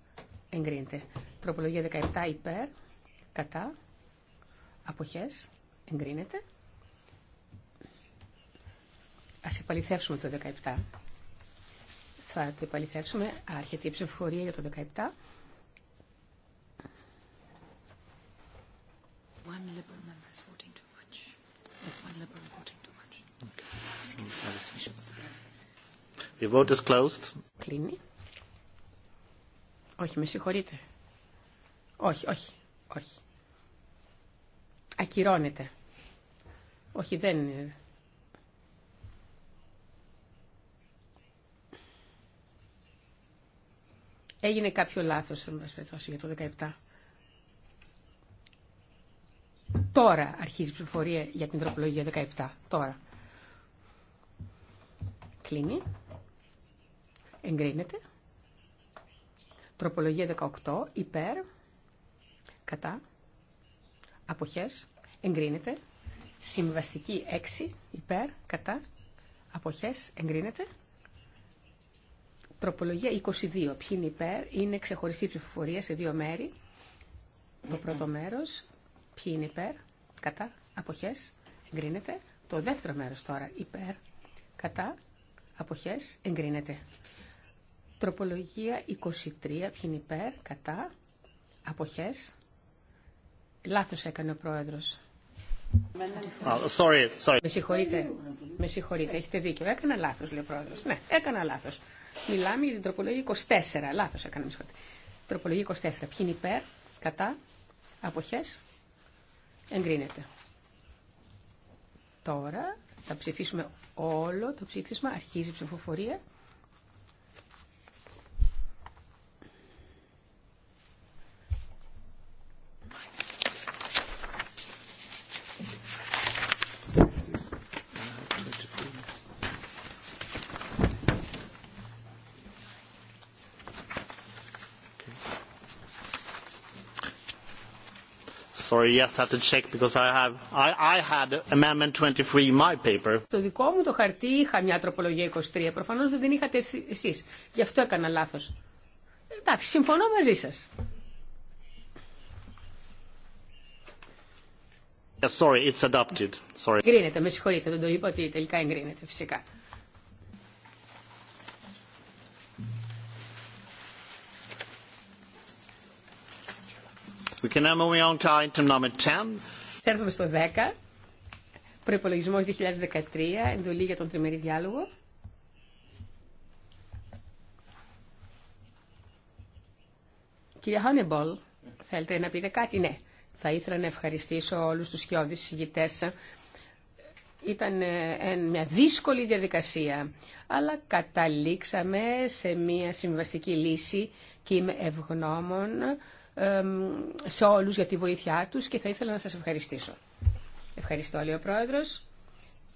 εγκρίνεται. Τροπολογία 17 υπέρ, κατά, αποχές, εγκρίνεται. Ας υπαλληθεύσουμε το 17. Θα το επαληθεύσουμε. Άρχεται η ψηφοφορία για το 17. Κλείνει. Όχι, με συγχωρείτε. Όχι, όχι, όχι. Ακυρώνεται. Όχι, δεν είναι. Έγινε κάποιο λάθος, θα μας για το 17. Τώρα αρχίζει η ψηφοφορία για την τροπολογία 17. Τώρα. Κλείνει. Εγκρίνεται. Τροπολογία 18 υπέρ κατά αποχές εγκρίνεται. Συμβαστική 6 υπέρ κατά αποχές εγκρίνεται. Τροπολογία 22. Ποιοι είναι υπέρ, είναι ξεχωριστή ψηφοφορία σε δύο μέρη. Το πρώτο μέρος, ποιοι είναι υπέρ, κατά, αποχές, εγκρίνεται. Το δεύτερο μέρος τώρα, υπέρ, κατά, αποχές, εγκρίνεται. Τροπολογία 23, ποιοι υπέρ, κατά, αποχές. Λάθος έκανε ο πρόεδρος. Oh, sorry, sorry. Με συγχωρείτε, με συγχωρείτε, έχετε δίκιο. Έκανα λάθος, λέει ο πρόεδρος. Ναι, έκανα λάθος. Μιλάμε για την τροπολογία 24, λάθος έκανα, με συγχωρείτε. Τροπολογία 24, ποιοι είναι υπέρ, κατά, αποχές, εγκρίνεται. Τώρα θα ψηφίσουμε όλο το ψήφισμα, αρχίζει η ψηφοφορία. sorry, yes, I had to check because I have, I, I had amendment 23 in my paper. Το δικό μου το χαρτί είχα μια τροπολογία 23, προφανώς δεν την είχατε εσείς. Γι' αυτό έκανα λάθος. Εντάξει, συμφωνώ μαζί σας. Yeah, sorry, it's adopted. Sorry. Εγκρίνεται, με συγχωρείτε, δεν το είπα ότι τελικά εγκρίνεται, φυσικά. We can Έρχομαι στο 10. Προπολογισμό 2013, εντολή για τον τριμερή διάλογο. Κύριε Χόνιμπολ, θέλετε να πείτε κάτι, ναι. Θα ήθελα να ευχαριστήσω όλους τους σκιώδεις συζητητές. Ήταν ε, μια δύσκολη διαδικασία, αλλά καταλήξαμε σε μια συμβαστική λύση και είμαι ευγνώμων σε όλους για τη βοήθειά τους και θα ήθελα να σας ευχαριστήσω. Ευχαριστώ, λέει ο Πρόεδρος.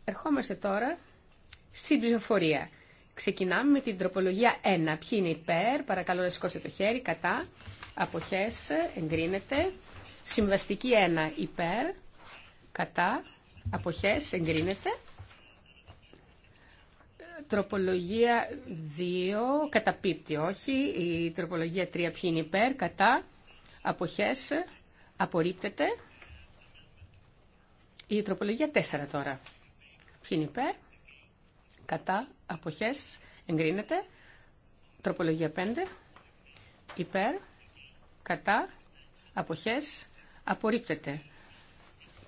Ερχόμαστε τώρα στην ψηφοφορία. Ξεκινάμε με την τροπολογία 1. Ποιοι είναι υπέρ, παρακαλώ να σηκώσετε το χέρι, κατά, αποχές, εγκρίνεται. Συμβαστική 1 υπέρ, κατά, αποχές, εγκρίνεται. Τροπολογία 2, καταπίπτει όχι. Η τροπολογία 3, ποιοι είναι υπέρ, κατά, αποχές απορρίπτεται η τροπολογία 4 τώρα. Ποιοι είναι υπέρ, κατά, αποχές, εγκρίνεται. Τροπολογία 5, υπέρ, κατά, αποχές, απορρίπτεται.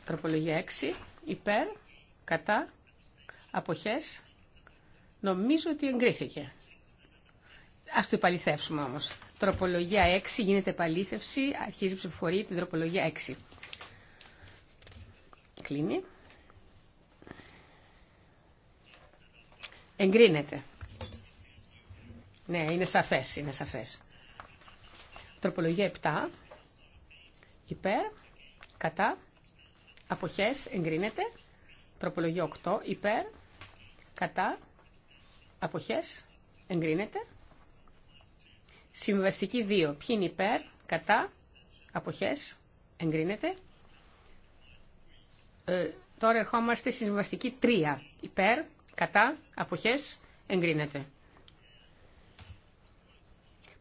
Τροπολογία 6, υπέρ, κατά, αποχές, νομίζω ότι εγκρίθηκε. Ας το υπαλληθεύσουμε όμως. Τροπολογία 6 γίνεται επαλήθευση. Αρχίζει η ψηφοφορία την τροπολογία 6. Κλείνει. Εγκρίνεται. Ναι, είναι σαφές, είναι σαφές. Τροπολογία 7. Υπέρ, κατά, αποχές, εγκρίνεται. Τροπολογία 8. Υπέρ, κατά, αποχές, εγκρίνεται. Συμβαστική 2. Ποιοι είναι υπέρ, κατά, αποχές, εγκρίνεται. Ε, τώρα ερχόμαστε στη συμβαστική 3. Υπέρ, κατά, αποχές, εγκρίνεται.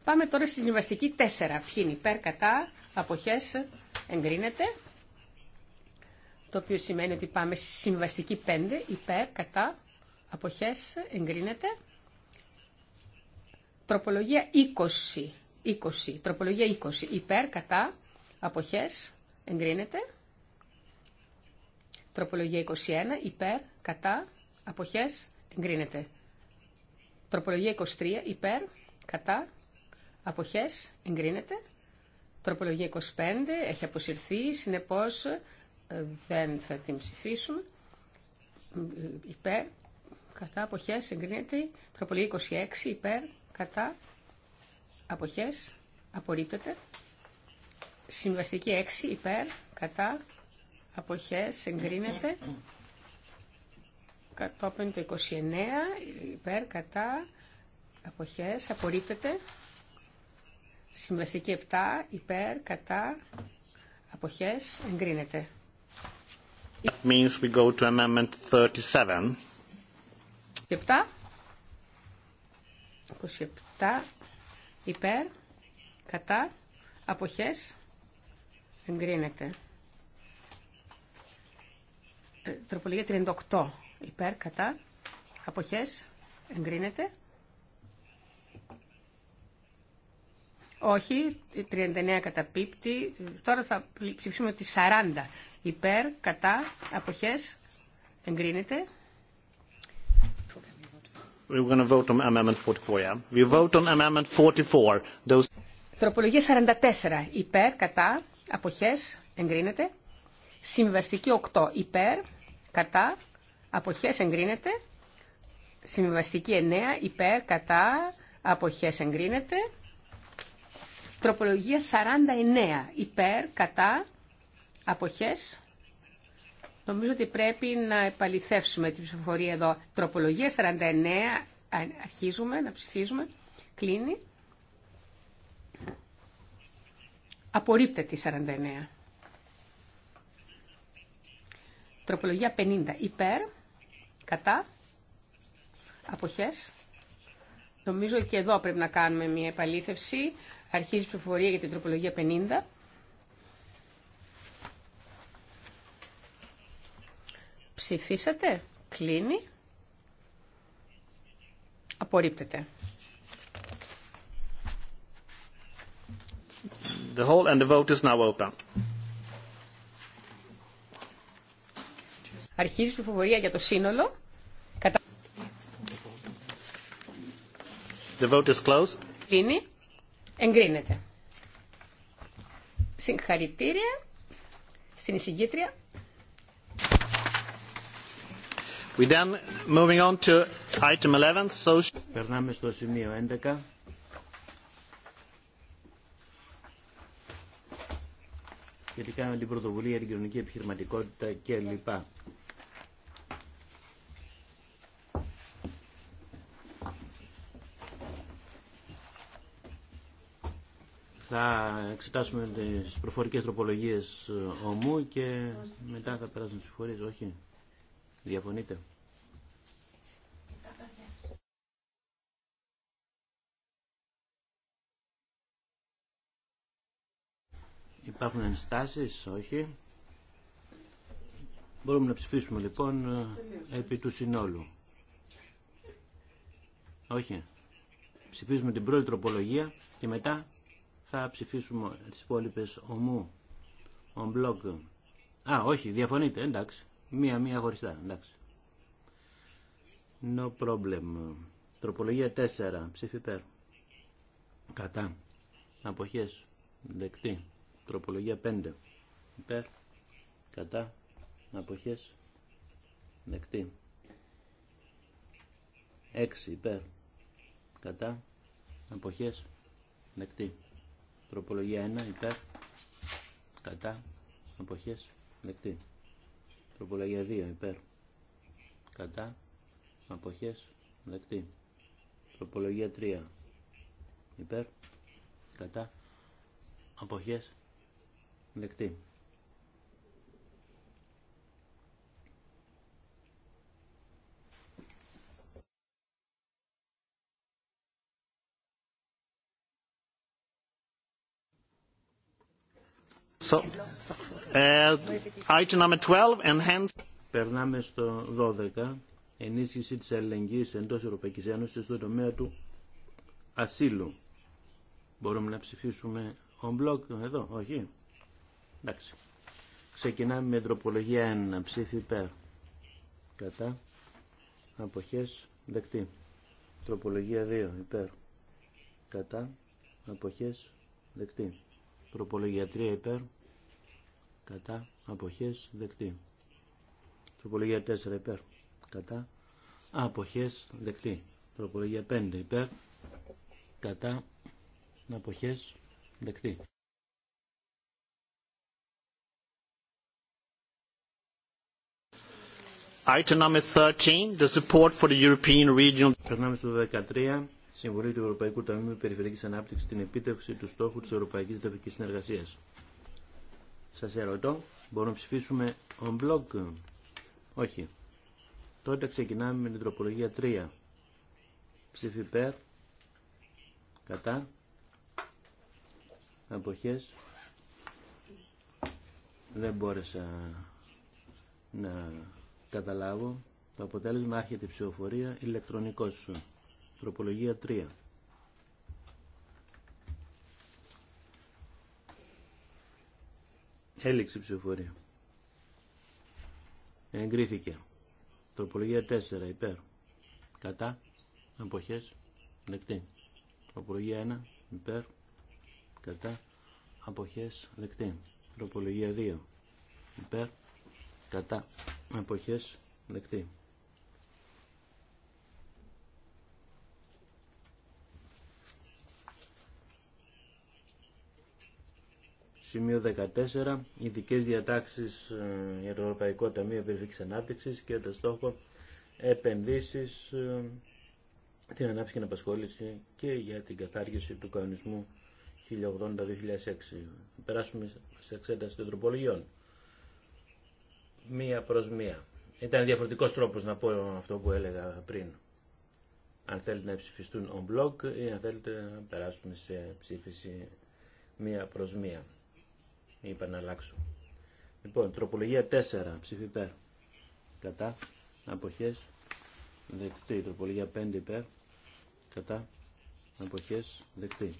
Πάμε τώρα στη συμβαστική 4. Ποιοι είναι υπέρ, κατά, αποχές, εγκρίνεται. Το οποίο σημαίνει ότι πάμε στη συμβαστική 5. Υπέρ, κατά, αποχές, εγκρίνεται. Τροπολογία 20. 20. Τροπολογία 20. Υπέρ, κατά, αποχές, εγκρίνεται. Τροπολογία 21. Υπέρ, κατά, αποχές, εγκρίνεται. Τροπολογία 23. Υπέρ, κατά, αποχές, εγκρίνεται. Τροπολογία 25. Έχει αποσυρθεί, συνεπώς ε, δεν θα την ψηφίσουμε. Ε, υπέρ, κατά, αποχές, εγκρίνεται. Τροπολογία 26. Υπέρ, κατά, αποχές, απορρίπτεται. Συμβαστική 6 υπέρ, κατά, αποχές, εγκρίνεται. Κατόπιν το 29 υπέρ, κατά, αποχές, απορρίπτεται. Συμβαστική 7 υπέρ, κατά, αποχές, εγκρίνεται. That means we 37. 27 υπέρ, κατά, αποχές, εγκρίνεται. Ε, τροπολογία 38 υπέρ, κατά, αποχές, εγκρίνεται. Όχι, 39 καταπίπτει. Τώρα θα ψηφίσουμε τη 40 υπέρ, κατά, αποχές, εγκρίνεται. We're going to vote on amendment 44, yeah. We vote on amendment 44. Those... Τροπολογία 44. Υπέρ, κατά, αποχές, εγκρίνεται. Συμβαστική 8. Υπέρ, κατά, αποχές, εγκρίνεται. Συμβιβαστική 9. Υπέρ, κατά, αποχές, εγκρίνεται. Τροπολογία 49. Υπέρ, κατά, αποχές, Νομίζω ότι πρέπει να επαληθεύσουμε την ψηφοφορία εδώ. Τροπολογία 49, αρχίζουμε να ψηφίζουμε, κλείνει. Απορρίπτεται η 49. Τροπολογία 50, υπέρ, κατά, αποχές. Νομίζω και εδώ πρέπει να κάνουμε μια επαλήθευση. Αρχίζει η ψηφοφορία για την τροπολογία 50. Ψηφίσατε. Κλείνει. Απορρίπτεται. The whole and the vote is now open. Αρχίζει η ψηφοφορία για το σύνολο. Κατά... The vote is closed. Κλείνει. Εγκρίνεται. Συγχαρητήρια στην εισηγήτρια Περνάμε στο σημείο 11. γιατί κάνουμε την πρωτοβουλία για την κοινωνική επιχειρηματικότητα κλπ. Θα εξετάσουμε τις προφορικές τροπολογίες ομού και μετά θα περάσουμε στις φορές, όχι. Διαφωνείτε. Υπάρχουν ενστάσεις, όχι. Μπορούμε να ψηφίσουμε λοιπόν επί του συνόλου. Όχι. Ψηφίζουμε την πρώτη τροπολογία και μετά θα ψηφίσουμε τις υπόλοιπες ομού, on Α, όχι, διαφωνείτε, εντάξει μία-μία χωριστά. Εντάξει. No problem. Τροπολογία 4. Ψήφι υπέρ. Κατά. Αποχές. Δεκτή. Τροπολογία 5. Υπέρ. Κατά. Αποχές. Δεκτή. 6. Υπέρ. Κατά. Αποχές. Δεκτή. Τροπολογία 1. Υπέρ. Κατά. Αποχές. Δεκτή. Τροπολογία 2 υπέρ. Κατά. Αποχές. Δεκτή. Τροπολογία 3 υπέρ. Κατά. Αποχές. Δεκτή. Ε, Περνάμε στο 12. Ενίσχυση της αλληλεγγύης εντός Ευρωπαϊκής Ένωσης στον τομέα του ασύλου. Μπορούμε να ψηφίσουμε on block εδώ, όχι. Εντάξει. Ξεκινάμε με τροπολογία 1. Ψήφι υπέρ. Κατά. Αποχές. Δεκτή. Τροπολογία 2. Υπέρ. Κατά. Αποχές. Δεκτή. Τροπολογία 3. Υπέρ κατά αποχές δεκτή. Τροπολογία 4 υπέρ κατά αποχές δεκτή. Τροπολογία 5 υπέρ κατά αποχές δεκτή. Item number 13, the support for the European Regional. Περνάμε στο 13, Συμβολή του Ευρωπαϊκού Ταμείου Περιφερειακής Ανάπτυξης στην επίτευξη του στόχου της Ευρωπαϊκής Δυτικής Συνεργασίας. Σας ερωτώ, μπορούμε να ψηφίσουμε on block. Όχι. Τότε ξεκινάμε με την τροπολογία 3. Ψήφι υπέρ, κατά, αποχές. Δεν μπόρεσα να καταλάβω. Το αποτέλεσμα άρχεται η ψηφοφορία ηλεκτρονικός. Τροπολογία 3. Έληξη ψηφοφορία. Εγκρίθηκε. Τροπολογία 4 υπέρ. Κατά. εποχές Δεκτή. Τροπολογία 1 υπέρ. Κατά. Αποχές. Δεκτή. Τροπολογία 2 υπέρ. Κατά. εποχές Δεκτή. σημείο 14, ειδικέ διατάξεις ε, για το Ευρωπαϊκό Ταμείο Περιφερειακή Ανάπτυξης και το στόχο επενδύσεις ε, την ανάπτυξη και την απασχόληση και για την κατάργηση του κανονισμού 1080-2006. Περάσουμε σε εξέταση των τροπολογιών. Μία προς μία. Ήταν διαφορετικός τρόπος να πω αυτό που έλεγα πριν. Αν θέλετε να ψηφιστούν on block ή αν θέλετε να περάσουμε σε ψήφιση μία προς μία είπα να αλλάξω. Λοιπόν, τροπολογία 4, ψήφι υπέρ. Κατά, αποχές, δεκτή. Τροπολογία 5 υπέρ, κατά, αποχές, δεκτή.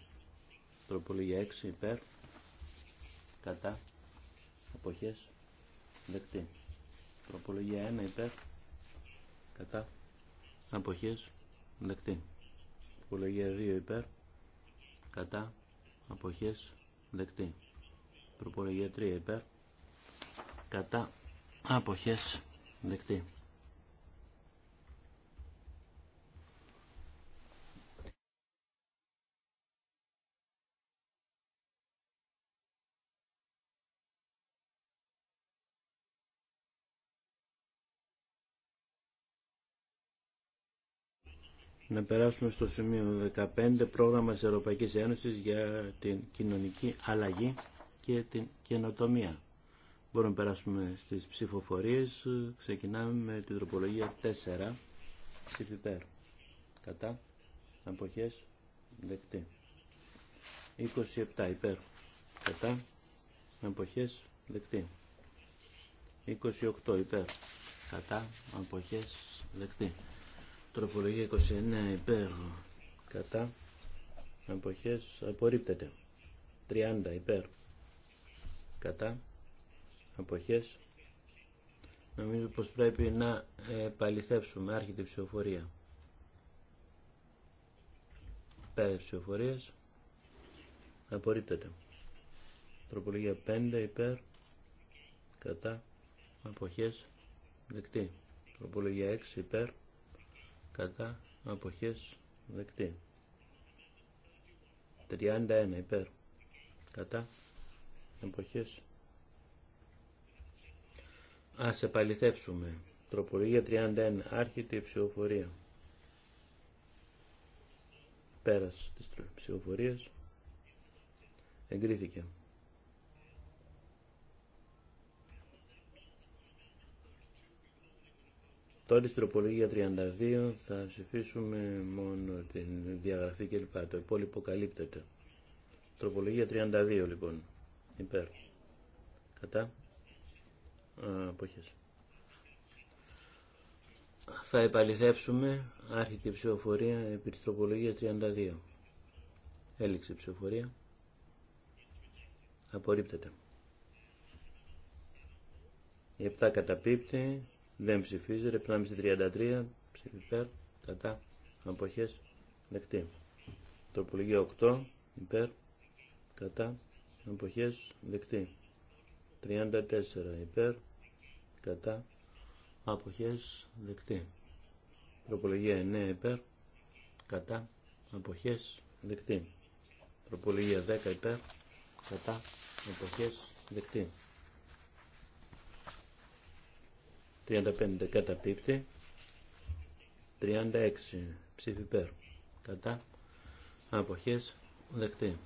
Τροπολογία 6 υπέρ, κατά, αποχές, δεκτή. Τροπολογία 1 υπέρ, κατά, αποχές, δεκτή. Τροπολογία 2 υπέρ, κατά, αποχές, δεκτή. Προπολογία 3 υπέρ. Κατά αποχές δεκτή. Να περάσουμε στο σημείο 15, πρόγραμμα της Ευρωπαϊκής Ένωσης για την κοινωνική αλλαγή και την καινοτομία. Μπορούμε να περάσουμε στις ψηφοφορίες. Ξεκινάμε με την τροπολογία 4. Ψήφι Κατά. Αποχές. Δεκτή. 27 υπέρ. Κατά. Αποχές. Δεκτή. 28 υπέρ. Κατά. Αποχές. Δεκτή. Τροπολογία 29 υπέρ. Κατά. Αποχές. Απορρίπτεται. 30 υπέρ κατά αποχές νομίζω πως πρέπει να παληθεύσουμε άρχιτη ψηφοφορία πέρα ψηφοφορίας απορρίπτεται τροπολογία 5 υπέρ κατά αποχές δεκτή τροπολογία 6 υπέρ κατά αποχές δεκτή 31 υπέρ κατά εποχές. Ας επαληθεύσουμε. Τροπολογία 31. Άρχεται η ψηφοφορία. Πέρας της ψηφοφορίας. Εγκρίθηκε. Τώρα στην τροπολογία 32 θα ψηφίσουμε μόνο την διαγραφή κλπ. Το υπόλοιπο καλύπτεται. Τροπολογία 32 λοιπόν υπέρ κατά αποχές. Θα επαληθεύσουμε άρχιτη ψηφοφορία επί της τροπολογίας 32. Έληξη ψηφοφορία. Απορρίπτεται. Η 7 καταπίπτει, δεν ψηφίζεται, 7,5-33, ψήφι υπέρ, κατά, αποχές, δεκτή. Τροπολογία 8, υπέρ, κατά, εποχές δεκτή 34 υπέρ κατά αποχές δεκτή τροπολογία 9 υπέρ κατά αποχές δεκτή τροπολογία 10 υπέρ κατά Αποχές. δεκτή 35 κατά πίπτη 36 ψήφι υπέρ κατά αποχές δεκτή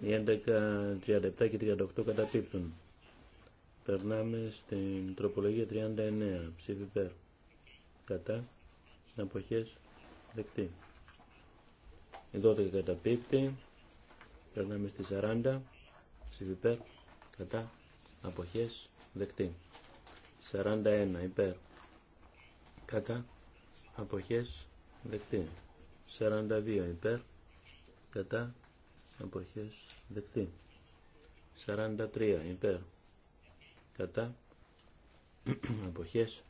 οι 11, 37 και 38 καταπίπτουν. Περνάμε στην τροπολογία 39. Ψήφι περ Κατά. Αποχές. Δεκτή. Η 12 καταπίπτει. Περνάμε στη 40. Ψήφι περ Κατά. Αποχές. Δεκτή. 41 υπέρ. Κατά. Αποχές. Δεκτή. 42 υπέρ. Κατά αποχές δεκτή 43 υπέρ κατά αποχές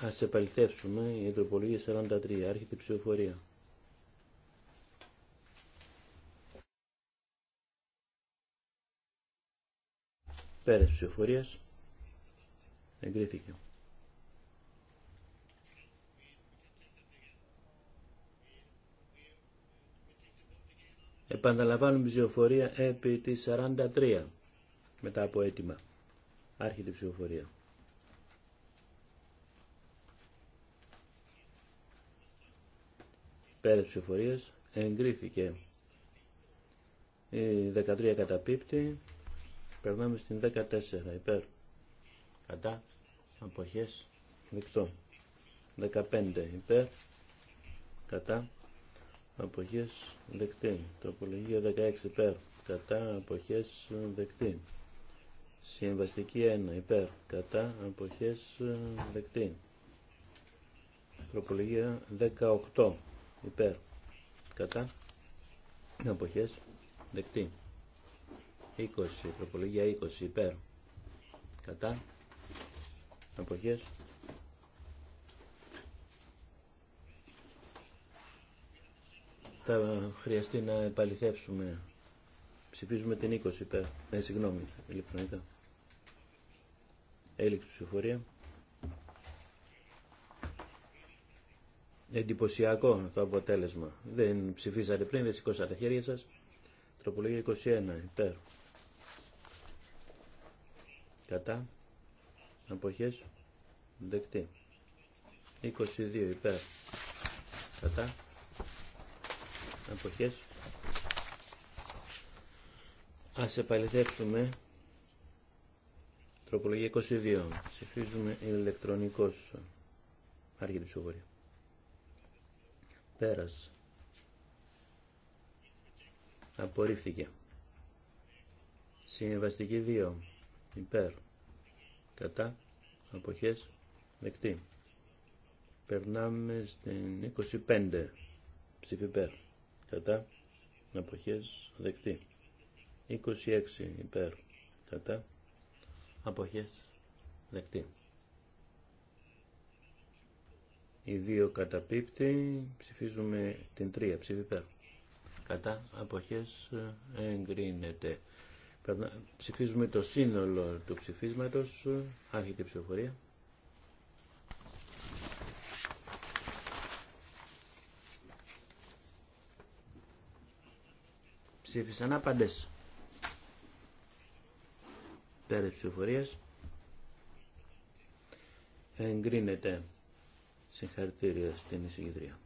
ας επαληθεύσουμε η τροπολογία 43 άρχεται η ψηφοφορία της ψηφοφορίας εγκρίθηκε Επαναλαμβάνουμε ψηφοφορία επί τη 43 μετά από αίτημα. Άρχεται η ψηφοφορία. Πέρα ψηφοφορία εγκρίθηκε. Η 13 καταπίπτει. Περνάμε στην 14 υπέρ. Κατά. Αποχές. Δεκτό. 15 υπέρ. Κατά αποχές δεκτή. Τροπολογία 16 υπέρ κατά αποχές δεκτή. Συμβαστική 1 υπέρ κατά αποχές δεκτή. Τροπολογία 18 υπέρ κατά αποχές δεκτή. 20, τροπολογία 20 υπέρ κατά αποχές θα χρειαστεί να επαληθεύσουμε. Ψηφίζουμε την 20 υπέρ. Ε, συγγνώμη, ηλεκτρονικά. Έληξη ψηφοφορία. Εντυπωσιακό το αποτέλεσμα. Δεν ψηφίσατε πριν, δεν σηκώσατε χέρια σας. Τροπολογία 21, υπέρ. Κατά. Αποχές. Δεκτή. 22, υπέρ. Κατά αποχές ας επαληθεύσουμε τροπολογία 22 ψηφίζουμε ηλεκτρονικός του ψηφοφορία πέρας απορρίφθηκε συμβαστική 2 υπέρ κατά αποχές δεκτή περνάμε στην 25 ψηφιπέρ κατά αποχές δεκτή 26 υπέρ κατά αποχές δεκτή οι δύο καταπίπτει ψηφίζουμε την τρία. ψήφι υπέρ κατά αποχές εγκρίνεται ψηφίζουμε το σύνολο του ψηφίσματος άρχεται η ψηφοφορία ψήφισαν άπαντες. Πέρα ψηφοφορίας. Εγκρίνεται συγχαρητήρια στην εισηγητρία.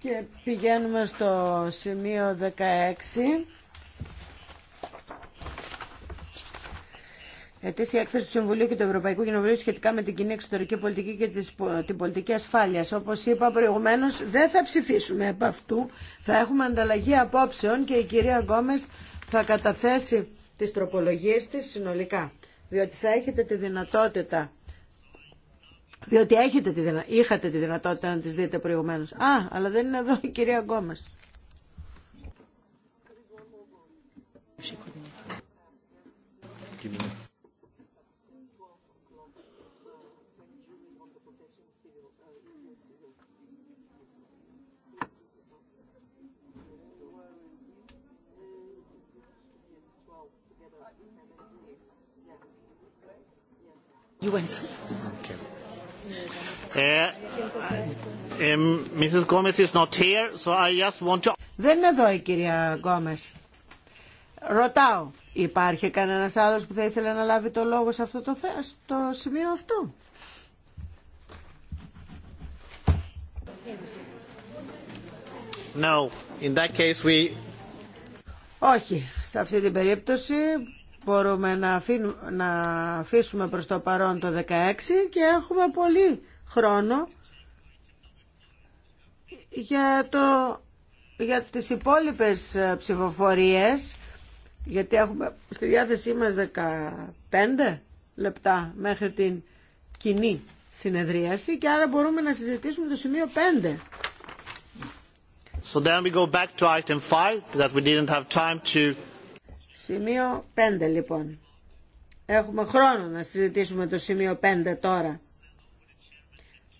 Και πηγαίνουμε στο σημείο 16. Ετήσια έκθεση του Συμβουλίου και του Ευρωπαϊκού Κοινοβουλίου σχετικά με την κοινή εξωτερική πολιτική και την πολιτική ασφάλεια. Όπω είπα προηγουμένω, δεν θα ψηφίσουμε από αυτού. Θα έχουμε ανταλλαγή απόψεων και η κυρία Γκόμε θα καταθέσει τι τροπολογίε τη συνολικά. Διότι θα έχετε τη δυνατότητα. Διότι έχετε τη είχατε τη δυνατότητα να τι δείτε προηγουμένω. Α, αλλά δεν είναι εδώ η κυρία Γκόμες. Δεν είναι εδώ η κυρία Γκόμες. Ρωτάω, υπάρχει κανένα άλλο που θα ήθελε να λάβει το λόγο σε αυτό το, θέ, στο σημείο αυτό. No. In that case we... Όχι, σε αυτή την περίπτωση μπορούμε να, να αφήσουμε προς το παρόν το 16 και έχουμε πολύ χρόνο για, το, για τις υπόλοιπες ε, ψηφοφορίες γιατί έχουμε στη διάθεσή μας 15 λεπτά μέχρι την κοινή συνεδρίαση και άρα μπορούμε να συζητήσουμε το σημείο 5. So then we go back to item 5 that we didn't have time Σημείο 5 λοιπόν. Έχουμε χρόνο να συζητήσουμε το σημείο 5 τώρα.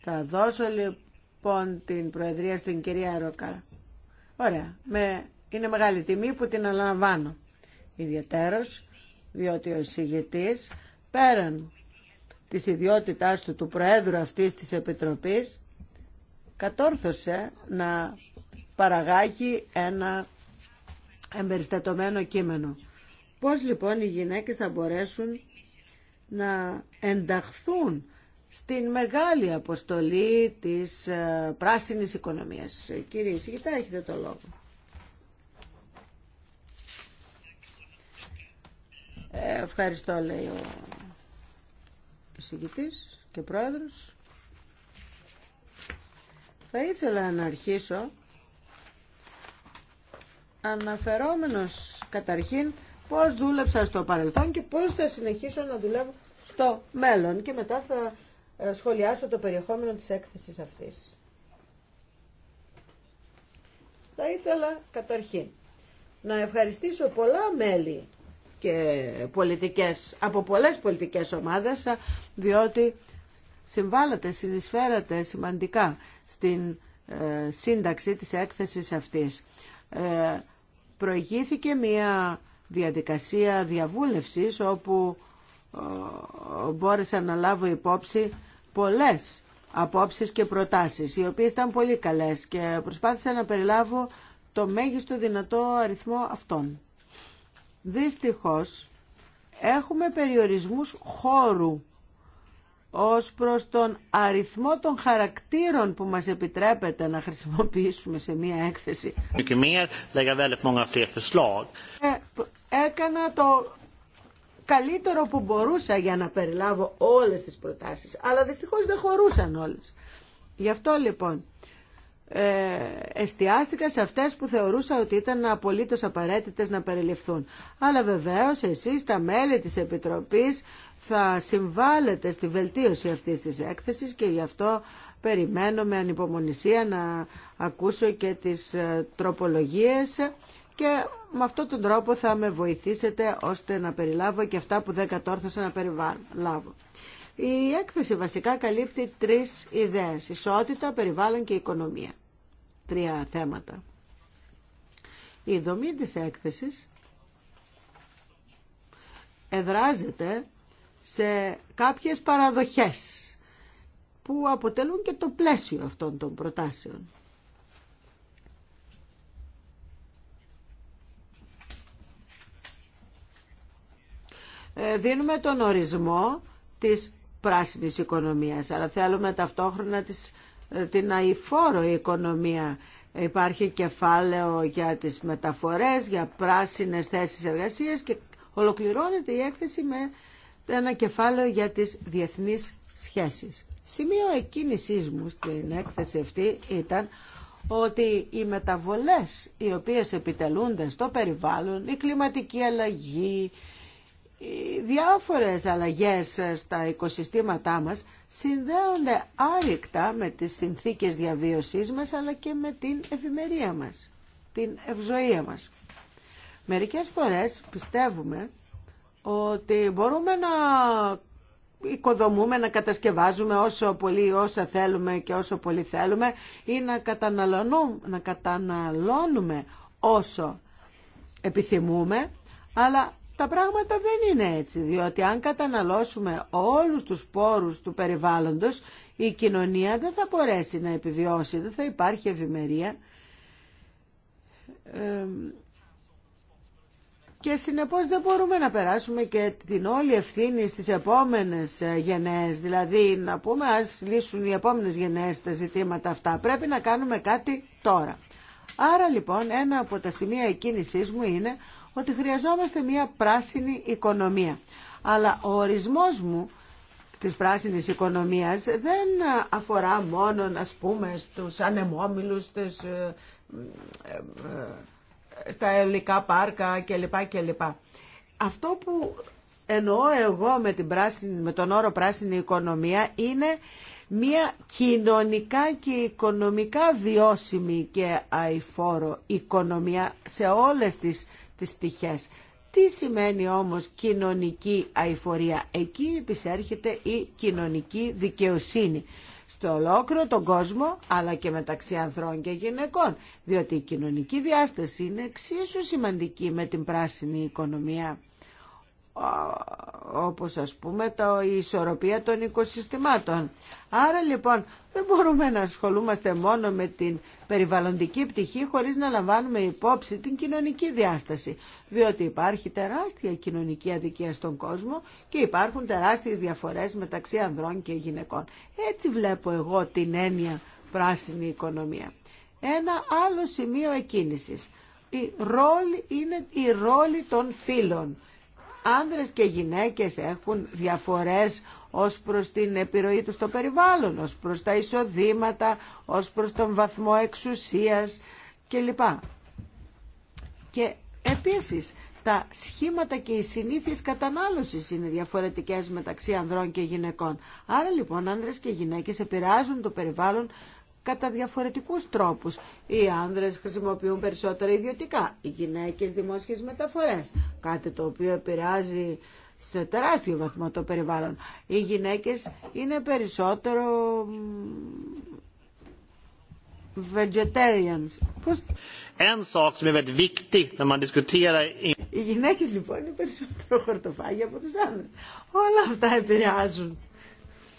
Θα δώσω λοιπόν την Προεδρία στην κυρία Ρόκα. Ωραία. Με... Είναι μεγάλη τιμή που την αναλαμβάνω. Ιδιαίτερος, διότι ο συγγετής πέραν της ιδιότητάς του του Προέδρου αυτής της Επιτροπής κατόρθωσε να παραγάγει ένα εμπεριστατωμένο κείμενο. Πώς λοιπόν οι γυναίκες θα μπορέσουν να ενταχθούν στην μεγάλη αποστολή της ε, πράσινης οικονομίας. Κύριε Ισηγητά, έχετε το λόγο. Ε, ευχαριστώ, λέει ο και πρόεδρος. Θα ήθελα να αρχίσω αναφερόμενος καταρχήν πώς δούλεψα στο παρελθόν και πώς θα συνεχίσω να δουλεύω στο μέλλον και μετά θα ε, σχολιάσω το περιεχόμενο της έκθεσης αυτής. Θα ήθελα καταρχήν να ευχαριστήσω πολλά μέλη και πολιτικές, από πολλές πολιτικές ομάδες, διότι συμβάλλατε, συνεισφέρατε σημαντικά στην ε, σύνταξη της έκθεσης αυτής. Ε, προηγήθηκε μια διαδικασία διαβούλευσης όπου ε, μπόρεσα να λάβω υπόψη πολλές απόψεις και προτάσεις οι οποίες ήταν πολύ καλές και προσπάθησα να περιλάβω το μέγιστο δυνατό αριθμό αυτών. Δυστυχώς έχουμε περιορισμούς χώρου ως προς τον αριθμό των χαρακτήρων που μας επιτρέπεται να χρησιμοποιήσουμε σε μία έκθεση. Ε, έκανα το καλύτερο που μπορούσα για να περιλάβω όλες τις προτάσεις, αλλά δυστυχώς δεν χωρούσαν όλες. Γι' αυτό λοιπόν ε, εστιάστηκα σε αυτές που θεωρούσα ότι ήταν απολύτως απαραίτητες να περιληφθούν. Αλλά βεβαίως εσείς τα μέλη της Επιτροπής θα συμβάλλετε στη βελτίωση αυτής της έκθεσης και γι' αυτό περιμένω με ανυπομονησία να ακούσω και τις ε, τροπολογίες και με αυτόν τον τρόπο θα με βοηθήσετε ώστε να περιλάβω και αυτά που δεν κατόρθωσα να περιλάβω. Η έκθεση βασικά καλύπτει τρεις ιδέες, ισότητα, περιβάλλον και οικονομία. Τρία θέματα. Η δομή της έκθεσης εδράζεται σε κάποιες παραδοχές που αποτελούν και το πλαίσιο αυτών των προτάσεων. Ε, δίνουμε τον ορισμό της πράσινης οικονομίας, αλλά θέλουμε ταυτόχρονα της, ε, την αηφόρο οικονομία. Υπάρχει κεφάλαιο για τις μεταφορές, για πράσινες θέσεις εργασίας και ολοκληρώνεται η έκθεση με ένα κεφάλαιο για τις διεθνείς σχέσεις. Σημείο εκκίνησής μου στην έκθεση αυτή ήταν ότι οι μεταβολές οι οποίες επιτελούνται στο περιβάλλον, η κλιματική αλλαγή, οι διάφορες αλλαγές στα οικοσυστήματά μας συνδέονται άρρηκτα με τις συνθήκες διαβίωσής μας αλλά και με την ευημερία μας, την ευζωία μας. Μερικές φορές πιστεύουμε ότι μπορούμε να οικοδομούμε, να κατασκευάζουμε όσο πολύ όσα θέλουμε και όσο πολύ θέλουμε ή να καταναλώνουμε, να καταναλώνουμε όσο επιθυμούμε, αλλά τα πράγματα δεν είναι έτσι, διότι αν καταναλώσουμε όλους τους πόρους του περιβάλλοντος, η κοινωνία δεν θα μπορέσει να επιβιώσει, δεν θα υπάρχει ευημερία. Ε, και συνεπώς δεν μπορούμε να περάσουμε και την όλη ευθύνη στις επόμενες ε, γενναίες. Δηλαδή να πούμε ας λύσουν οι επόμενες γενναίες τα ζητήματα αυτά. Πρέπει να κάνουμε κάτι τώρα. Άρα λοιπόν ένα από τα σημεία κίνησής μου είναι ότι χρειαζόμαστε μια πράσινη οικονομία. Αλλά ο ορισμός μου της πράσινης οικονομίας δεν αφορά μόνο να πούμε στους ανεμόμυλους, στους ε, ε, στα ελληνικά πάρκα κλπ. κλπ. Αυτό που εννοώ εγώ με, την πράσινη, με τον όρο πράσινη οικονομία είναι μια κοινωνικά και οικονομικά βιώσιμη και αηφόρο οικονομία σε όλες τις, τις πτυχές. Τι σημαίνει όμως κοινωνική αηφορία. Εκεί επισέρχεται η κοινωνική δικαιοσύνη στο ολόκληρο τον κόσμο, αλλά και μεταξύ ανθρώπων και γυναικών, διότι η κοινωνική διάσταση είναι εξίσου σημαντική με την πράσινη οικονομία όπως ας πούμε το, η ισορροπία των οικοσυστημάτων. Άρα λοιπόν δεν μπορούμε να ασχολούμαστε μόνο με την περιβαλλοντική πτυχή χωρίς να λαμβάνουμε υπόψη την κοινωνική διάσταση. Διότι υπάρχει τεράστια κοινωνική αδικία στον κόσμο και υπάρχουν τεράστιες διαφορές μεταξύ ανδρών και γυναικών. Έτσι βλέπω εγώ την έννοια πράσινη οικονομία. Ένα άλλο σημείο εκκίνησης. Η ρόλη είναι η ρόλη των φίλων άνδρες και γυναίκες έχουν διαφορές ως προς την επιρροή του στο περιβάλλον, ως προς τα εισοδήματα, ως προς τον βαθμό εξουσίας κλπ. Και επίσης τα σχήματα και οι συνήθειες κατανάλωσης είναι διαφορετικές μεταξύ ανδρών και γυναικών. Άρα λοιπόν άνδρες και γυναίκες επηρεάζουν το περιβάλλον κατά διαφορετικούς τρόπους. Οι άνδρες χρησιμοποιούν περισσότερα ιδιωτικά, οι γυναίκες δημόσιες μεταφορές, κάτι το οποίο επηρεάζει σε τεράστιο βαθμό το περιβάλλον. Οι γυναίκες είναι περισσότερο vegetarians. Πώς... Οι γυναίκες λοιπόν είναι περισσότερο χορτοφάγια από τους άνδρες. Όλα αυτά επηρεάζουν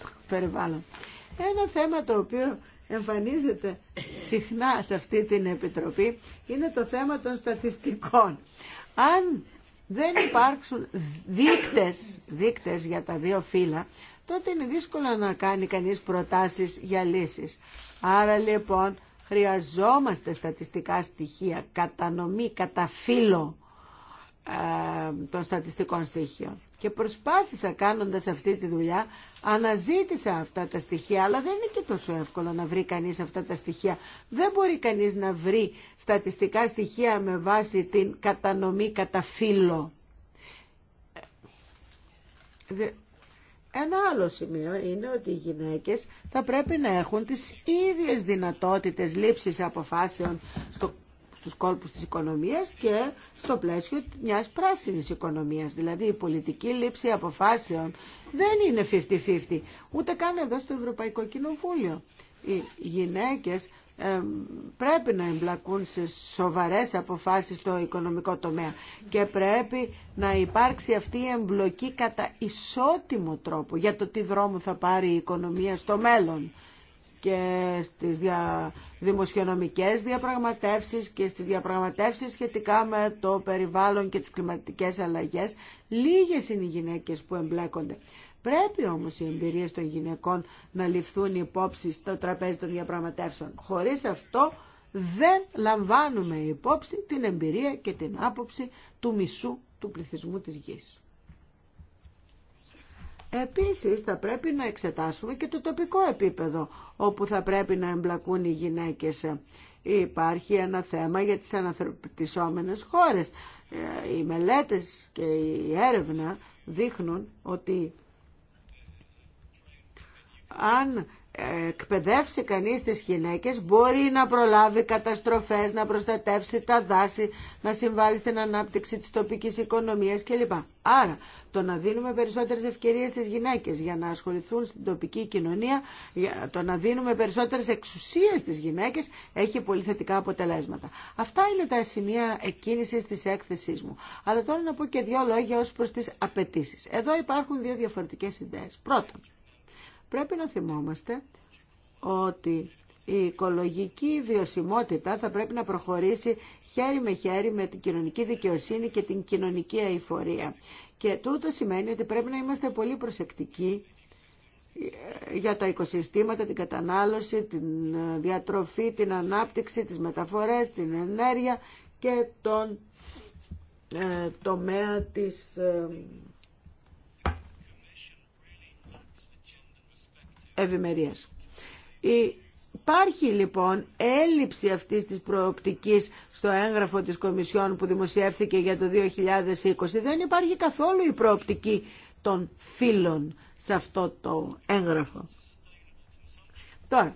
το περιβάλλον. Ένα θέμα το οποίο εμφανίζεται συχνά σε αυτή την Επιτροπή είναι το θέμα των στατιστικών. Αν δεν υπάρξουν δείκτες, δείκτες για τα δύο φύλλα, τότε είναι δύσκολο να κάνει κανείς προτάσεις για λύσεις. Άρα λοιπόν χρειαζόμαστε στατιστικά στοιχεία, κατανομή, κατά των στατιστικών στοιχείων. Και προσπάθησα κάνοντας αυτή τη δουλειά, αναζήτησα αυτά τα στοιχεία, αλλά δεν είναι και τόσο εύκολο να βρει κανείς αυτά τα στοιχεία. Δεν μπορεί κανείς να βρει στατιστικά στοιχεία με βάση την κατανομή κατά φύλλο. Ένα άλλο σημείο είναι ότι οι γυναίκες θα πρέπει να έχουν τις ίδιες δυνατότητες λήψης αποφάσεων στο στους κόλπους της οικονομίας και στο πλαίσιο μιας πράσινης οικονομίας. Δηλαδή η πολιτική λήψη αποφάσεων δεν είναι 50-50, ούτε καν εδώ στο Ευρωπαϊκό Κοινοβούλιο. Οι γυναίκες πρέπει να εμπλακούν σε σοβαρές αποφάσεις στο οικονομικό τομέα και πρέπει να υπάρξει αυτή η εμπλοκή κατά ισότιμο τρόπο για το τι δρόμο θα πάρει η οικονομία στο μέλλον και στις δια... δημοσιονομικές διαπραγματεύσεις και στις διαπραγματεύσεις σχετικά με το περιβάλλον και τις κλιματικές αλλαγές. Λίγες είναι οι γυναίκες που εμπλέκονται. Πρέπει όμως οι εμπειρίες των γυναικών να ληφθούν υπόψη στο τραπέζι των διαπραγματεύσεων. Χωρίς αυτό δεν λαμβάνουμε υπόψη την εμπειρία και την άποψη του μισού του πληθυσμού της γης. Επίσης θα πρέπει να εξετάσουμε και το τοπικό επίπεδο όπου θα πρέπει να εμπλακούν οι γυναίκες. Υπάρχει ένα θέμα για τις αναθρωπιτισόμενες χώρες. Ε, οι μελέτες και η έρευνα δείχνουν ότι αν εκπαιδεύσει κανείς τις γυναίκες μπορεί να προλάβει καταστροφές, να προστατεύσει τα δάση, να συμβάλλει στην ανάπτυξη της τοπικής οικονομίας κλπ. Άρα το να δίνουμε περισσότερες ευκαιρίες στις γυναίκες για να ασχοληθούν στην τοπική κοινωνία, το να δίνουμε περισσότερες εξουσίες στις γυναίκες έχει πολύ θετικά αποτελέσματα. Αυτά είναι τα σημεία εκκίνησης της έκθεσής μου. Αλλά τώρα να πω και δύο λόγια ως προς τις απαιτήσει. Εδώ υπάρχουν δύο διαφορετικές ιδέες. Πρώτον, Πρέπει να θυμόμαστε ότι η οικολογική βιωσιμότητα θα πρέπει να προχωρήσει χέρι με χέρι με την κοινωνική δικαιοσύνη και την κοινωνική αηφορία. Και τούτο σημαίνει ότι πρέπει να είμαστε πολύ προσεκτικοί ε, για τα οικοσυστήματα, την κατανάλωση, την ε, διατροφή, την ανάπτυξη, τις μεταφορές, την ενέργεια και τον ε, τομέα της... ευημερίας. Υπάρχει λοιπόν έλλειψη αυτής της προοπτικής στο έγγραφο της Κομισιόν που δημοσιεύθηκε για το 2020. Δεν υπάρχει καθόλου η προοπτική των φίλων σε αυτό το έγγραφο. Τώρα,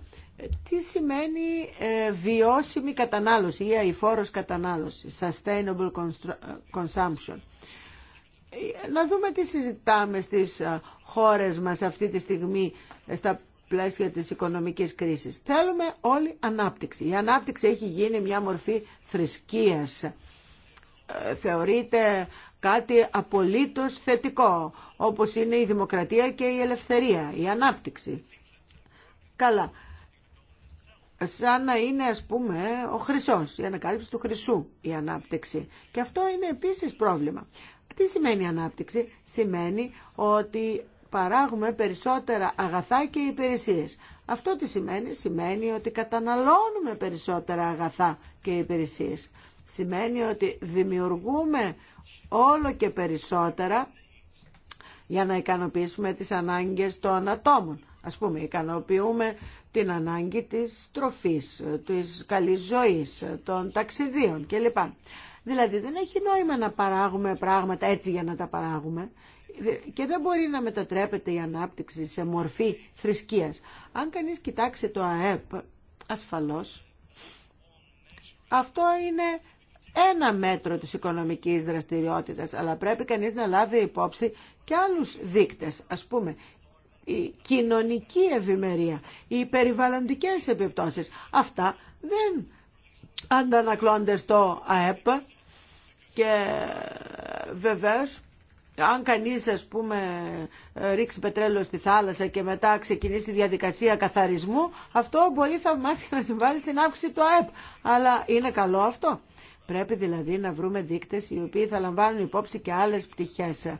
τι σημαίνει ε, βιώσιμη κατανάλωση ή αηφόρος κατανάλωση, sustainable ε, consumption. Ε, να δούμε τι συζητάμε στις χώρες μας αυτή τη στιγμή στα πλαίσια της οικονομικής κρίσης. Θέλουμε όλη ανάπτυξη. Η ανάπτυξη έχει γίνει μια μορφή θρησκείας. Ε, θεωρείται κάτι απολύτως θετικό, όπως είναι η δημοκρατία και η ελευθερία, η ανάπτυξη. Καλά. Σαν να είναι, ας πούμε, ο χρυσός, η ανακάλυψη του χρυσού, η ανάπτυξη. Και αυτό είναι επίσης πρόβλημα. Τι σημαίνει ανάπτυξη? Σημαίνει ότι παράγουμε περισσότερα αγαθά και υπηρεσίες. Αυτό τι σημαίνει, σημαίνει ότι καταναλώνουμε περισσότερα αγαθά και υπηρεσίες. Σημαίνει ότι δημιουργούμε όλο και περισσότερα για να ικανοποιήσουμε τις ανάγκες των ατόμων. Ας πούμε, ικανοποιούμε την ανάγκη της τροφής, της καλής ζωής, των ταξιδίων κλπ. Δηλαδή δεν έχει νόημα να παράγουμε πράγματα έτσι για να τα παράγουμε και δεν μπορεί να μετατρέπεται η ανάπτυξη σε μορφή θρησκείας. Αν κανείς κοιτάξει το ΑΕΠ, ασφαλώς, αυτό είναι ένα μέτρο της οικονομικής δραστηριότητας, αλλά πρέπει κανείς να λάβει υπόψη και άλλους δείκτες, ας πούμε, η κοινωνική ευημερία, οι περιβαλλοντικές επιπτώσεις. Αυτά δεν αντανακλώνται στο ΑΕΠ και βεβαίως αν κανείς ας πούμε ρίξει πετρέλαιο στη θάλασσα και μετά ξεκινήσει η διαδικασία καθαρισμού αυτό μπορεί θαυμάσια να συμβάλλει στην αύξηση του ΑΕΠ αλλά είναι καλό αυτό πρέπει δηλαδή να βρούμε δείκτες οι οποίοι θα λαμβάνουν υπόψη και άλλες πτυχές ε,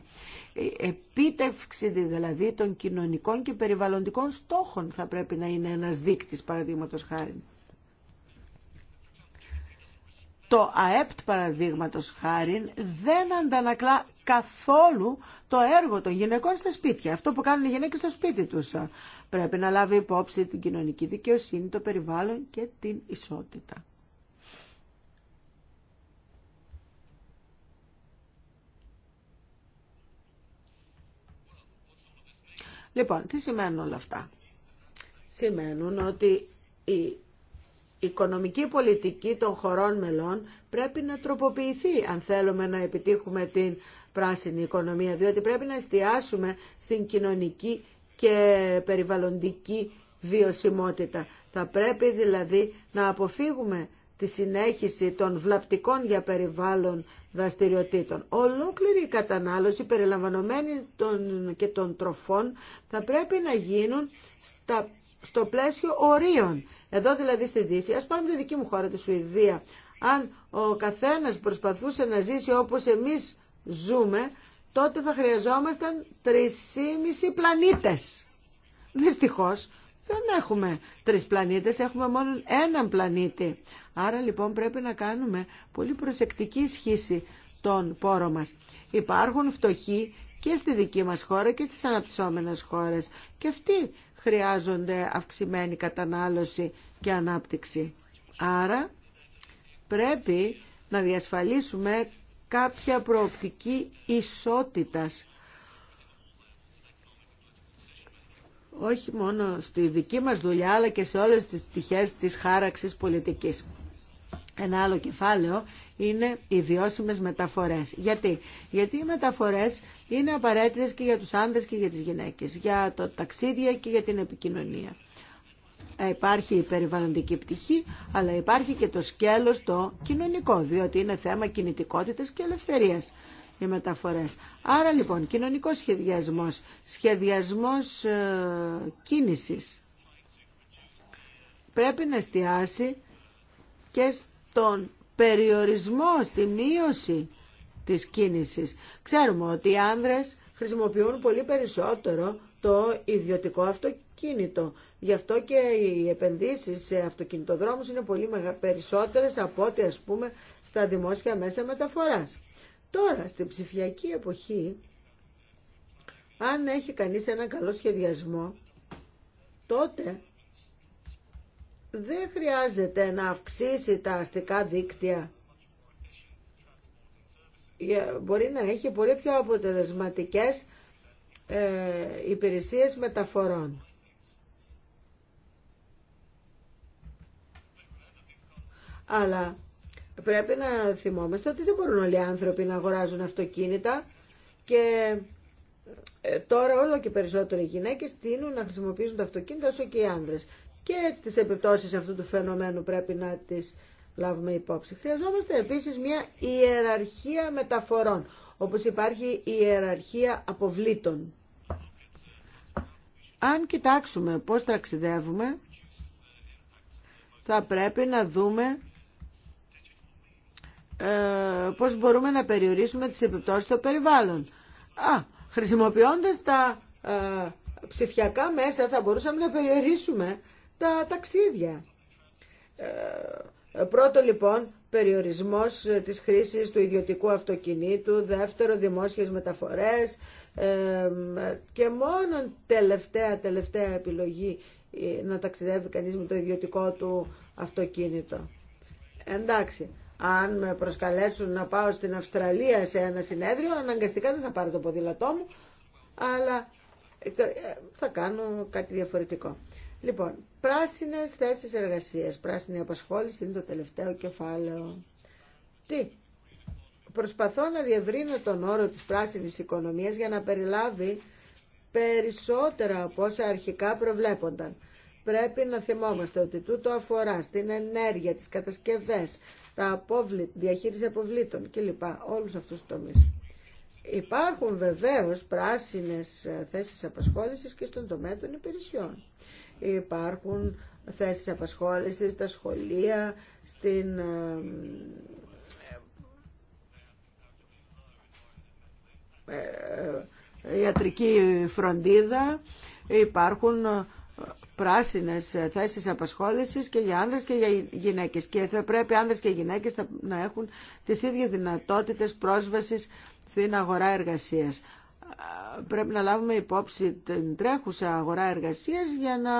επίτευξη δηλαδή των κοινωνικών και περιβαλλοντικών στόχων θα πρέπει να είναι ένας δείκτης παραδείγματο χάρη το ΑΕΠΤ παραδείγματο χάρη δεν αντανακλά καθόλου το έργο των γυναικών στα σπίτια, αυτό που κάνουν οι γυναίκες στο σπίτι τους. Πρέπει να λάβει υπόψη την κοινωνική δικαιοσύνη, το περιβάλλον και την ισότητα. Λοιπόν, τι σημαίνουν όλα αυτά. Σημαίνουν ότι η οικονομική πολιτική των χωρών μελών πρέπει να τροποποιηθεί αν θέλουμε να επιτύχουμε την πράσινη οικονομία, διότι πρέπει να εστιάσουμε στην κοινωνική και περιβαλλοντική βιωσιμότητα. Θα πρέπει δηλαδή να αποφύγουμε τη συνέχιση των βλαπτικών για περιβάλλον δραστηριοτήτων. Ολόκληρη η κατανάλωση περιλαμβανομένη των, και των τροφών θα πρέπει να γίνουν στα, στο πλαίσιο ορίων. Εδώ δηλαδή στη Δύση, ας πάρουμε τη δική μου χώρα, τη Σουηδία, αν ο καθένας προσπαθούσε να ζήσει όπως εμείς ζούμε, τότε θα χρειαζόμασταν 3,5 πλανήτες. Δυστυχώς δεν έχουμε τρεις πλανήτες, έχουμε μόνο έναν πλανήτη. Άρα λοιπόν πρέπει να κάνουμε πολύ προσεκτική σχήση των πόρων μας. Υπάρχουν φτωχοί και στη δική μας χώρα και στις αναπτυσσόμενες χώρες. Και αυτοί χρειάζονται αυξημένη κατανάλωση και ανάπτυξη. Άρα πρέπει να διασφαλίσουμε κάποια προοπτική ισότητας. όχι μόνο στη δική μας δουλειά, αλλά και σε όλες τις πτυχές της χάραξης πολιτικής. Ένα άλλο κεφάλαιο είναι οι βιώσιμες μεταφορές. Γιατί, Γιατί οι μεταφορές είναι απαραίτητες και για τους άνδρες και για τις γυναίκες, για τα ταξίδια και για την επικοινωνία υπάρχει η περιβαλλοντική πτυχή, αλλά υπάρχει και το σκέλος το κοινωνικό, διότι είναι θέμα κινητικότητας και ελευθερίας οι μεταφορές. Άρα λοιπόν, κοινωνικός σχεδιασμός, σχεδιασμός ε, κίνησης, πρέπει να εστιάσει και στον περιορισμό, στη μείωση της κίνησης. Ξέρουμε ότι οι άνδρες χρησιμοποιούν πολύ περισσότερο το ιδιωτικό αυτοκίνητο. Γι' αυτό και οι επενδύσεις σε αυτοκινητοδρόμους είναι πολύ περισσότερες από ό,τι ας πούμε στα δημόσια μέσα μεταφοράς. Τώρα, στην ψηφιακή εποχή, αν έχει κανείς ένα καλό σχεδιασμό, τότε δεν χρειάζεται να αυξήσει τα αστικά δίκτυα. Μπορεί να έχει πολύ πιο αποτελεσματικές ε, υπηρεσίες μεταφορών. Αλλά πρέπει να θυμόμαστε ότι δεν μπορούν όλοι οι άνθρωποι να αγοράζουν αυτοκίνητα και ε, τώρα όλο και περισσότερο οι γυναίκες τείνουν να χρησιμοποιήσουν τα αυτοκίνητα όσο και οι άνδρες. Και τις επιπτώσεις αυτού του φαινομένου πρέπει να τις λάβουμε υπόψη. Χρειαζόμαστε επίσης μια ιεραρχία μεταφορών όπως υπάρχει η ιεραρχία αποβλήτων. Αν κοιτάξουμε πώς ταξιδεύουμε, θα πρέπει να δούμε ε, πώς μπορούμε να περιορίσουμε τις επιπτώσεις στο περιβάλλον. Α, χρησιμοποιώντας τα ε, ψηφιακά μέσα θα μπορούσαμε να περιορίσουμε τα ταξίδια. Ε, Πρώτο λοιπόν, περιορισμός ε, της χρήσης του ιδιωτικού αυτοκινήτου, δεύτερο δημόσιες μεταφορές ε, και μόνο τελευταία, τελευταία επιλογή ε, να ταξιδεύει κανείς με το ιδιωτικό του αυτοκίνητο. Εντάξει, αν με προσκαλέσουν να πάω στην Αυστραλία σε ένα συνέδριο, αναγκαστικά δεν θα πάρω το ποδήλατό μου, αλλά θα κάνω κάτι διαφορετικό. Λοιπόν, πράσινες θέσεις εργασίας, πράσινη απασχόληση είναι το τελευταίο κεφάλαιο. Τι, προσπαθώ να διευρύνω τον όρο της πράσινης οικονομίας για να περιλάβει περισσότερα από όσα αρχικά προβλέπονταν. Πρέπει να θυμόμαστε ότι τούτο αφορά στην ενέργεια, τις κατασκευές, τα αποβλη, διαχείριση αποβλήτων κλπ. Όλους αυτούς τους τομείς. Υπάρχουν βεβαίως πράσινες θέσεις απασχόλησης και στον τομέα των υπηρεσιών υπάρχουν θέσεις απασχόλησης στα σχολεία, στην ε, ε, ε, ιατρική φροντίδα, υπάρχουν πράσινες θέσεις απασχόλησης και για άνδρες και για γυναίκες. Και θα πρέπει άνδρες και γυναίκες να έχουν τις ίδιες δυνατότητες πρόσβασης στην αγορά εργασίας πρέπει να λάβουμε υπόψη την τρέχουσα αγορά εργασίας για να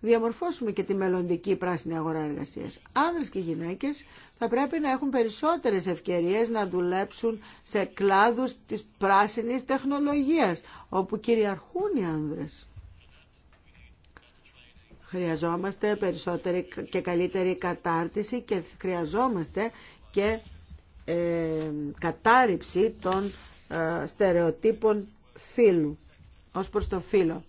διαμορφώσουμε και τη μελλοντική πράσινη αγορά εργασίας. Άνδρες και γυναίκες θα πρέπει να έχουν περισσότερες ευκαιρίες να δουλέψουν σε κλάδους της πράσινης τεχνολογίας, όπου κυριαρχούν οι άνδρες. Χρειαζόμαστε περισσότερη και καλύτερη κατάρτιση και χρειαζόμαστε και ε, κατάρριψη των ε, στερεοτύπων φίλου, ως προς το φίλο.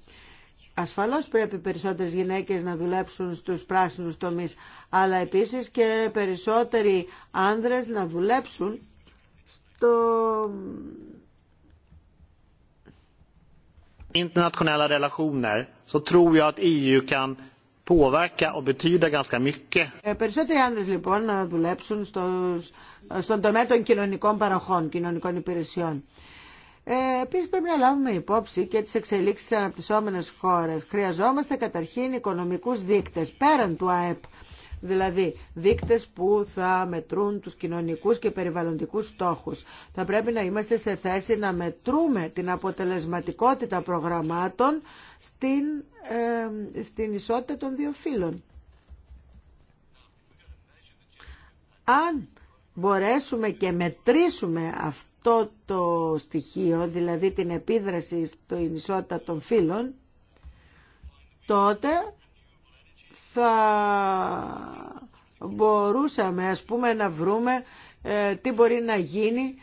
Ασφαλώς πρέπει περισσότερες γυναίκες να δουλέψουν στους πράσινους τομείς, αλλά επίσης και περισσότεροι άνδρες να δουλέψουν στο... Internationella relationer så tror jag att e ε, περισσότεροι άνδρες λοιπόν να δουλέψουν στο, στον τομέα των κοινωνικών παροχών, κοινωνικών υπηρεσιών. Ε, Επίση πρέπει να λάβουμε υπόψη και τι εξελίξει τη αναπτυσσόμενη χώρε. Χρειαζόμαστε καταρχήν οικονομικού δείκτε πέραν του ΑΕΠ δηλαδή δείκτες που θα μετρούν τους κοινωνικούς και περιβαλλοντικούς στόχους. Θα πρέπει να είμαστε σε θέση να μετρούμε την αποτελεσματικότητα προγραμμάτων στην, στην ισότητα των δύο φύλων. Αν μπορέσουμε και μετρήσουμε αυτό το στοιχείο, δηλαδή την επίδραση στην ισότητα των φύλων, τότε θα μπορούσαμε ας πούμε να βρούμε ε, τι μπορεί να γίνει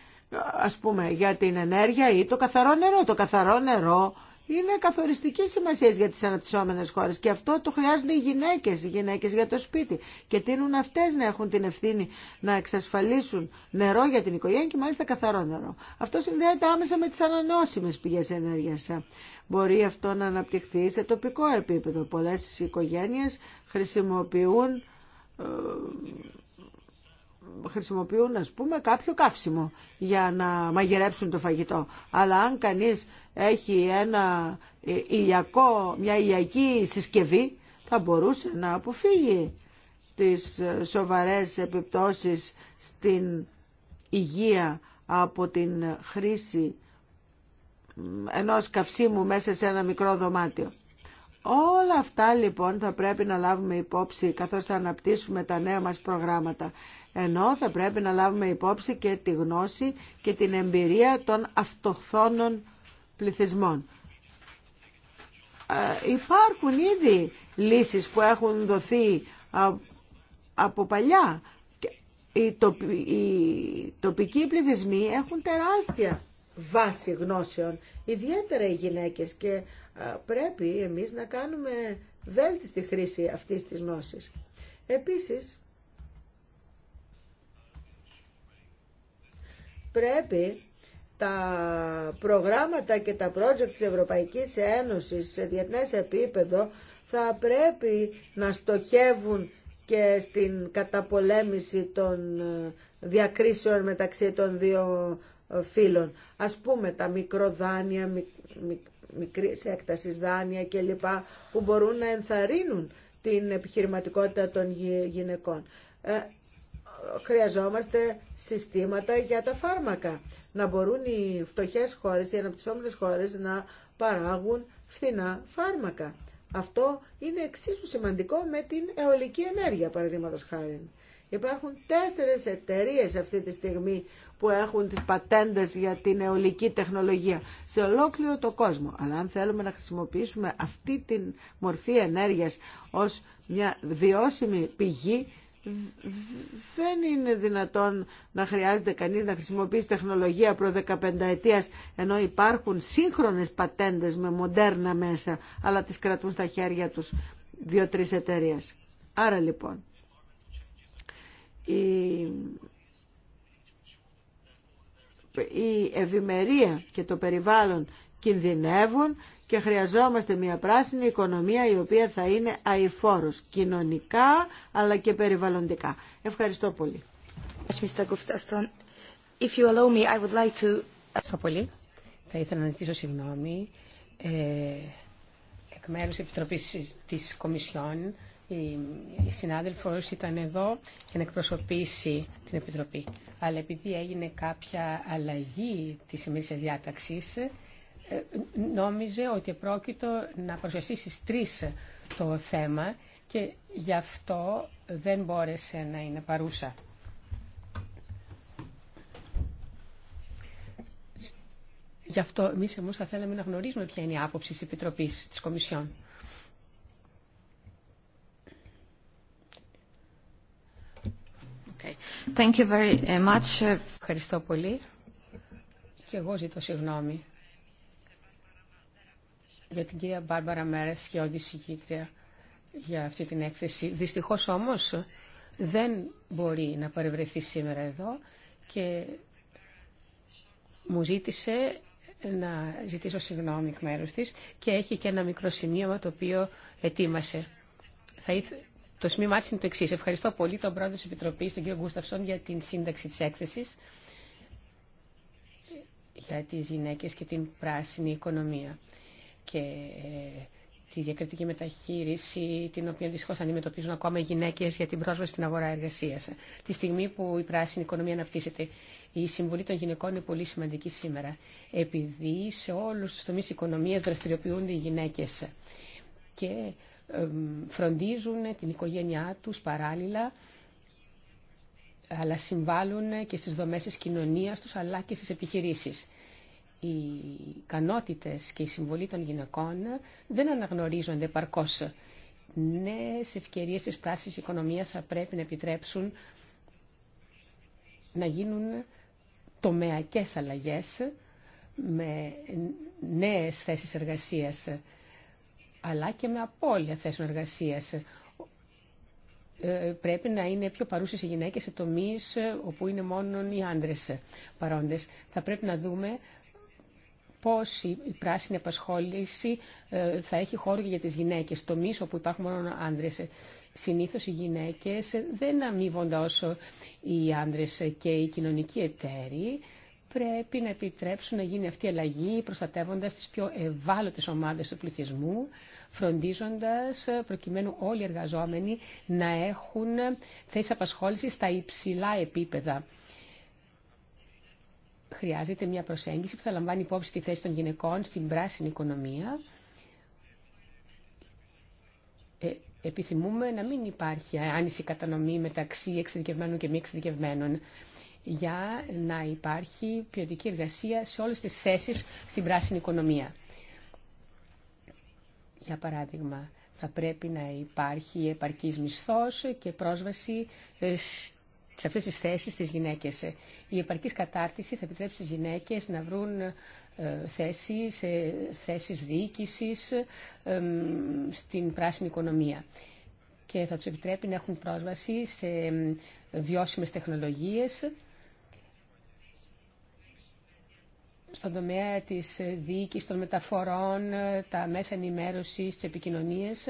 ας πούμε για την ενέργεια ή το καθαρό νερό. Το καθαρό νερό είναι καθοριστική σημασία για τις αναπτυσσόμενες χώρες και αυτό το χρειάζονται οι γυναίκες, οι γυναίκε για το σπίτι και τείνουν αυτές να έχουν την ευθύνη να εξασφαλίσουν νερό για την οικογένεια και μάλιστα καθαρό νερό. Αυτό συνδέεται άμεσα με τις ανανεώσιμε πηγές ενέργειας. Μπορεί αυτό να αναπτυχθεί σε τοπικό επίπεδο. Πολλέ οικογένειε χρησιμοποιούν ε, χρησιμοποιούν ας πούμε κάποιο καύσιμο για να μαγειρέψουν το φαγητό. Αλλά αν κανείς έχει ένα ε, ηλιακό, μια ηλιακή συσκευή θα μπορούσε να αποφύγει τις ε, σοβαρές επιπτώσεις στην υγεία από την χρήση ενός καυσίμου μέσα σε ένα μικρό δωμάτιο. Όλα αυτά λοιπόν θα πρέπει να λάβουμε υπόψη καθώς θα αναπτύσσουμε τα νέα μας προγράμματα ενώ θα πρέπει να λάβουμε υπόψη και τη γνώση και την εμπειρία των αυτοχθόνων πληθυσμών. Ε, υπάρχουν ήδη λύσεις που έχουν δοθεί από παλιά. Οι τοπικοί πληθυσμοί έχουν τεράστια βάση γνώσεων, ιδιαίτερα οι γυναίκες και πρέπει εμείς να κάνουμε βέλτιστη χρήση αυτής της γνώσης. Επίσης, πρέπει τα προγράμματα και τα project της Ευρωπαϊκής Ένωσης σε διεθνές επίπεδο θα πρέπει να στοχεύουν και στην καταπολέμηση των ε, διακρίσεων μεταξύ των δύο ε, φύλων. Ας πούμε τα μικροδάνεια, μικρή έκταση δάνεια κλπ. που μπορούν να ενθαρρύνουν την επιχειρηματικότητα των γυναικών. Ε, χρειαζόμαστε συστήματα για τα φάρμακα. Να μπορούν οι φτωχές χώρες, οι αναπτυσσόμενες χώρες να παράγουν φθηνά φάρμακα. Αυτό είναι εξίσου σημαντικό με την αιωλική ενέργεια, παραδείγματος χάρη. Υπάρχουν τέσσερι εταιρείε αυτή τη στιγμή που έχουν τις πατέντες για την αιωλική τεχνολογία σε ολόκληρο το κόσμο. Αλλά αν θέλουμε να χρησιμοποιήσουμε αυτή την μορφή ενέργειας ως μια βιώσιμη πηγή, δεν είναι δυνατόν να χρειάζεται κανείς να χρησιμοποιήσει τεχνολογία προ 15 ετίας ενώ υπάρχουν σύγχρονες πατέντες με μοντέρνα μέσα αλλά τις κρατούν στα χέρια τους δύο-τρεις εταιρείε. Άρα λοιπόν η... η ευημερία και το περιβάλλον κινδυνεύουν και χρειαζόμαστε μια πράσινη οικονομία η οποία θα είναι αηφόρος κοινωνικά αλλά και περιβαλλοντικά. Ευχαριστώ πολύ. Ευχαριστώ πολύ. Θα ήθελα να ζητήσω συγγνώμη ε, εκ μέρους Επιτροπής της Κομισιόν η, συνάδελφος ήταν εδώ για να εκπροσωπήσει την Επιτροπή. Αλλά επειδή έγινε κάποια αλλαγή της σημερινής διάταξης, νόμιζε ότι πρόκειτο να παρουσιαστεί στις το θέμα και γι' αυτό δεν μπόρεσε να είναι παρούσα. Γι' αυτό εμείς εμείς θα θέλαμε να γνωρίζουμε ποια είναι η άποψη της Επιτροπής της Κομισιόν. Okay. Ευχαριστώ πολύ. Και εγώ ζητώ συγγνώμη για την κυρία Μπάρμπαρα Μέρες και όλη συγκήτρια για αυτή την έκθεση. Δυστυχώς όμως δεν μπορεί να παρευρεθεί σήμερα εδώ και μου ζήτησε να ζητήσω συγγνώμη εκ μέρους της και έχει και ένα μικρό σημείωμα το οποίο ετοίμασε. Θα ήθε... Το σημείωμά είναι το εξή. Ευχαριστώ πολύ τον πρόεδρο της Επιτροπή, τον κύριο Γκούσταυσον, για την σύνταξη της έκθεσης για τις γυναίκε και την πράσινη οικονομία και ε, τη διακριτική μεταχείριση την οποία δυστυχώ αντιμετωπίζουν ακόμα οι γυναίκε για την πρόσβαση στην αγορά εργασία. Τη στιγμή που η πράσινη οικονομία αναπτύσσεται, η συμβολή των γυναικών είναι πολύ σημαντική σήμερα, επειδή σε όλου του τομεί οικονομία δραστηριοποιούνται οι γυναίκε και φροντίζουν την οικογένειά του παράλληλα αλλά συμβάλλουν και στις δομές της κοινωνίας τους αλλά και στις επιχειρήσεις οι ικανότητες και η συμβολή των γυναικών δεν αναγνωρίζονται παρκώ. Νέες ευκαιρίες της πράσινης οικονομίας θα πρέπει να επιτρέψουν να γίνουν τομεακές αλλαγές με νέες θέσεις εργασίας αλλά και με απώλεια θέσεων εργασίας. Ε, πρέπει να είναι πιο παρούσες οι γυναίκες σε τομείς όπου είναι μόνο οι άντρες παρόντες. Θα πρέπει να δούμε πώς η πράσινη απασχόληση ε, θα έχει χώρο για τις γυναίκες, μίσο που υπάρχουν μόνο άνδρες. Συνήθως οι γυναίκες δεν αμείβονται όσο οι άνδρες και οι κοινωνικοί εταίροι πρέπει να επιτρέψουν να γίνει αυτή η αλλαγή προστατεύοντας τις πιο ευάλωτες ομάδες του πληθυσμού, φροντίζοντας ε, προκειμένου όλοι οι εργαζόμενοι να έχουν θέση απασχόληση στα υψηλά επίπεδα χρειάζεται μια προσέγγιση που θα λαμβάνει υπόψη τη θέση των γυναικών στην πράσινη οικονομία. Ε, επιθυμούμε να μην υπάρχει άνηση κατανομή μεταξύ εξειδικευμένων και μη εξειδικευμένων για να υπάρχει ποιοτική εργασία σε όλες τις θέσεις στην πράσινη οικονομία. Για παράδειγμα, θα πρέπει να υπάρχει επαρκής μισθός και πρόσβαση σε αυτές τις θέσεις τις γυναίκες. Ε, η επαρκής κατάρτιση θα επιτρέψει στις γυναίκες να βρουν ε, θέσεις, σε θέσεις διοίκησης στην πράσινη οικονομία και θα τους επιτρέπει να έχουν πρόσβαση σε βιώσιμες τεχνολογίες στον τομέα της ε, διοίκησης των μεταφορών, τα μέσα ενημέρωσης, τις επικοινωνίες,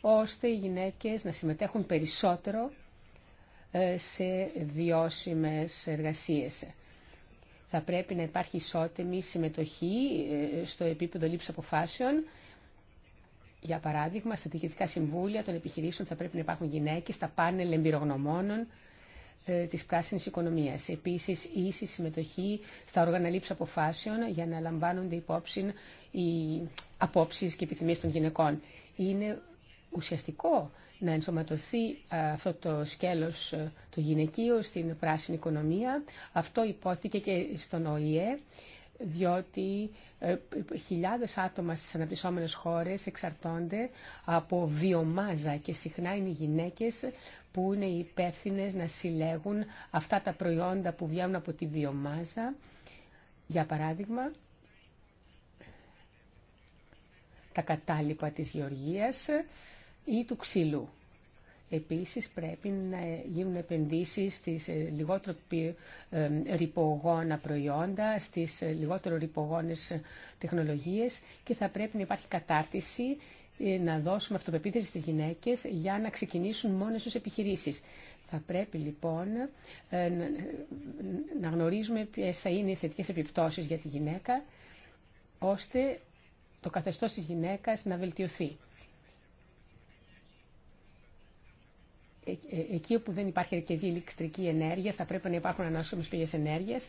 ώστε οι γυναίκες να συμμετέχουν περισσότερο ε, σε βιώσιμες εργασίες. Θα πρέπει να υπάρχει ισότιμη συμμετοχή ε, στο επίπεδο λήψη αποφάσεων. Για παράδειγμα, στα διοικητικά συμβούλια των επιχειρήσεων θα πρέπει να υπάρχουν γυναίκες, στα πάνελ εμπειρογνωμόνων ε, της πράσινης οικονομίας. Επίσης, ίση συμμετοχή στα όργανα λήψης αποφάσεων για να λαμβάνονται υπόψη οι απόψεις και επιθυμίες των γυναικών. Είναι ουσιαστικό να ενσωματωθεί αυτό το σκέλος του γυναικείου στην πράσινη οικονομία. Αυτό υπόθηκε και στον ΟΗΕ, διότι ε, χιλιάδες άτομα στις αναπτυσσόμενες χώρες εξαρτώνται από βιομάζα και συχνά είναι οι γυναίκες που είναι υπεύθυνε να συλλέγουν αυτά τα προϊόντα που βγαίνουν από τη βιομάζα. Για παράδειγμα, τα κατάλοιπα της γεωργίας ή του ξύλου. Επίσης πρέπει να γίνουν επενδύσεις στις ε, λιγότερο ε, ρηπογόνα προϊόντα, στις ε, λιγότερο ρηπογόνες τεχνολογίες και θα πρέπει να υπάρχει κατάρτιση να δώσουμε αυτοπεποίθηση στις γυναίκες για να ξεκινήσουν μόνες τους επιχειρήσεις. Θα πρέπει λοιπόν να γνωρίζουμε ποιε θα είναι οι θετικές επιπτώσεις για τη γυναίκα, ώστε το καθεστώς της γυναίκας να βελτιωθεί. Ε, εκεί όπου δεν υπάρχει αρκετή ηλεκτρική ενέργεια θα πρέπει να υπάρχουν ανάσχομες πηγές ενέργειας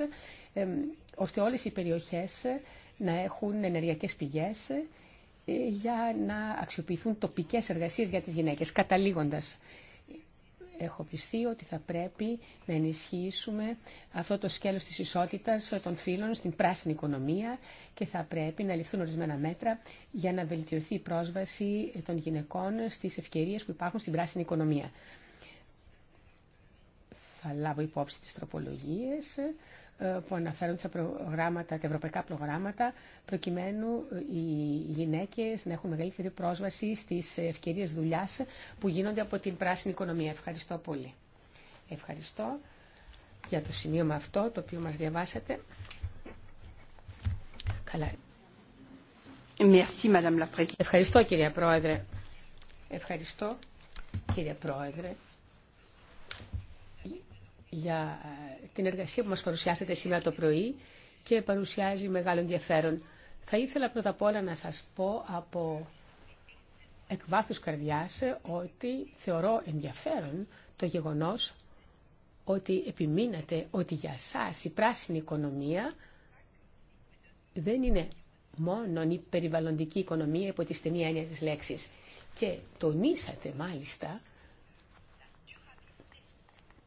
ώστε όλες οι περιοχές ε, να έχουν ενεργειακές πηγές ε, για να αξιοποιηθούν τοπικές εργασίες για τις γυναίκες. Καταλήγοντας, έχω πιστεί ότι θα πρέπει να ενισχύσουμε αυτό το σκέλος της ισότητας των φύλων στην πράσινη οικονομία και θα πρέπει να ληφθούν ορισμένα μέτρα για να βελτιωθεί η πρόσβαση των γυναικών στις ευκαιρίες που υπάρχουν στην πράσινη οικονομία θα λάβω υπόψη τις τροπολογίες ε, που αναφέρουν προγράμματα, τα ευρωπαϊκά προγράμματα, προκειμένου ε, οι γυναίκες να έχουν μεγαλύτερη πρόσβαση στις ευκαιρίες δουλειάς που γίνονται από την πράσινη οικονομία. Ευχαριστώ πολύ. Ευχαριστώ για το σημείο με αυτό το οποίο μας διαβάσατε. Καλά. Ευχαριστώ κυρία Πρόεδρε. Ευχαριστώ κυρία Πρόεδρε για ε, την εργασία που μας παρουσιάσετε σήμερα το πρωί και παρουσιάζει μεγάλο ενδιαφέρον. Θα ήθελα πρώτα απ' όλα να σας πω από εκβάθους βάθους ότι θεωρώ ενδιαφέρον το γεγονός ότι επιμείνατε ότι για σας η πράσινη οικονομία δεν είναι μόνο η περιβαλλοντική οικονομία υπό τη στενή έννοια της λέξης. Και τονίσατε μάλιστα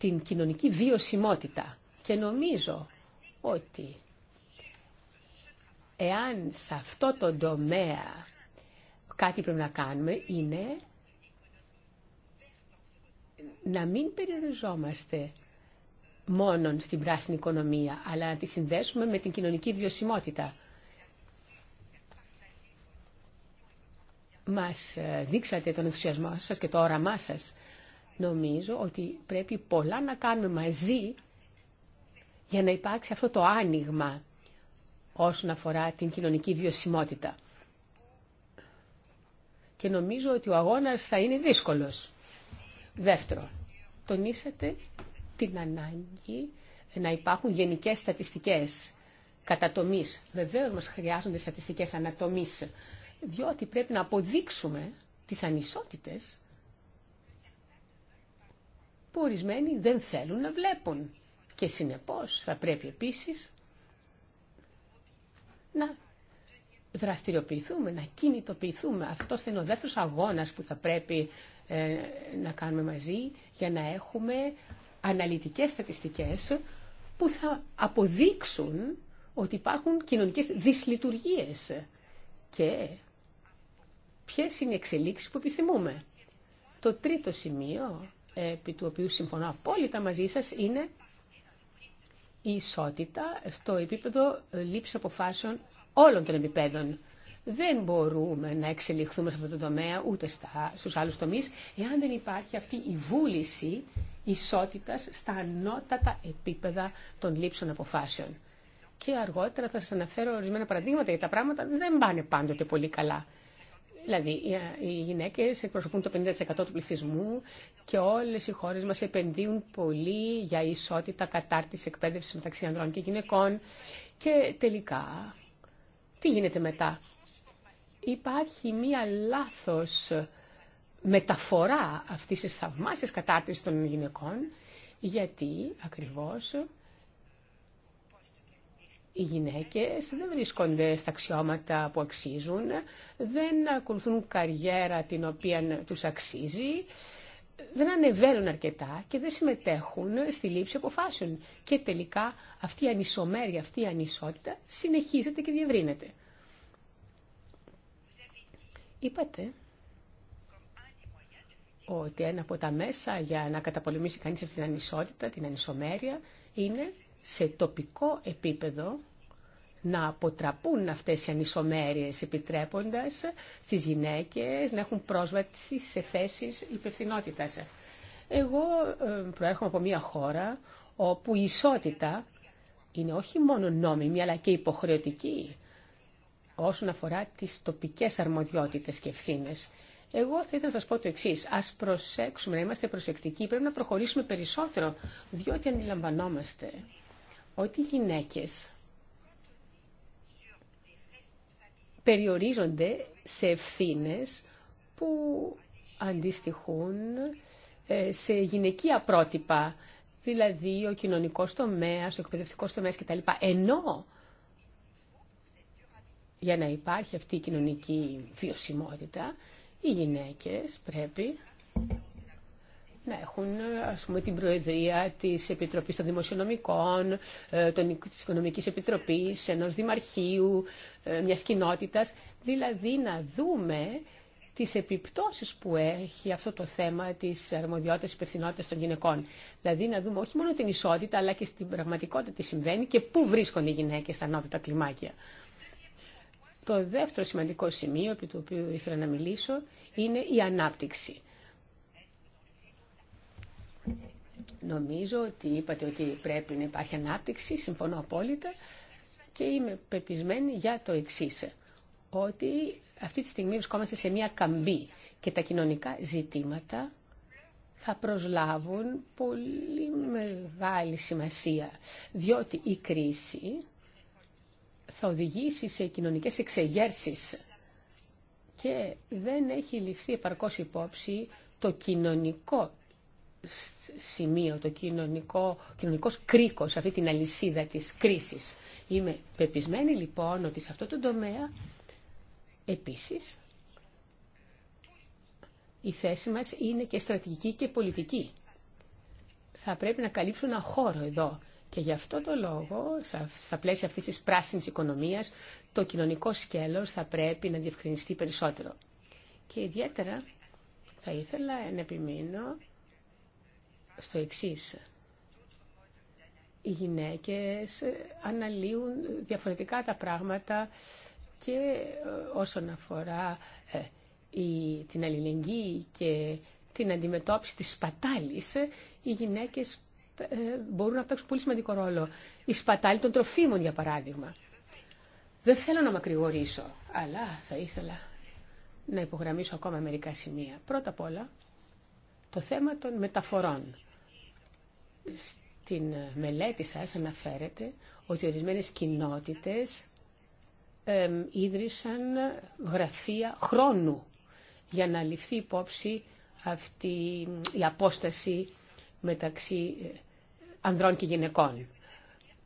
την κοινωνική βιωσιμότητα. Και νομίζω ότι εάν σε αυτό το τομέα κάτι πρέπει να κάνουμε είναι να μην περιοριζόμαστε μόνον στην πράσινη οικονομία, αλλά να τη συνδέσουμε με την κοινωνική βιωσιμότητα. Μας ε, δείξατε τον ενθουσιασμό σας και το όραμά σας Νομίζω ότι πρέπει πολλά να κάνουμε μαζί για να υπάρξει αυτό το άνοιγμα όσον αφορά την κοινωνική βιωσιμότητα. Και νομίζω ότι ο αγώνας θα είναι δύσκολος. Δεύτερο, τονίσατε την ανάγκη να υπάρχουν γενικές στατιστικές κατατομής. Βεβαίω μας χρειάζονται στατιστικές ανατομής, διότι πρέπει να αποδείξουμε τις ανισότητες που ορισμένοι δεν θέλουν να βλέπουν. Και συνεπώς θα πρέπει επίσης να δραστηριοποιηθούμε, να κινητοποιηθούμε. Αυτό θα είναι ο δεύτερος αγώνας που θα πρέπει ε, να κάνουμε μαζί για να έχουμε αναλυτικές στατιστικές που θα αποδείξουν ότι υπάρχουν κοινωνικές δυσλειτουργίες και ποιες είναι οι εξελίξεις που επιθυμούμε. Το τρίτο σημείο επί του οποίου συμφωνώ απόλυτα μαζί σας, είναι η ισότητα στο επίπεδο λήψης αποφάσεων όλων των επίπεδων. Δεν μπορούμε να εξελιχθούμε σε αυτό το τομέα ούτε στα, στους άλλους τομείς εάν δεν υπάρχει αυτή η βούληση ισότητας στα ανώτατα επίπεδα των λήψεων αποφάσεων. Και αργότερα θα σας αναφέρω ορισμένα παραδείγματα γιατί τα πράγματα δεν πάνε πάντοτε πολύ καλά. Δηλαδή, οι γυναίκε εκπροσωπούν το 50% του πληθυσμού και όλες οι χώρες μας επενδύουν πολύ για ισότητα κατάρτιση εκπαίδευση μεταξύ ανδρών και γυναικών. Και τελικά, τι γίνεται μετά. Υπάρχει μία λάθος μεταφορά αυτής της θαυμάσιας κατάρτισης των γυναικών, γιατί ακριβώς οι γυναίκες δεν βρίσκονται στα αξιώματα που αξίζουν, δεν ακολουθούν καριέρα την οποία τους αξίζει, δεν ανεβαίνουν αρκετά και δεν συμμετέχουν στη λήψη αποφάσεων. Και τελικά αυτή η ανισομέρεια, αυτή η ανισότητα συνεχίζεται και διευρύνεται. Είπατε ότι ένα από τα μέσα για να καταπολεμήσει κανείς αυτή την ανισότητα, την ανισομέρεια, είναι σε τοπικό επίπεδο να αποτραπούν αυτές οι ανισομέρειες επιτρέποντας στις γυναίκες να έχουν πρόσβαση σε θέσεις υπευθυνότητας. Εγώ ε, προέρχομαι από μια χώρα όπου η ισότητα είναι όχι μόνο νόμιμη αλλά και υποχρεωτική όσον αφορά τις τοπικές αρμοδιότητες και ευθύνε. Εγώ θα ήθελα να σας πω το εξή. Ας προσέξουμε, να είμαστε προσεκτικοί, πρέπει να προχωρήσουμε περισσότερο, διότι αντιλαμβανόμαστε ότι οι γυναίκες περιορίζονται σε ευθύνες που αντιστοιχούν ε, σε γυναικεία πρότυπα, δηλαδή ο κοινωνικός τομέας, ο εκπαιδευτικός τομέας κτλ. Ενώ για να υπάρχει αυτή η κοινωνική βιωσιμότητα, οι γυναίκες πρέπει να έχουν ας πούμε, την Προεδρία τη επιτροπή των Δημοσιονομικών, ε, τη οικονομική επιτροπή, Επιτροπής, ενός Δημαρχείου, ε, μιας κοινότητας. Δηλαδή να δούμε τι επιπτώσει που έχει αυτό το θέμα της αρμοδιότητας υπευθυνότητα των γυναικών. Δηλαδή να δούμε όχι μόνο την ισότητα, αλλά και στην πραγματικότητα τι συμβαίνει και πού βρίσκονται οι γυναίκε στα ανώτατα κλιμάκια. Το δεύτερο σημαντικό σημείο, επί του οποίου ήθελα να μιλήσω, είναι η ανάπτυξη. Νομίζω ότι είπατε ότι πρέπει να υπάρχει ανάπτυξη, συμφωνώ απόλυτα και είμαι πεπισμένη για το εξή. Ότι αυτή τη στιγμή βρισκόμαστε σε μια καμπή και τα κοινωνικά ζητήματα θα προσλάβουν πολύ μεγάλη σημασία, διότι η κρίση θα οδηγήσει σε κοινωνικές εξεγέρσεις και δεν έχει ληφθεί επαρκώς υπόψη το κοινωνικό σημείο, το κοινωνικό, κοινωνικός κρίκος, αυτή την αλυσίδα της κρίσης. Είμαι πεπισμένη λοιπόν ότι σε αυτό το τομέα επίσης η θέση μας είναι και στρατηγική και πολιτική. Θα πρέπει να καλύψουν ένα χώρο εδώ. Και γι' αυτό το λόγο, στα πλαίσια αυτής της πράσινης οικονομίας, το κοινωνικό σκέλος θα πρέπει να διευκρινιστεί περισσότερο. Και ιδιαίτερα θα ήθελα να επιμείνω στο εξής. Οι γυναίκες αναλύουν διαφορετικά τα πράγματα και ε, όσον αφορά ε, η, την αλληλεγγύη και την αντιμετώπιση της σπατάλης, ε, οι γυναίκες μπορούν να παίξουν πολύ σημαντικό ρόλο. Η σπατάλη των τροφίμων, για παράδειγμα. Δεν θέλω να μακρηγορήσω, αλλά θα ήθελα να υπογραμμίσω ακόμα μερικά σημεία. Πρώτα απ' όλα, το θέμα των μεταφορών. Στην μελέτη σας αναφέρεται ότι ορισμένες κοινότητες ε, ίδρυσαν γραφεία χρόνου για να ληφθεί υπόψη αυτή η απόσταση μεταξύ ε, ανδρών και γυναικών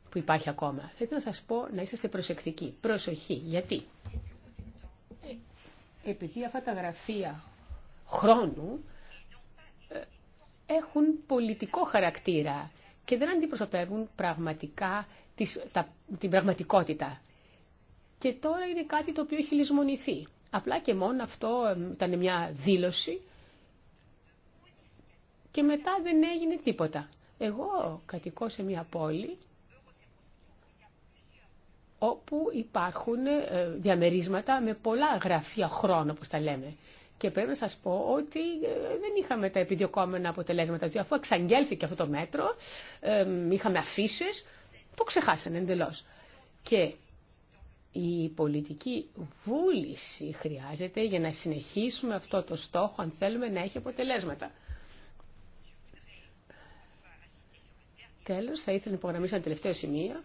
που υπάρχει ακόμα. Θα ήθελα να σας πω να είσαστε προσεκτικοί. Προσοχή. Γιατί. Ε, επειδή αυτά τα γραφεία χρόνου έχουν πολιτικό χαρακτήρα και δεν αντιπροσωπεύουν πραγματικά τις, τα, την πραγματικότητα. Και τώρα είναι κάτι το οποίο έχει λησμονηθεί. Απλά και μόνο αυτό ήταν μια δήλωση και μετά δεν έγινε τίποτα. Εγώ κατοικώ σε μια πόλη όπου υπάρχουν ε, διαμερίσματα με πολλά γραφεία χρόνου, όπως τα λέμε. Και πρέπει να σας πω ότι ε, δεν είχαμε τα επιδιωκόμενα αποτελέσματα, διότι αφού εξαγγέλθηκε αυτό το μέτρο, είχαμε αφήσει, το ξεχάσανε εντελώς. Και η πολιτική βούληση χρειάζεται για να συνεχίσουμε αυτό το στόχο, αν θέλουμε να έχει αποτελέσματα. Τέλος, θα ήθελα να υπογραμμίσω ένα τελευταίο σημείο,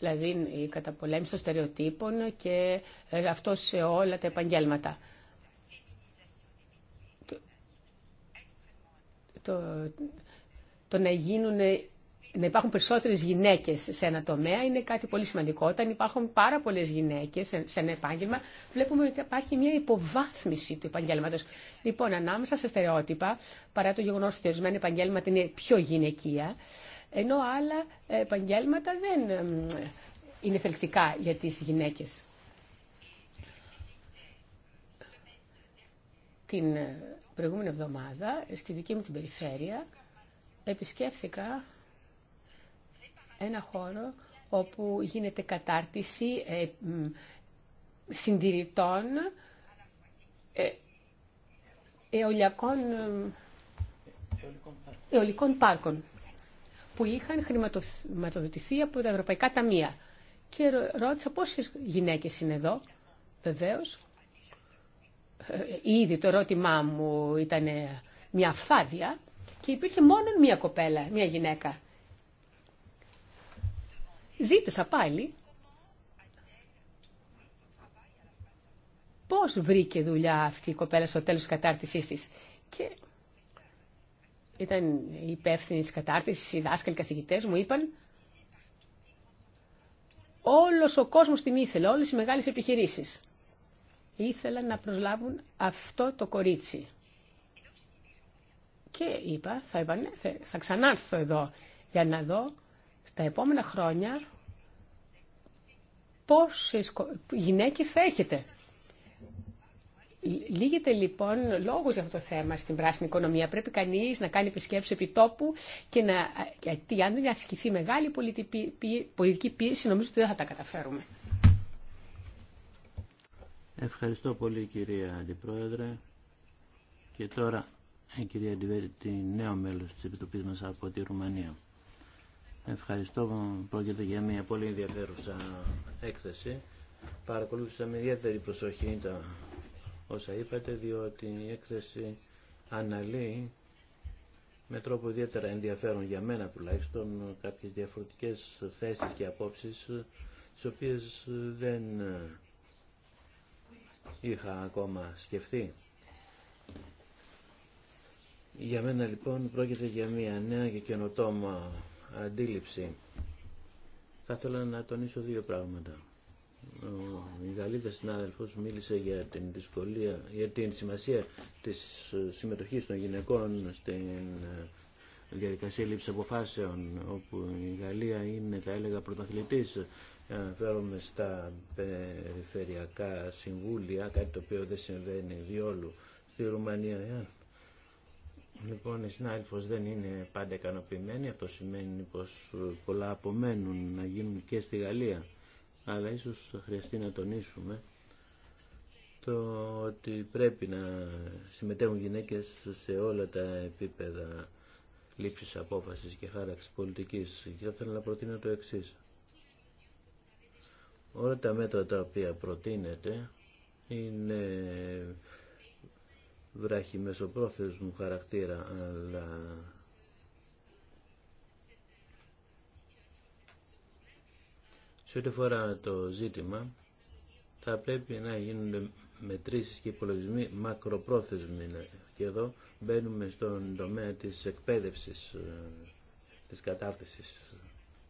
δηλαδή η καταπολέμηση των στερεοτύπων και ε, αυτό σε όλα τα επαγγέλματα. το, το να γίνουν να υπάρχουν περισσότερες γυναίκες σε ένα τομέα είναι κάτι πολύ σημαντικό. Όταν υπάρχουν πάρα πολλές γυναίκες σε ένα επάγγελμα, βλέπουμε ότι υπάρχει μια υποβάθμιση του επαγγέλματος. Λοιπόν, ανάμεσα σε στερεότυπα, παρά το γεγονός ότι ορισμένα επαγγέλματα είναι πιο γυναικεία, ενώ άλλα επαγγέλματα δεν είναι θελκτικά για τις γυναίκες. Την προηγούμενη εβδομάδα στη δική μου την περιφέρεια επισκέφθηκα ένα χώρο όπου γίνεται κατάρτιση ε, συντηρητών ε, αιωλιακών ε, αιωλικών πάρκων που είχαν χρηματοδοτηθεί από τα Ευρωπαϊκά Ταμεία. Και ρώτησα πόσες γυναίκες είναι εδώ, βεβαίως, ήδη το ερώτημά μου ήταν μια φάδια και υπήρχε μόνο μια κοπέλα, μια γυναίκα. Ζήτησα πάλι πώς βρήκε δουλειά αυτή η κοπέλα στο τέλος της κατάρτισής της. Και ήταν η υπεύθυνοι της κατάρτισης, οι δάσκαλοι, καθηγητές μου είπαν όλος ο κόσμος την ήθελε, όλες οι μεγάλες επιχειρήσεις ήθελαν να προσλάβουν αυτό το κορίτσι. Και είπα, ναι, θα, θα ξανάρθω εδώ για να δω στα επόμενα χρόνια πόσες γυναίκες θα έχετε. Λίγεται λοιπόν λόγος για αυτό το θέμα στην πράσινη οικονομία. Πρέπει κανείς να κάνει επισκέψεις επί τόπου και να, γιατί αν δεν ασκηθεί μεγάλη πολιτική πίεση νομίζω ότι δεν θα τα καταφέρουμε. Ευχαριστώ πολύ κυρία Αντιπρόεδρε. Και τώρα η ε, κυρία τη νέο μέλος της Επιτροπής μας από τη Ρουμανία. Ευχαριστώ. Πρόκειται για μια πολύ ενδιαφέρουσα έκθεση. Παρακολούθησα με ιδιαίτερη προσοχή τα όσα είπατε, διότι η έκθεση αναλύει με τρόπο ιδιαίτερα ενδιαφέρον για μένα τουλάχιστον κάποιες διαφορετικές θέσεις και απόψεις τις οποίες δεν είχα ακόμα σκεφτεί. Για μένα λοιπόν πρόκειται για μια νέα και καινοτόμα αντίληψη. Θα ήθελα να τονίσω δύο πράγματα. Ο Ιγαλίδας συνάδελφος μίλησε για την δυσκολία, για την σημασία της συμμετοχής των γυναικών στην διαδικασία λήψη αποφάσεων, όπου η Γαλλία είναι, θα έλεγα, πρωταθλητής αναφέρομαι στα περιφερειακά συμβούλια, κάτι το οποίο δεν συμβαίνει διόλου στη Ρουμανία. Λοιπόν, η συνάδελφοι δεν είναι πάντα ικανοποιημένη, αυτό σημαίνει πως πολλά απομένουν να γίνουν και στη Γαλλία. Αλλά ίσως χρειαστεί να τονίσουμε το ότι πρέπει να συμμετέχουν γυναίκες σε όλα τα επίπεδα λήψης απόφασης και χάραξης πολιτικής. Και θα ήθελα να προτείνω το εξής όλα τα μέτρα τα οποία προτείνεται είναι βράχη μεσοπρόθεσμου χαρακτήρα, αλλά σε ό,τι φορά το ζήτημα θα πρέπει να γίνουν μετρήσεις και υπολογισμοί μακροπρόθεσμοι ναι. και εδώ μπαίνουμε στον τομέα της εκπαίδευσης, ε, της κατάρτισης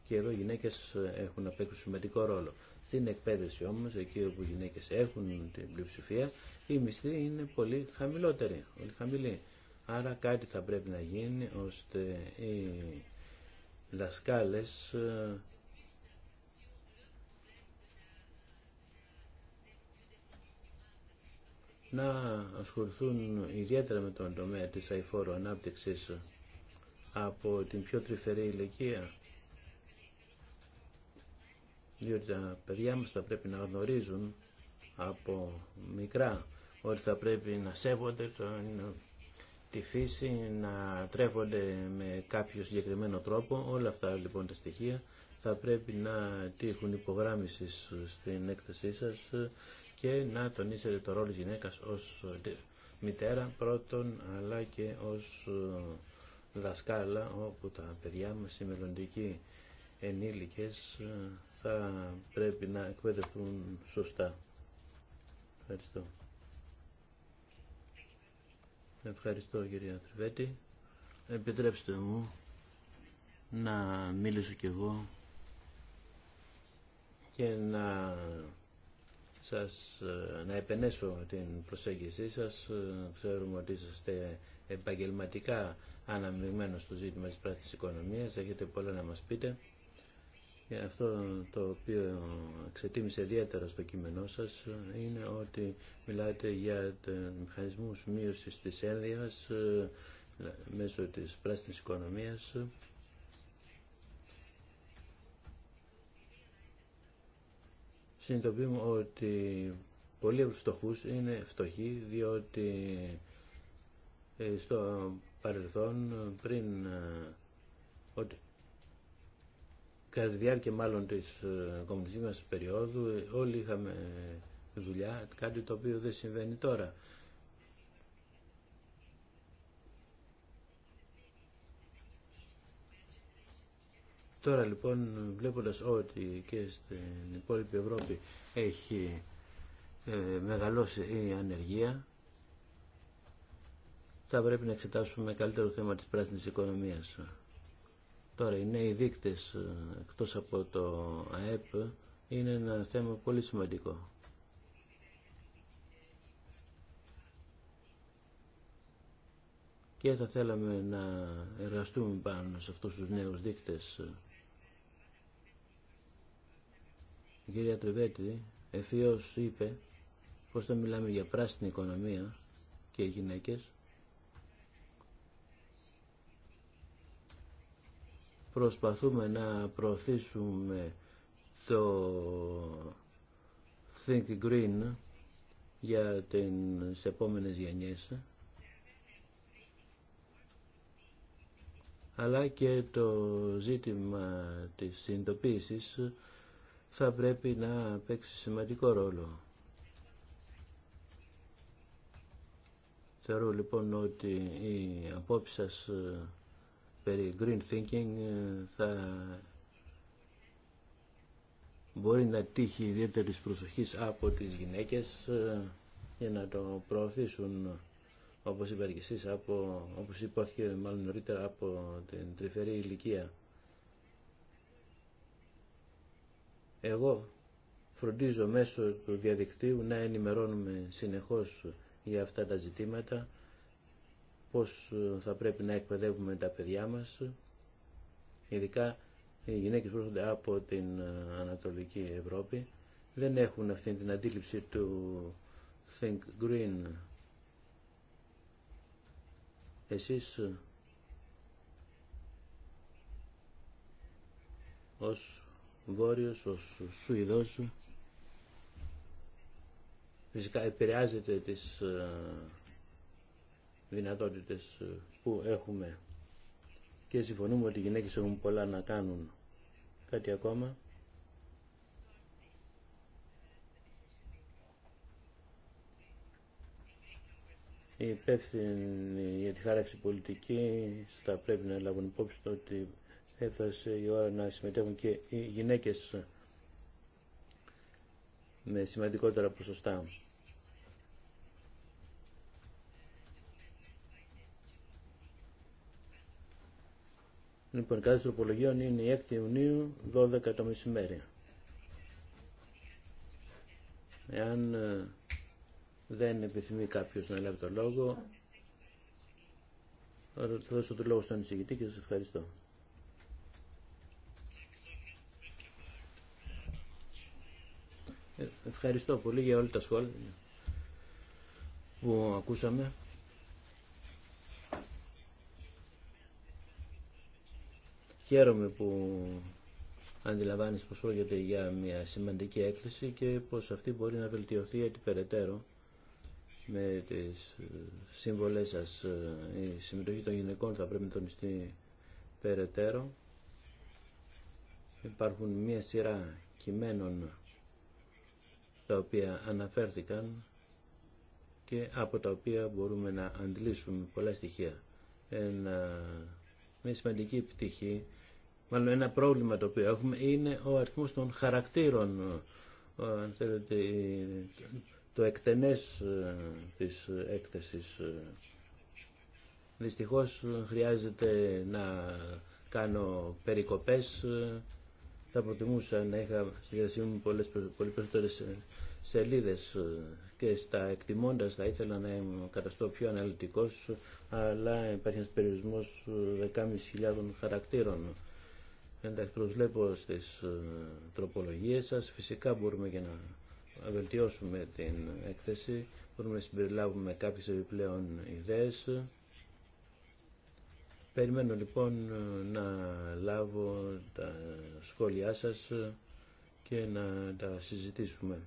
και εδώ οι γυναίκες έχουν να παίξουν σημαντικό ρόλο. Στην εκπαίδευση όμως, εκεί όπου οι γυναίκες έχουν την πλειοψηφία, η μισθή είναι πολύ χαμηλότερη, πολύ χαμηλή. Άρα κάτι θα πρέπει να γίνει ώστε οι δασκάλες ε, να ασχοληθούν ιδιαίτερα με τον τομέα της αηφόρου ανάπτυξης από την πιο τρυφερή ηλικία διότι τα παιδιά μας θα πρέπει να γνωρίζουν από μικρά ότι θα πρέπει να σέβονται τον, τη φύση, να τρέφονται με κάποιο συγκεκριμένο τρόπο. Όλα αυτά λοιπόν τα στοιχεία θα πρέπει να τύχουν υπογράμμισης στην έκθεσή σας και να τονίσετε το ρόλο της γυναίκας ως μητέρα πρώτον αλλά και ως δασκάλα όπου τα παιδιά μας οι μελλοντικοί ενήλικες θα πρέπει να εκπαιδευτούν σωστά. Ευχαριστώ. Ευχαριστώ κυρία Τριβέτη. Επιτρέψτε μου να μίλησω κι εγώ και να σας, να επενέσω την προσέγγιση σας. Ξέρουμε ότι είσαστε επαγγελματικά αναμειγμένος στο ζήτημα της πράξης οικονομίας. Έχετε πολλά να μας πείτε. Και ε, αυτό το οποίο ξετίμησε ιδιαίτερα στο κείμενό σας είναι ότι μιλάτε για μηχανισμούς μείωσης της ένδυας ε, μέσω της πράσινης οικονομίας συνειδητοποιούμε ότι πολλοί από τους φτωχούς είναι φτωχοί διότι ε, στο παρελθόν πριν ότι κατά τη διάρκεια μάλλον της ε, κομμουνιστικής μας περίοδου ε, όλοι είχαμε δουλειά, κάτι το οποίο δεν συμβαίνει τώρα. Τώρα λοιπόν βλέποντας ότι και στην υπόλοιπη Ευρώπη έχει ε, μεγαλώσει η ανεργία θα πρέπει να εξετάσουμε καλύτερο θέμα της πράσινης οικονομίας. Τώρα, οι νέοι δείκτες ε, εκτός από το ΑΕΠ είναι ένα θέμα πολύ σημαντικό. Και θα θέλαμε να εργαστούμε πάνω σε αυτούς τους νέους δείκτες. Η κυρία Τριβέτη εφιώς είπε πως θα μιλάμε για πράσινη οικονομία και γυναίκες προσπαθούμε να προωθήσουμε το Think Green για την επόμενες γενιές αλλά και το ζήτημα της συνειδητοποίησης θα πρέπει να παίξει σημαντικό ρόλο. Θεωρώ λοιπόν ότι η απόψη σας περί green thinking ε, θα μπορεί να τύχει ιδιαίτερη προσοχής από τις γυναίκες ε, για να το προωθήσουν όπως είπα και εσείς, από, όπως υπόθηκε μάλλον νωρίτερα από την τρυφερή ηλικία. Εγώ φροντίζω μέσω του διαδικτύου να ενημερώνουμε συνεχώς για αυτά τα ζητήματα πώς ε, θα πρέπει να εκπαιδεύουμε τα παιδιά μας, ειδικά οι γυναίκες που έρχονται από την ε, Ανατολική Ευρώπη, δεν έχουν αυτή την αντίληψη του Think Green. Εσείς ε, ως Βόρειος, ως Σουηδός, φυσικά επηρεάζεται τις δυνατότητες ε, που έχουμε και συμφωνούμε ότι οι γυναίκες έχουν πολλά να κάνουν. Κάτι ακόμα. Η υπεύθυνη για τη χάραξη πολιτική θα πρέπει να λάβουν υπόψη ότι έφτασε η ώρα να συμμετέχουν και οι γυναίκες με σημαντικότερα ποσοστά. Λοιπόν, κάθε τροπολογιών είναι η 6 Ιουνίου, 12 το μεσημέρι. Εάν ε, δεν επιθυμεί κάποιο να λάβει το λόγο, θα δώσω το λόγο στον εισηγητή και σα ευχαριστώ. Ε, ευχαριστώ πολύ για όλα τα σχόλια που ακούσαμε. Χαίρομαι που αντιλαμβάνεις πως πρόκειται για μια σημαντική έκθεση και πως αυτή μπορεί να βελτιωθεί έτσι περαιτέρω με τις ε, σύμβολές σας. Ε, η συμμετοχή των γυναικών θα πρέπει να τονιστεί περαιτέρω. Υπάρχουν μια σειρά κειμένων τα οποία αναφέρθηκαν και από τα οποία μπορούμε να αντλήσουμε πολλά στοιχεία. Ένα μια σημαντική πτυχή, μάλλον ένα πρόβλημα το οποίο έχουμε, είναι ο αριθμός των χαρακτήρων, ε, αν το εκτενές ε, της έκθεσης. Ε, δυστυχώς χρειάζεται να κάνω περικοπές. Θα προτιμούσα να είχα στη διάθεσή μου πολλές, πολύ σελίδες ε, και στα εκτιμώντας θα ήθελα να καταστώ πιο αναλυτικός αλλά υπάρχει ένας περιορισμός 10.500 ε, χαρακτήρων. Εντάξει, προσβλέπω στις ε, τροπολογίες σας. Φυσικά μπορούμε και να βελτιώσουμε την έκθεση. Μπορούμε να συμπεριλάβουμε κάποιες επιπλέον ιδέες. Περιμένω λοιπόν να λάβω τα σχόλιά σας και να τα συζητήσουμε.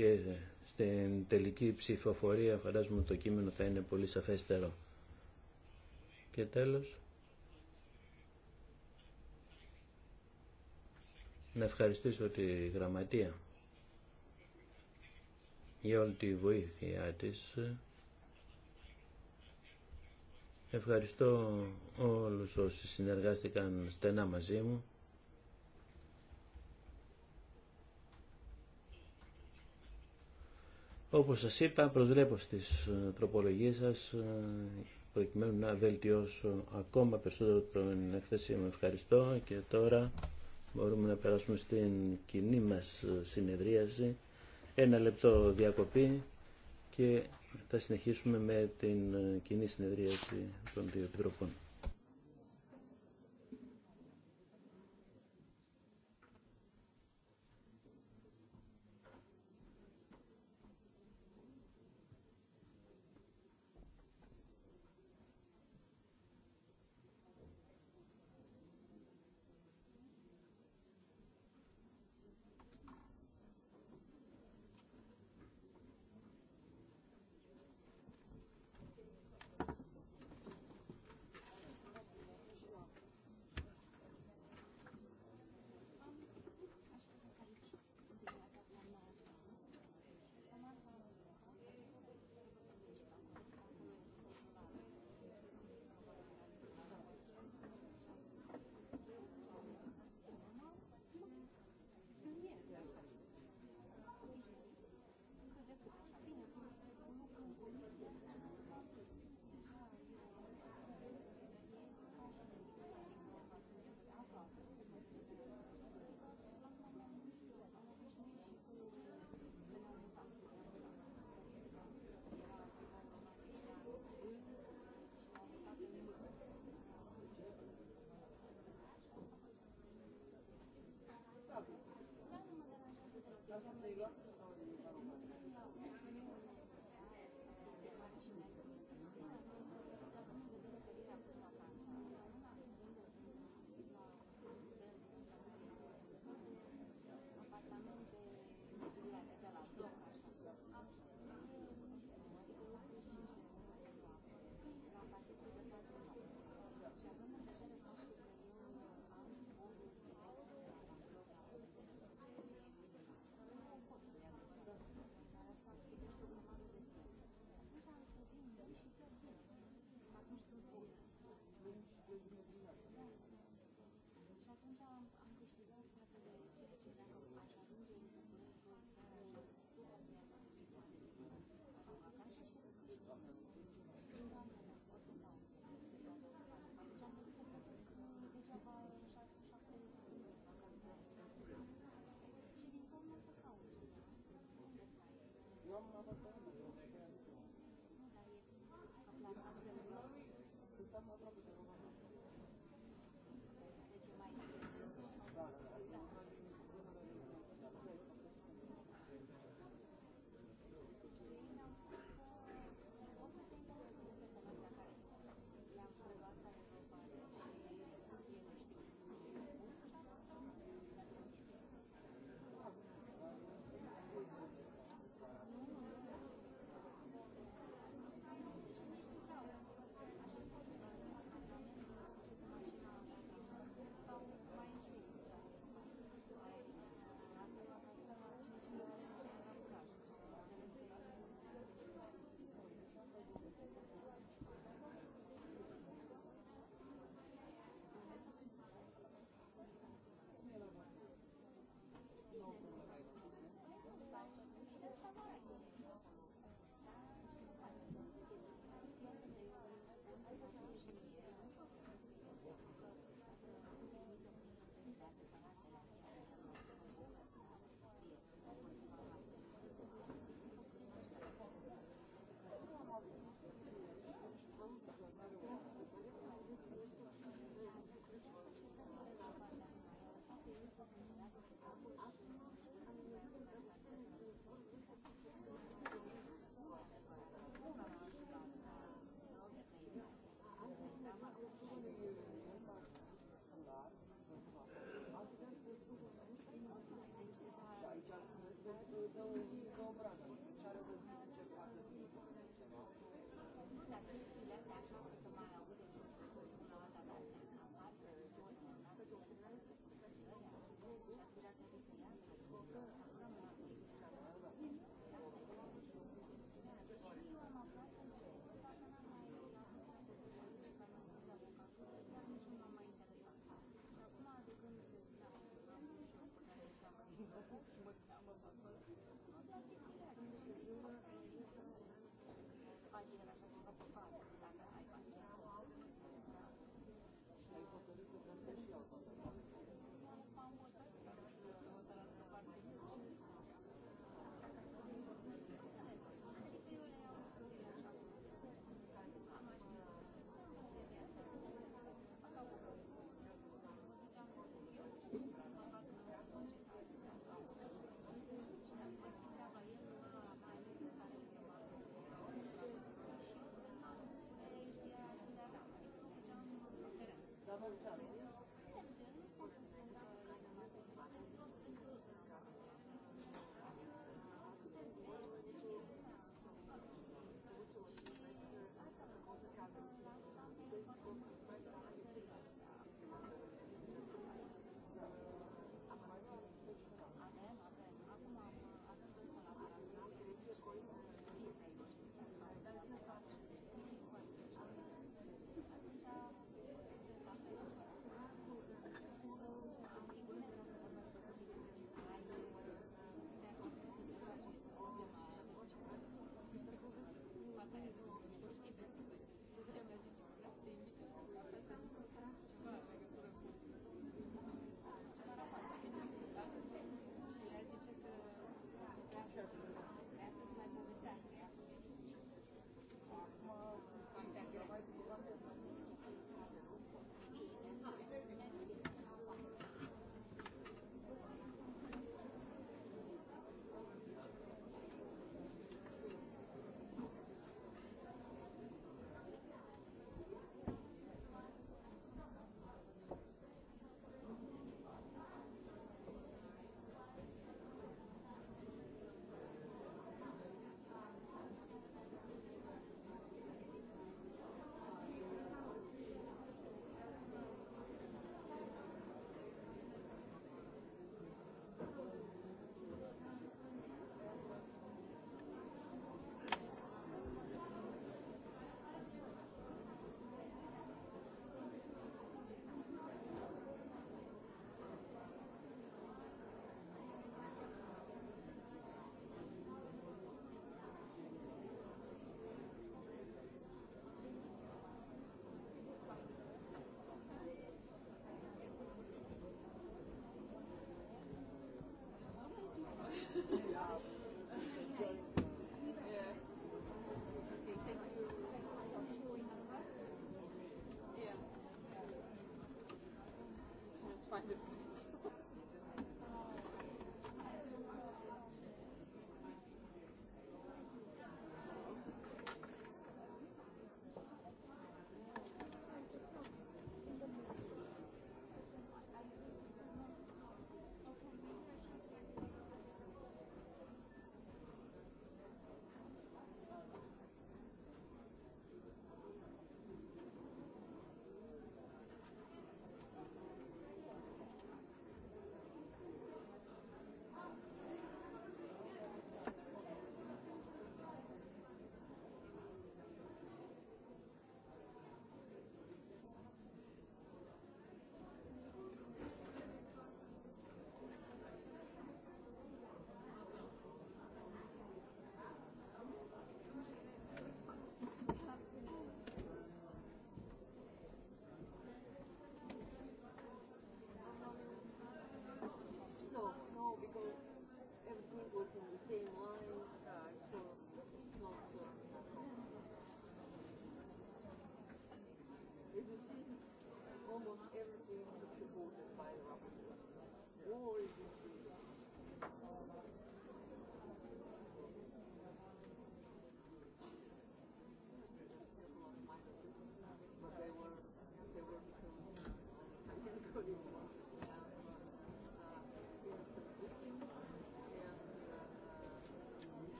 και στην τελική ψηφοφορία φαντάζομαι το κείμενο θα είναι πολύ σαφέστερο. Και τέλος, να ευχαριστήσω τη Γραμματεία για όλη τη βοήθειά της. Ευχαριστώ όλους όσοι συνεργάστηκαν στενά μαζί μου Όπως σας είπα, προβλέπω στις ε, τροπολογίες σας ε, προκειμένου να βελτιώσω ακόμα περισσότερο την έκθεση. Με ευχαριστώ και τώρα μπορούμε να περάσουμε στην κοινή μας ε, συνεδρίαση. Ένα λεπτό διακοπή και θα συνεχίσουμε με την κοινή συνεδρίαση των δύο επιτροπών. Sorry.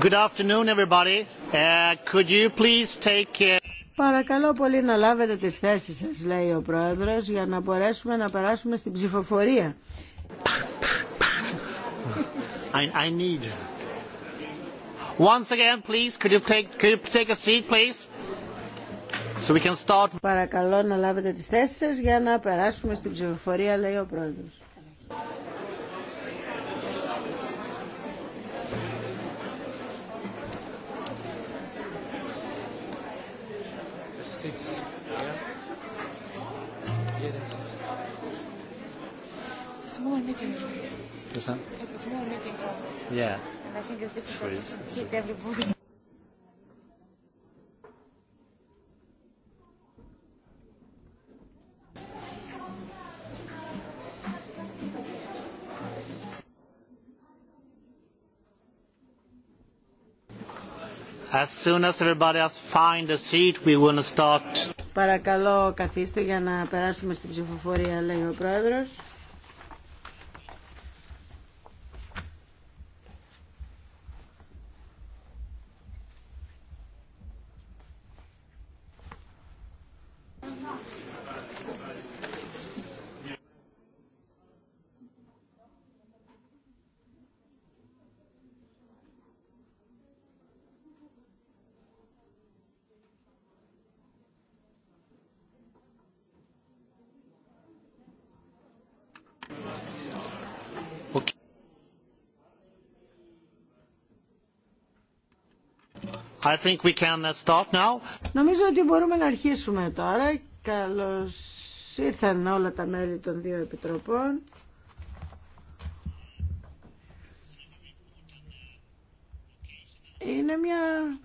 Good afternoon everybody. Could you please take... Παρακαλώ πολύ να λάβετε τις θέσεις σας, λέει ο Πρόεδρος, για να μπορέσουμε να περάσουμε στην ψηφοφορία. I, I need. Once again, please, could you take, could you take a seat, please? Παρακαλώ να λάβετε τις θέσεις σας για να περάσουμε στην ψηφοφορία, λέει ο πρόεδρος. Yeah. And I think it's difficult Παρακαλώ καθίστε για να περάσουμε στην ψηφοφορία, λέει ο Πρόεδρος. Uh, Νομίζω ότι μπορούμε να αρχίσουμε τώρα. Καλώς ήρθαν όλα τα μέλη των δύο επιτροπών. Είναι μια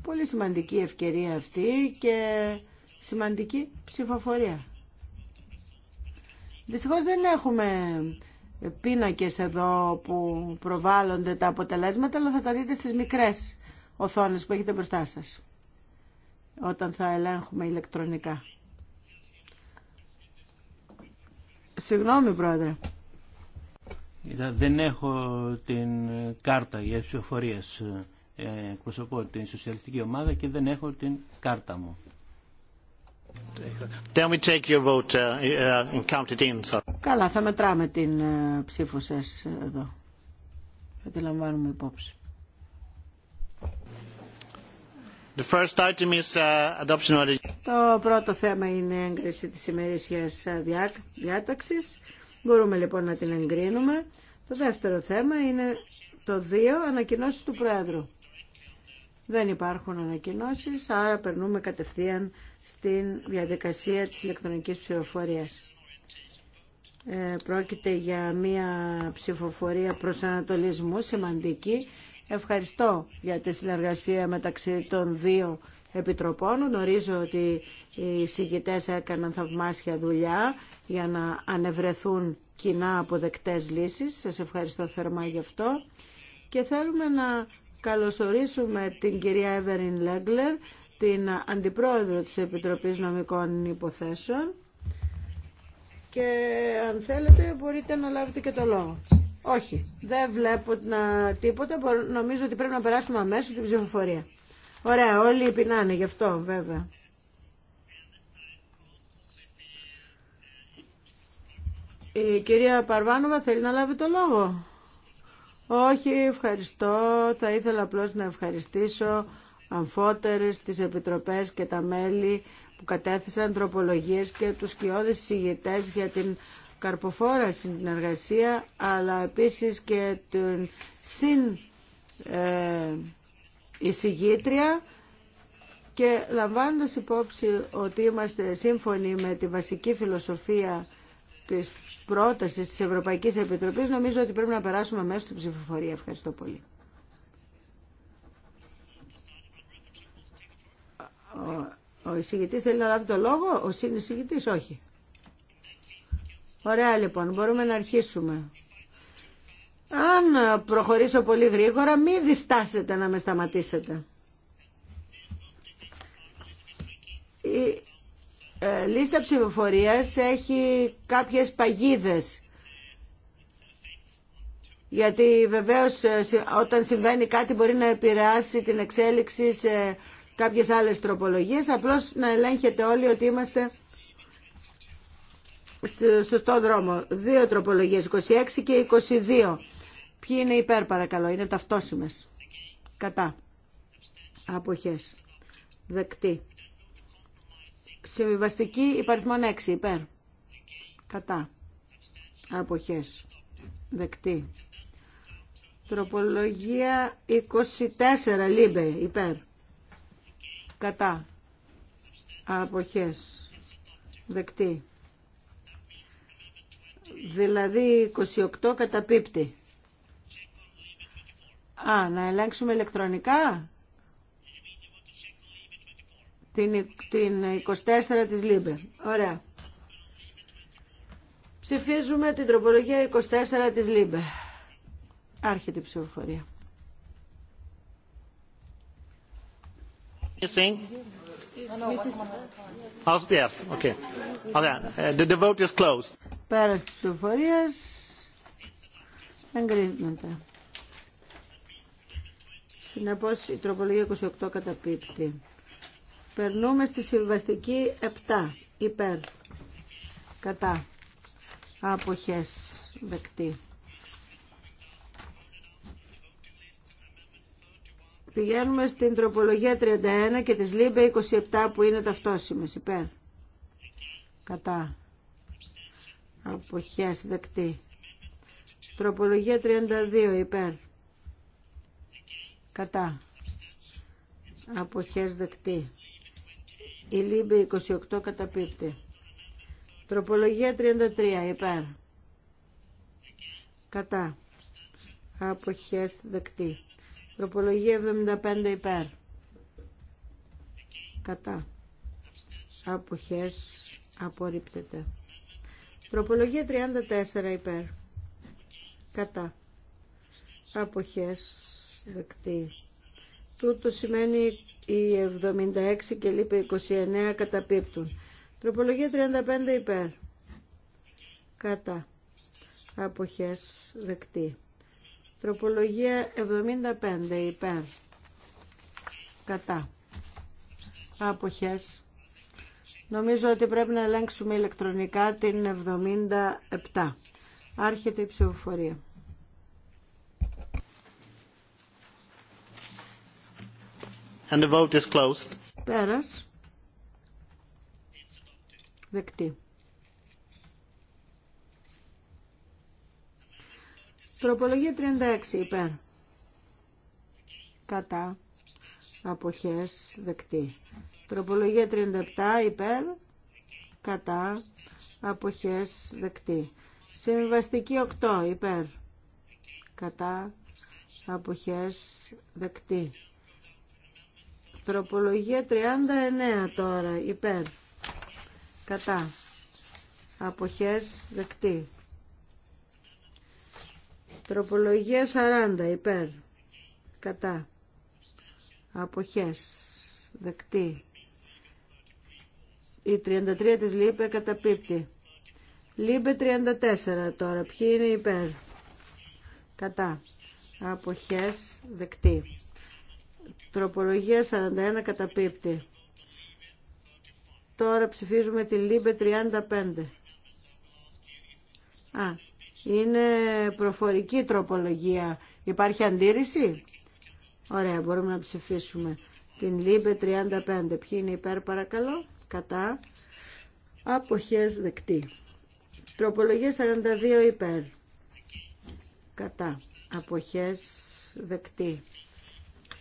πολύ σημαντική ευκαιρία αυτή και σημαντική ψηφοφορία. Δυστυχώς δεν έχουμε πίνακες εδώ που προβάλλονται τα αποτελέσματα, αλλά θα τα δείτε στις μικρές οθόνες που έχετε μπροστά σας όταν θα ελέγχουμε ηλεκτρονικά. Συγγνώμη, Πρόεδρε. Δεν έχω την κάρτα για ψηφοφορίες. Ε, εκπροσωπώ την σοσιαλιστική ομάδα και δεν έχω την κάρτα μου. Καλά, θα μετράμε την ε, ψήφο σας εδώ. Θα τη λαμβάνουμε υπόψη. Uh, το πρώτο θέμα είναι η έγκριση της ημερήσιας ε, διάταξης. Μπορούμε λοιπόν να την εγκρίνουμε. Το δεύτερο θέμα είναι το δύο ανακοινώσεις του Πρόεδρου. Δεν υπάρχουν ανακοινώσεις, άρα περνούμε κατευθείαν στην διαδικασία της ηλεκτρονικής ψηφοφορίας. Ε, πρόκειται για μια ψηφοφορία ανατολισμού, σημαντική Ευχαριστώ για τη συνεργασία μεταξύ των δύο επιτροπών. Γνωρίζω ότι οι συγκητές έκαναν θαυμάσια δουλειά για να ανεβρεθούν κοινά αποδεκτές λύσεις. Σας ευχαριστώ θερμά γι' αυτό. Και θέλουμε να καλωσορίσουμε την κυρία Εύεριν Λέγκλερ, την Αντιπρόεδρο της Επιτροπής Νομικών Υποθέσεων. Και αν θέλετε μπορείτε να λάβετε και το λόγο. Όχι, δεν βλέπω τίποτα. Νομίζω ότι πρέπει να περάσουμε αμέσως την ψηφοφορία. Ωραία, όλοι πεινάνε γι' αυτό βέβαια. Η κυρία Παρβάνοβα θέλει να λάβει το λόγο. Όχι, ευχαριστώ. Θα ήθελα απλώς να ευχαριστήσω αμφότερες τις επιτροπές και τα μέλη που κατέθεσαν τροπολογίες και τους κοιόδες συγητές για την καρποφόρα στην συνεργασία αλλά επίσης και την συν ε, και λαμβάνοντας υπόψη ότι είμαστε σύμφωνοι με τη βασική φιλοσοφία της πρότασης της Ευρωπαϊκής Επιτροπής νομίζω ότι πρέπει να περάσουμε μέσω στην ψηφοφορία. Ευχαριστώ πολύ. Ο εισηγητής θέλει να λάβει το λόγο, ο συνεισηγητής όχι. Ωραία λοιπόν, μπορούμε να αρχίσουμε. Αν προχωρήσω πολύ γρήγορα, μη διστάσετε να με σταματήσετε. Η ε, λίστα ψηφοφορίας έχει κάποιες παγίδες. Γιατί βεβαίως ε, όταν συμβαίνει κάτι μπορεί να επηρεάσει την εξέλιξη σε κάποιες άλλες τροπολογίες. Απλώς να ελέγχετε όλοι ότι είμαστε στο δρόμο. Δύο τροπολογίες, 26 και 22. Ποιοι είναι υπέρ παρακαλώ, είναι ταυτόσιμες. Κατά. Αποχές. Δεκτή. Συμβιβαστική υπαριθμόν 6 υπέρ. Κατά. Αποχές. Δεκτή. Τροπολογία 24 λίμπε υπέρ. Κατά. Αποχές. Δεκτή. Δηλαδή 28 καταπίπτει. Α, να ελέγξουμε ηλεκτρονικά. Την, την 24 της Λίμπε. Ωραία. Ψηφίζουμε την τροπολογία 24 της Λίμπε. Άρχεται η ψηφοφορία. Okay. Uh, the vote is closed. Πέρας της πληροφορία. εγκρίνεται. Συνεπώς η τροπολογία 28 καταπίπτει. Περνούμε στη συμβαστική 7 υπέρ κατά αποχές δεκτή. Πηγαίνουμε στην τροπολογία 31 και της λίμπε 27 που είναι ταυτόσιμες υπέρ. Κατά αποχές δεκτή τροπολογία 32 υπέρ κατά αποχές δεκτή η Λίμπη 28 καταπίπτει τροπολογία 33 υπέρ κατά αποχές δεκτή τροπολογία 75 υπέρ κατά αποχές απορρίπτεται Τροπολογία 34 υπέρ. Κατά. Αποχές δεκτή. Τούτο σημαίνει οι 76 και λείπει 29 καταπίπτουν. Τροπολογία 35 υπέρ. Κατά. Αποχές δεκτή. Τροπολογία 75 υπέρ. Κατά. Αποχές Νομίζω ότι πρέπει να ελέγξουμε ηλεκτρονικά την 77. Άρχεται η ψηφοφορία. And the vote is closed. Πέρας. Δεκτή. Τροπολογία 36 υπέρ. Κατά. Αποχές δεκτή. Τροπολογία 37 υπέρ κατά αποχές δεκτή. Συμβαστική 8 υπέρ κατά αποχές δεκτή. Τροπολογία 39 τώρα υπέρ κατά αποχές δεκτή. Τροπολογία 40 υπέρ κατά αποχές δεκτή. Η 33 της ΛΥΠΕ καταπίπτει. ΛΥΠΕ 34 τώρα. Ποιοι είναι υπέρ. Κατά. Αποχές δεκτή. Τροπολογία 41 καταπίπτει. Τώρα ψηφίζουμε τη ΛΥΠΕ 35. Α, είναι προφορική τροπολογία. Υπάρχει αντίρρηση. Ωραία, μπορούμε να ψηφίσουμε. Την ΛΥΠΕ 35. Ποιοι είναι υπέρ παρακαλώ κατά αποχές δεκτή. Τροπολογία 42 υπέρ κατά αποχές δεκτή.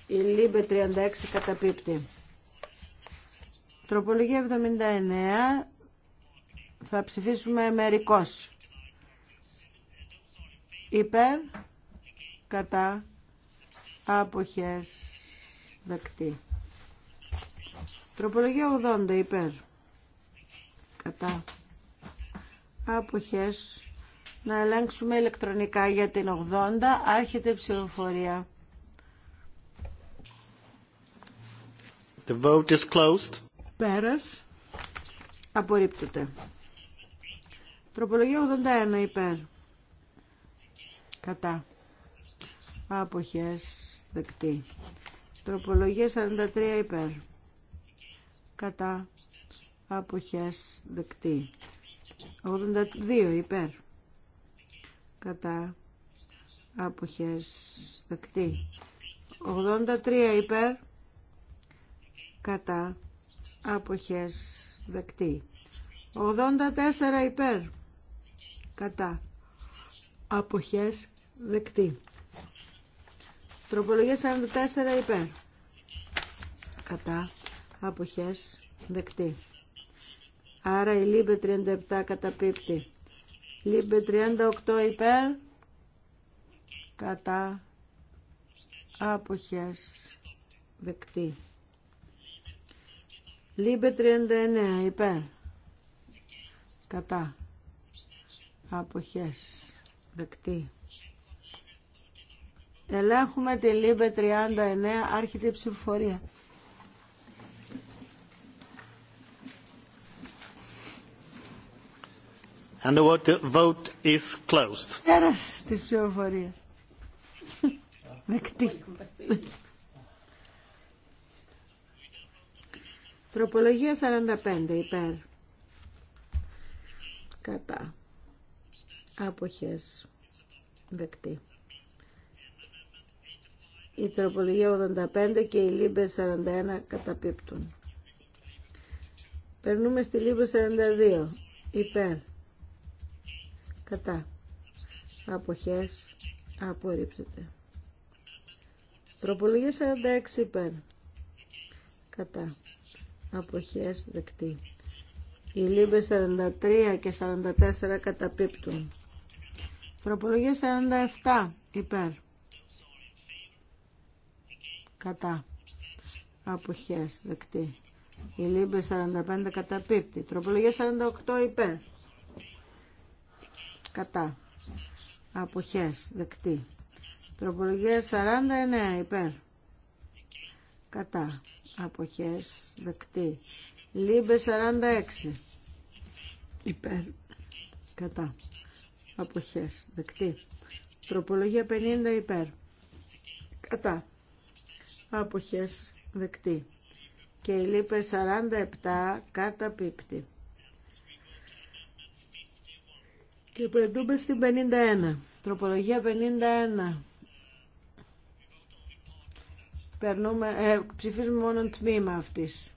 Η Λίμπε 36 καταπίπτει. Τροπολογία 79 θα ψηφίσουμε μερικός. Υπέρ κατά αποχές δεκτή. Τροπολογία 80 υπέρ. Κατά. Αποχές. Να ελέγξουμε ηλεκτρονικά για την 80. Άρχεται ψηφοφορία. The vote is closed. Πέρας. Απορρίπτεται. Τροπολογία 81 υπέρ. Κατά. Αποχές δεκτή. Τροπολογία 43 υπέρ κατά αποχές δεκτή 82 υπέρ κατά αποχές δεκτή 83 υπέρ κατά αποχές δεκτή 84 υπέρ κατά αποχές δεκτή τροπολογία 44 υπέρ κατά αποχές δεκτή. Άρα η Λίμπε 37 καταπίπτει. Λίμπε 38 υπέρ κατά άποχες δεκτή. Λίμπε 39 υπέρ κατά άποχες δεκτή. Ελέγχουμε τη Λίμπε 39 άρχιτη ψηφοφορία. And the vote is closed. της ψηφοφορίας. Δεκτή. Τροπολογία 45 υπέρ. Κατά. Άποχες. Δεκτή. Η τροπολογία 85 και η Λίμπε 41 καταπίπτουν. Περνούμε στη Λίμπε 42. Υπέρ κατά αποχές απορρίπτεται τροπολογία 46 υπέρ κατά αποχές δεκτή οι λίμπες 43 και 44 καταπίπτουν τροπολογία 47 υπέρ κατά αποχές δεκτή η λίμπε 45 καταπίπτει τροπολογία 48 υπέρ κατά αποχές δεκτή τροπολογία 49 υπέρ κατά αποχές δεκτή λίμπε 46 υπέρ κατά αποχές δεκτή τροπολογία 50 υπέρ κατά αποχές δεκτή και η λίπε 47 πίπτη. Και περνούμε στην 51. Τροπολογία 51. Περνούμε, ε, ψηφίζουμε μόνο τμήμα αυτής.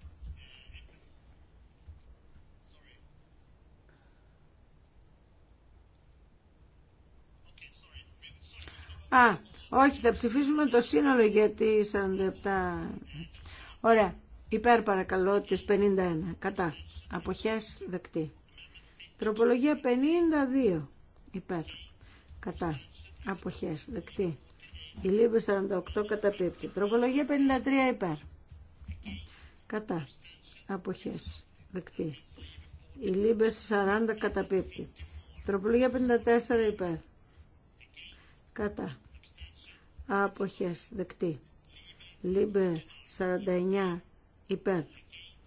Α, όχι, θα ψηφίσουμε το σύνολο γιατί 47. Ωραία. Υπέρ παρακαλώ της 51. Κατά. Αποχές δεκτή. Τροπολογία 52 υπέρ. Κατά. Αποχές. Δεκτή. Η Λίμπη 48 καταπίπτει. Τροπολογία 53 υπέρ. Κατά. Αποχές. Δεκτή. Η Λίμπε 40 καταπίπτει. Τροπολογία 54 υπέρ. Κατά. Αποχές. Δεκτή. Λίμπε 49 υπέρ.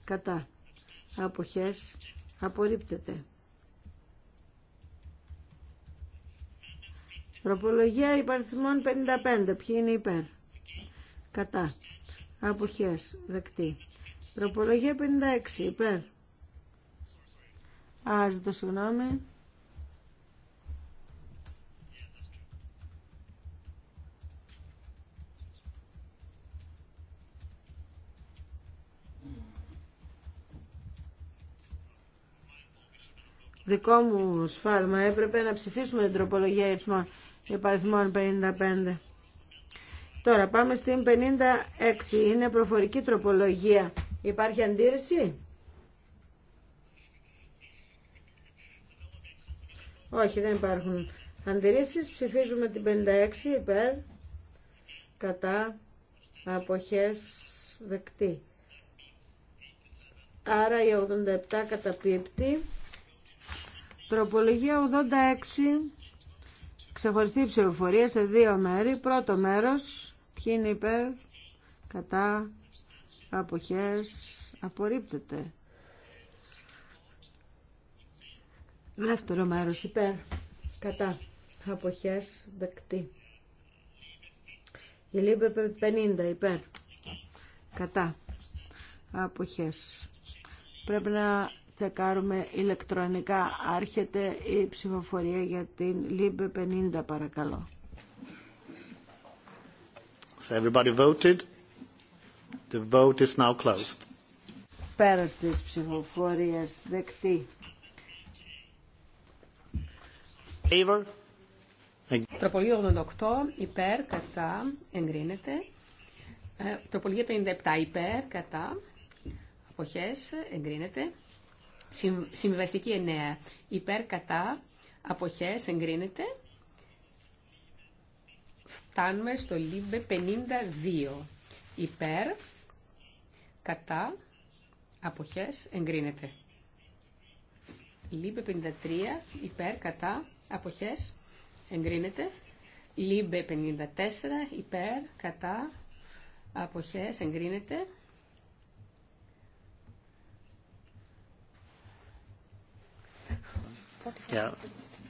Κατά. Αποχές. Απορρίπτεται. Τροπολογία υπαριθμών 55. Ποιοι είναι υπέρ. Κατά. Αποχές. Δεκτή. Τροπολογία 56. Υπέρ. Α, ζητώ συγγνώμη. Δικό μου σφάλμα έπρεπε να ψηφίσουμε την τροπολογία ρυθμών η 55. Τώρα πάμε στην 56. Είναι προφορική τροπολογία. Υπάρχει αντίρρηση? Όχι, δεν υπάρχουν αντιρρήσεις. Ψηφίζουμε την 56 υπέρ κατά αποχές δεκτή. Άρα η 87 καταπίπτει. Τροπολογία 86 Ξεχωριστή ψηφοφορία σε δύο μέρη. Πρώτο μέρος, ποιοι είναι υπέρ, κατά, αποχές, απορρίπτεται. Δεύτερο μέρος, υπέρ, κατά, αποχές, δεκτή. Η λίμπε 50, υπέρ, κατά, αποχές. Πρέπει να τσεκάρουμε ηλεκτρονικά. Άρχεται η ψηφοφορία για την ΛΥΜΠΕ 50 παρακαλώ. So everybody voted. The vote is now closed. Πέρας της ψηφοφορίας δεκτή. Favor. Τροπολογία 88 υπέρ κατά εγκρίνεται. 57 ε, υπέρ κατά αποχές εγκρίνεται. Συμβιβαστική εννέα. Υπέρ κατά αποχές εγκρίνεται. Φτάνουμε στο λίμπε 52. Υπέρ κατά αποχές εγκρίνεται. Λίμπε 53. Υπέρ κατά αποχές εγκρίνεται. Λίμπε 54. Υπέρ κατά αποχές εγκρίνεται. Yeah.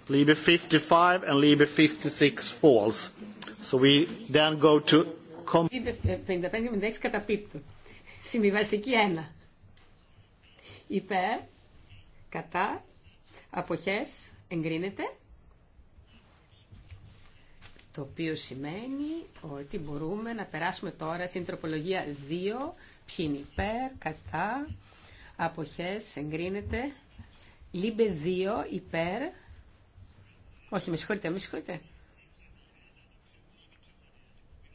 55 and Liebe 56 falls. So we then go to... 55-56 ε, καταπίπτουν. Συμβιβαστική 1. Υπέρ, κατά, αποχές, εγκρίνεται. Το οποίο σημαίνει ότι μπορούμε να περάσουμε τώρα στην τροπολογία 2. Ποιοι είναι υπέρ, κατά, αποχές, εγκρίνεται. Λίμπε 2 υπέρ. Όχι, με συγχωρείτε, με συγχωρείτε.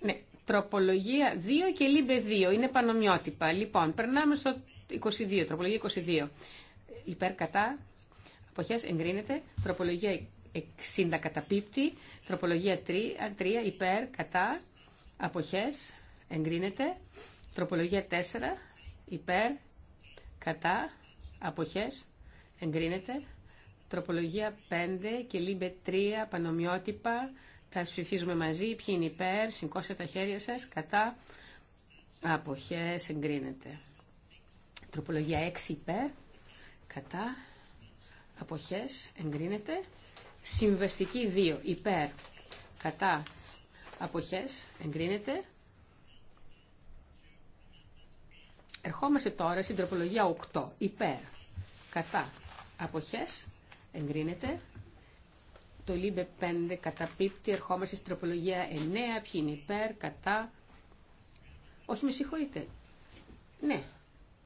Ναι, τροπολογία 2 και λίμπε 2. Είναι πανομοιότυπα. Λοιπόν, περνάμε στο 22, τροπολογία 22. Υπέρ κατά. Αποχές εγκρίνεται. Τροπολογία 60 καταπίπτει. Τροπολογία 3, 3 υπέρ κατά. Αποχές εγκρίνεται. Τροπολογία 4 υπέρ κατά. Αποχές Εγκρίνεται. Τροπολογία 5 και λίμπε 3, πανομοιότυπα. Θα ψηφίζουμε μαζί. Ποιοι είναι υπέρ, σηκώστε τα χέρια σα Κατά. απόχέ. εγκρίνεται. Τροπολογία 6 υπέρ. Κατά. Αποχές εγκρίνεται. Συμβεστική 2 υπέρ. Κατά. Αποχές εγκρίνεται. Ερχόμαστε τώρα στην τροπολογία 8 υπέρ. Κατά αποχές εγκρίνεται. Το Λίμπε 5 πίπτη. ερχόμαστε στην τροπολογία 9, ποιοι είναι υπέρ, κατά. Όχι, με συγχωρείτε. Ναι,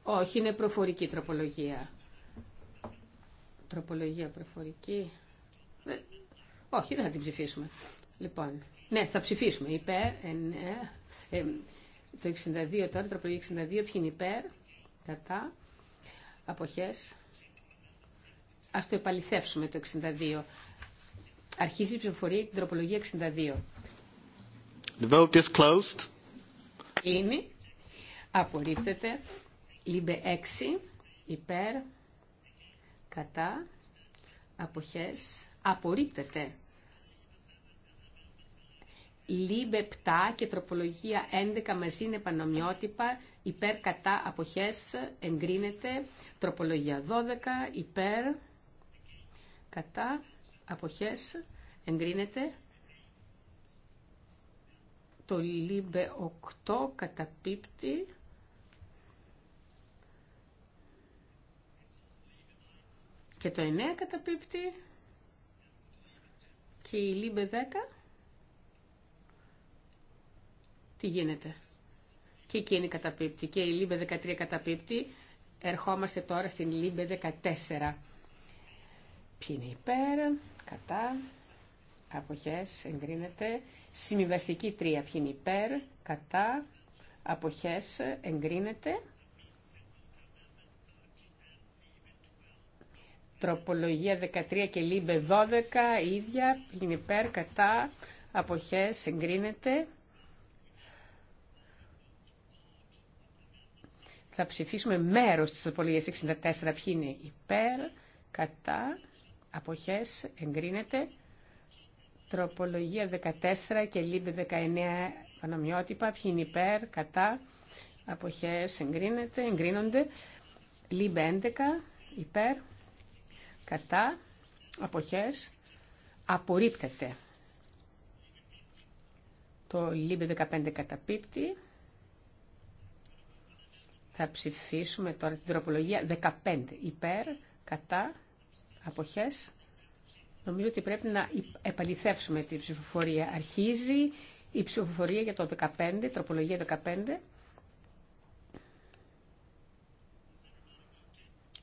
όχι, είναι προφορική τροπολογία. Τροπολογία προφορική. Ε, όχι, δεν θα την ψηφίσουμε. Λοιπόν, ναι, θα ψηφίσουμε υπέρ. Ε, το 62 τώρα, τροπολογία 62, ποιοι είναι υπέρ, κατά, αποχές, Α το επαληθεύσουμε το 62. Αρχίζει η ψηφοφορία και την τροπολογία 62. The vote is closed. Κλείνει. Απορρίπτεται. Λίμπε 6. Υπέρ. Κατά. Αποχές. Απορρίπτεται. Λίμπε 7 και τροπολογία 11 μαζί είναι πανομοιότυπα, υπέρ κατά αποχές εγκρίνεται, τροπολογία 12 υπέρ κατά, αποχές, εγκρίνεται. Το λίμπε 8 καταπίπτει. Και το 9 καταπίπτει. Και η λίμπε 10. Τι γίνεται. Και εκείνη καταπίπτει. Και η λίμπε 13 καταπίπτει. Ερχόμαστε τώρα στην λίμπε 14. Ποιοι είναι υπέρ, κατά, αποχές, εγκρίνεται. Συμβιβαστική τρία, Ποιοι είναι υπέρ, κατά, αποχές, εγκρίνεται. Τροπολογία 13 και λίμπε 12, ίδια, ποιοι είναι υπέρ, κατά, αποχές, εγκρίνεται. Θα ψηφίσουμε μέρος της τροπολογίας 64. Ποιοι είναι υπέρ, κατά, αποχές εγκρίνεται. Τροπολογία 14 και λίμπη 19 πανομοιότυπα. Ποιοι είναι υπέρ, κατά, αποχές εγκρίνεται, εγκρίνονται. Λίμπη 11 υπέρ, κατά, αποχές απορρίπτεται. Το λίμπη 15 καταπίπτει. Θα ψηφίσουμε τώρα την τροπολογία 15 υπέρ, κατά, αποχές. Νομίζω ότι πρέπει να επαληθεύσουμε τη ψηφοφορία. Αρχίζει η ψηφοφορία για το 15, τροπολογία 15.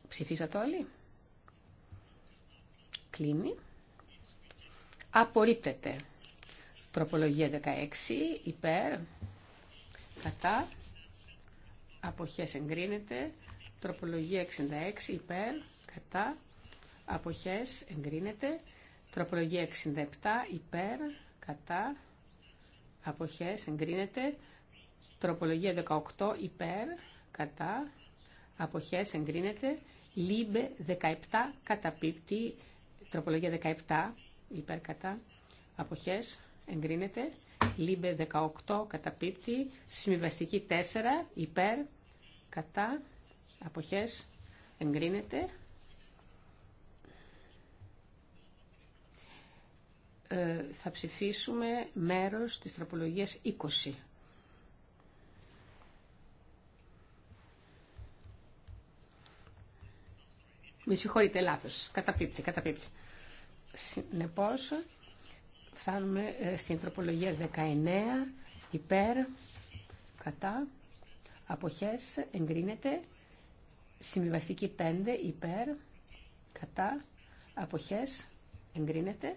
Ψηφίσατε όλοι. Κλείνει. Απορρίπτεται. Τροπολογία 16, υπέρ, κατά, αποχές εγκρίνεται. Τροπολογία 66, υπέρ, κατά, αποχές εγκρίνεται. Τροπολογία 67 υπέρ, κατά, αποχές εγκρίνεται. Τροπολογία 18 υπέρ, κατά, αποχές εγκρίνεται. Λίμπε 17 καταπίπτει, τροπολογία 17 υπέρ, κατά, αποχές εγκρίνεται. Λίμπε 18 καταπίπτει, συμβιβαστική 4 υπέρ, κατά, αποχές εγκρίνεται. Ε, θα ψηφίσουμε μέρος της τροπολογίας 20. Με συγχωρείτε, λάθος. Καταπίπτει, καταπίπτει. Συνεπώς, φτάνουμε ε, στην τροπολογία 19, υπέρ, κατά, αποχές, εγκρίνεται, συμβιβαστική 5, υπέρ, κατά, αποχές, εγκρίνεται,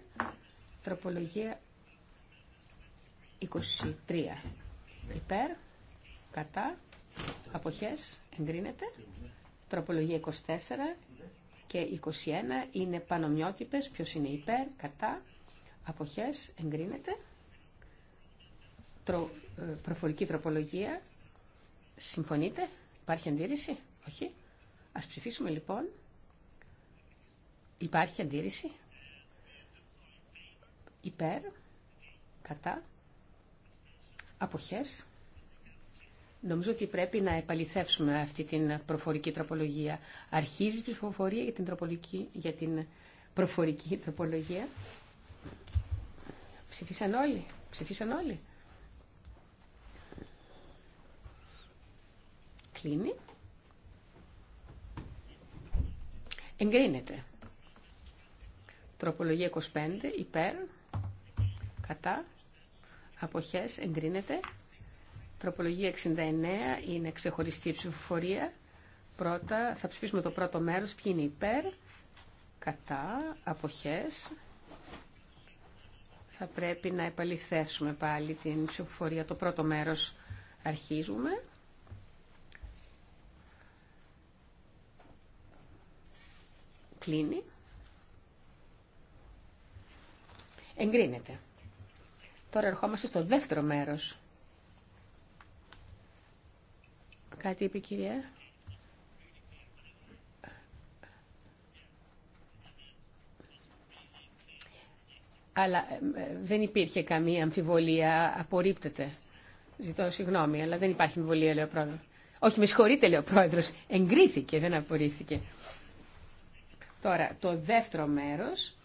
Τροπολογία 23. Υπέρ, κατά, αποχές, εγκρίνεται. Τροπολογία 24 και 21 είναι πανομοιότυπες. Ποιος είναι υπέρ, κατά, αποχές, εγκρίνεται. Τρο, ε, προφορική τροπολογία. Συμφωνείτε, υπάρχει αντίρρηση, όχι. Ας ψηφίσουμε λοιπόν. Υπάρχει αντίρρηση υπέρ, κατά, αποχές. Νομίζω ότι πρέπει να επαληθεύσουμε αυτή την προφορική τροπολογία. Αρχίζει η ψηφοφορία για την, για την προφορική τροπολογία. Ψηφίσαν όλοι. Ψηφίσαν όλοι. Κλείνει. Εγκρίνεται. Τροπολογία 25 υπέρ κατά, αποχές, εγκρίνεται. Τροπολογία 69 είναι ξεχωριστή ψηφοφορία. Πρώτα θα ψηφίσουμε το πρώτο μέρος, ποιοι είναι υπέρ, κατά, αποχές. Θα πρέπει να επαληθεύσουμε πάλι την ψηφοφορία. Το πρώτο μέρος αρχίζουμε. Κλείνει. Εγκρίνεται. Τώρα ερχόμαστε στο δεύτερο μέρος. Κάτι είπε η κυρία. Αλλά ε, ε, δεν υπήρχε καμία αμφιβολία, απορρίπτεται. Ζητώ συγγνώμη, αλλά δεν υπάρχει αμφιβολία, λέει ο πρόεδρο. Όχι, με συγχωρείτε, λέει ο πρόεδρος. Εγκρίθηκε, δεν απορρίφθηκε. Τώρα, το δεύτερο μέρος.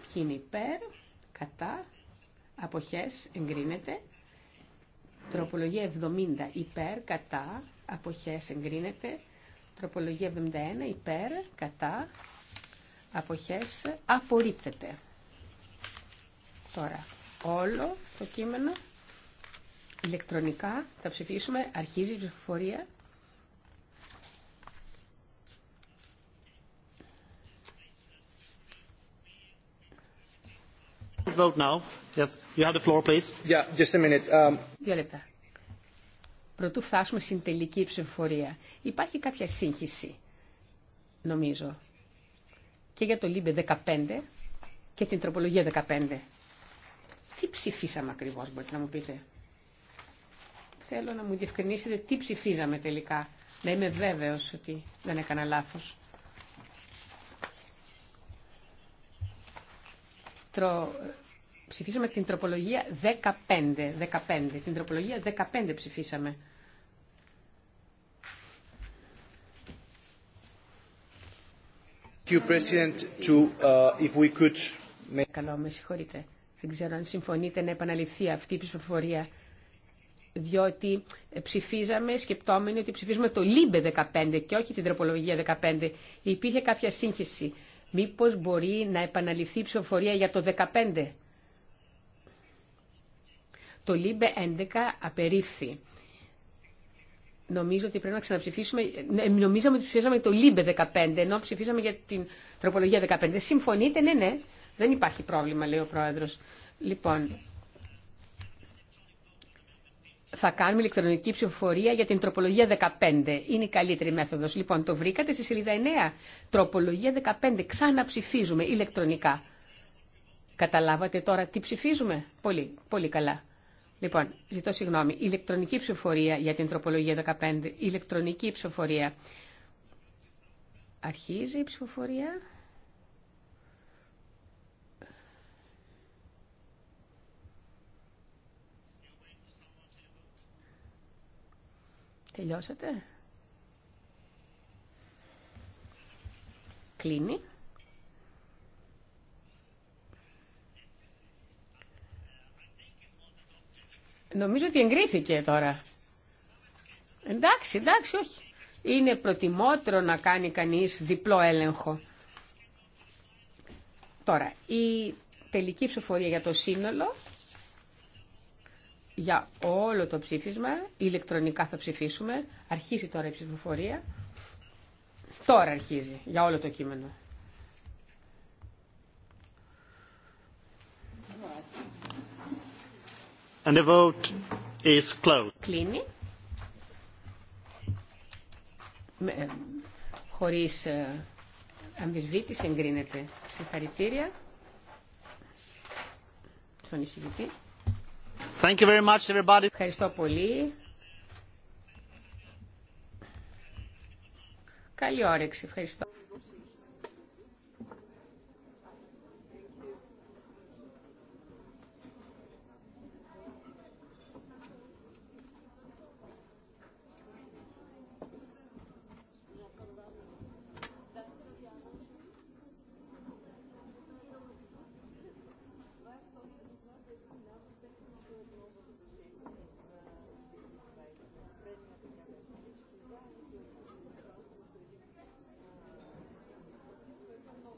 Ποιοι είναι υπέρ, κατά, αποχές εγκρίνεται. Τροπολογία 70 υπέρ, κατά, αποχές εγκρίνεται. Τροπολογία 71 υπέρ, κατά, αποχές απορρίπτεται. Τώρα, όλο το κείμενο ηλεκτρονικά θα ψηφίσουμε, αρχίζει η ψηφοφορία. Vote Δύο λεπτά. Πρωτού φτάσουμε στην τελική ψηφοφορία. Υπάρχει κάποια σύγχυση, νομίζω, και για το ΛΥΜΠΕ 15 και την τροπολογία 15. Τι ψηφίσαμε ακριβώς, μπορείτε να μου πείτε. Θέλω να μου διευκρινίσετε τι ψηφίζαμε τελικά. Να είμαι βέβαιος ότι δεν έκανα λάθος. τρο... ψηφίσαμε την τροπολογία 15. 15. Την τροπολογία 15 ψηφίσαμε. Uh, Καλό, με συγχωρείτε. Δεν ξέρω αν συμφωνείτε να επαναληφθεί αυτή η ψηφοφορία. Διότι ε, ψηφίζαμε σκεπτόμενοι ότι ψηφίζουμε το ΛΥΜΠΕ 15 και όχι την τροπολογία 15. Υπήρχε κάποια σύγχυση. Μήπως μπορεί να επαναληφθεί η ψηφοφορία για το 15. Το ΛΥΜΠΕ 11 απερίφθη. Νομίζω ότι πρέπει να ξαναψηφίσουμε. Ναι, νομίζαμε ότι ψηφίσαμε το ΛΥΜΠΕ 15, ενώ ψηφίσαμε για την τροπολογία 15. Συμφωνείτε, ναι, ναι. Δεν υπάρχει πρόβλημα, λέει ο Πρόεδρος. Λοιπόν, θα κάνουμε ηλεκτρονική ψηφοφορία για την τροπολογία 15. Είναι η καλύτερη μέθοδος. Λοιπόν, το βρήκατε στη σελίδα 9. Τροπολογία 15. Ξαναψηφίζουμε ηλεκτρονικά. Καταλάβατε τώρα τι ψηφίζουμε. Πολύ, πολύ καλά. Λοιπόν, ζητώ συγγνώμη. Ηλεκτρονική ψηφοφορία για την τροπολογία 15. Ηλεκτρονική ψηφοφορία. Αρχίζει η ψηφοφορία. Τελειώσατε. Κλείνει. Νομίζω ότι εγκρίθηκε τώρα. Εντάξει, εντάξει, όχι. Είναι προτιμότερο να κάνει κανείς διπλό έλεγχο. Τώρα, η τελική ψηφοφορία για το σύνολο για όλο το ψήφισμα. Ηλεκτρονικά θα ψηφίσουμε. Αρχίζει τώρα η ψηφοφορία. Τώρα αρχίζει για όλο το κείμενο. And the vote is closed. Κλείνει. Με, ε, χωρίς ε, αμφισβήτηση εγκρίνεται. Συγχαρητήρια στον εισηγητή. Thank you very much everybody. Ευχαριστώ πολύ. Καλή όρεξη. Ευχαριστώ.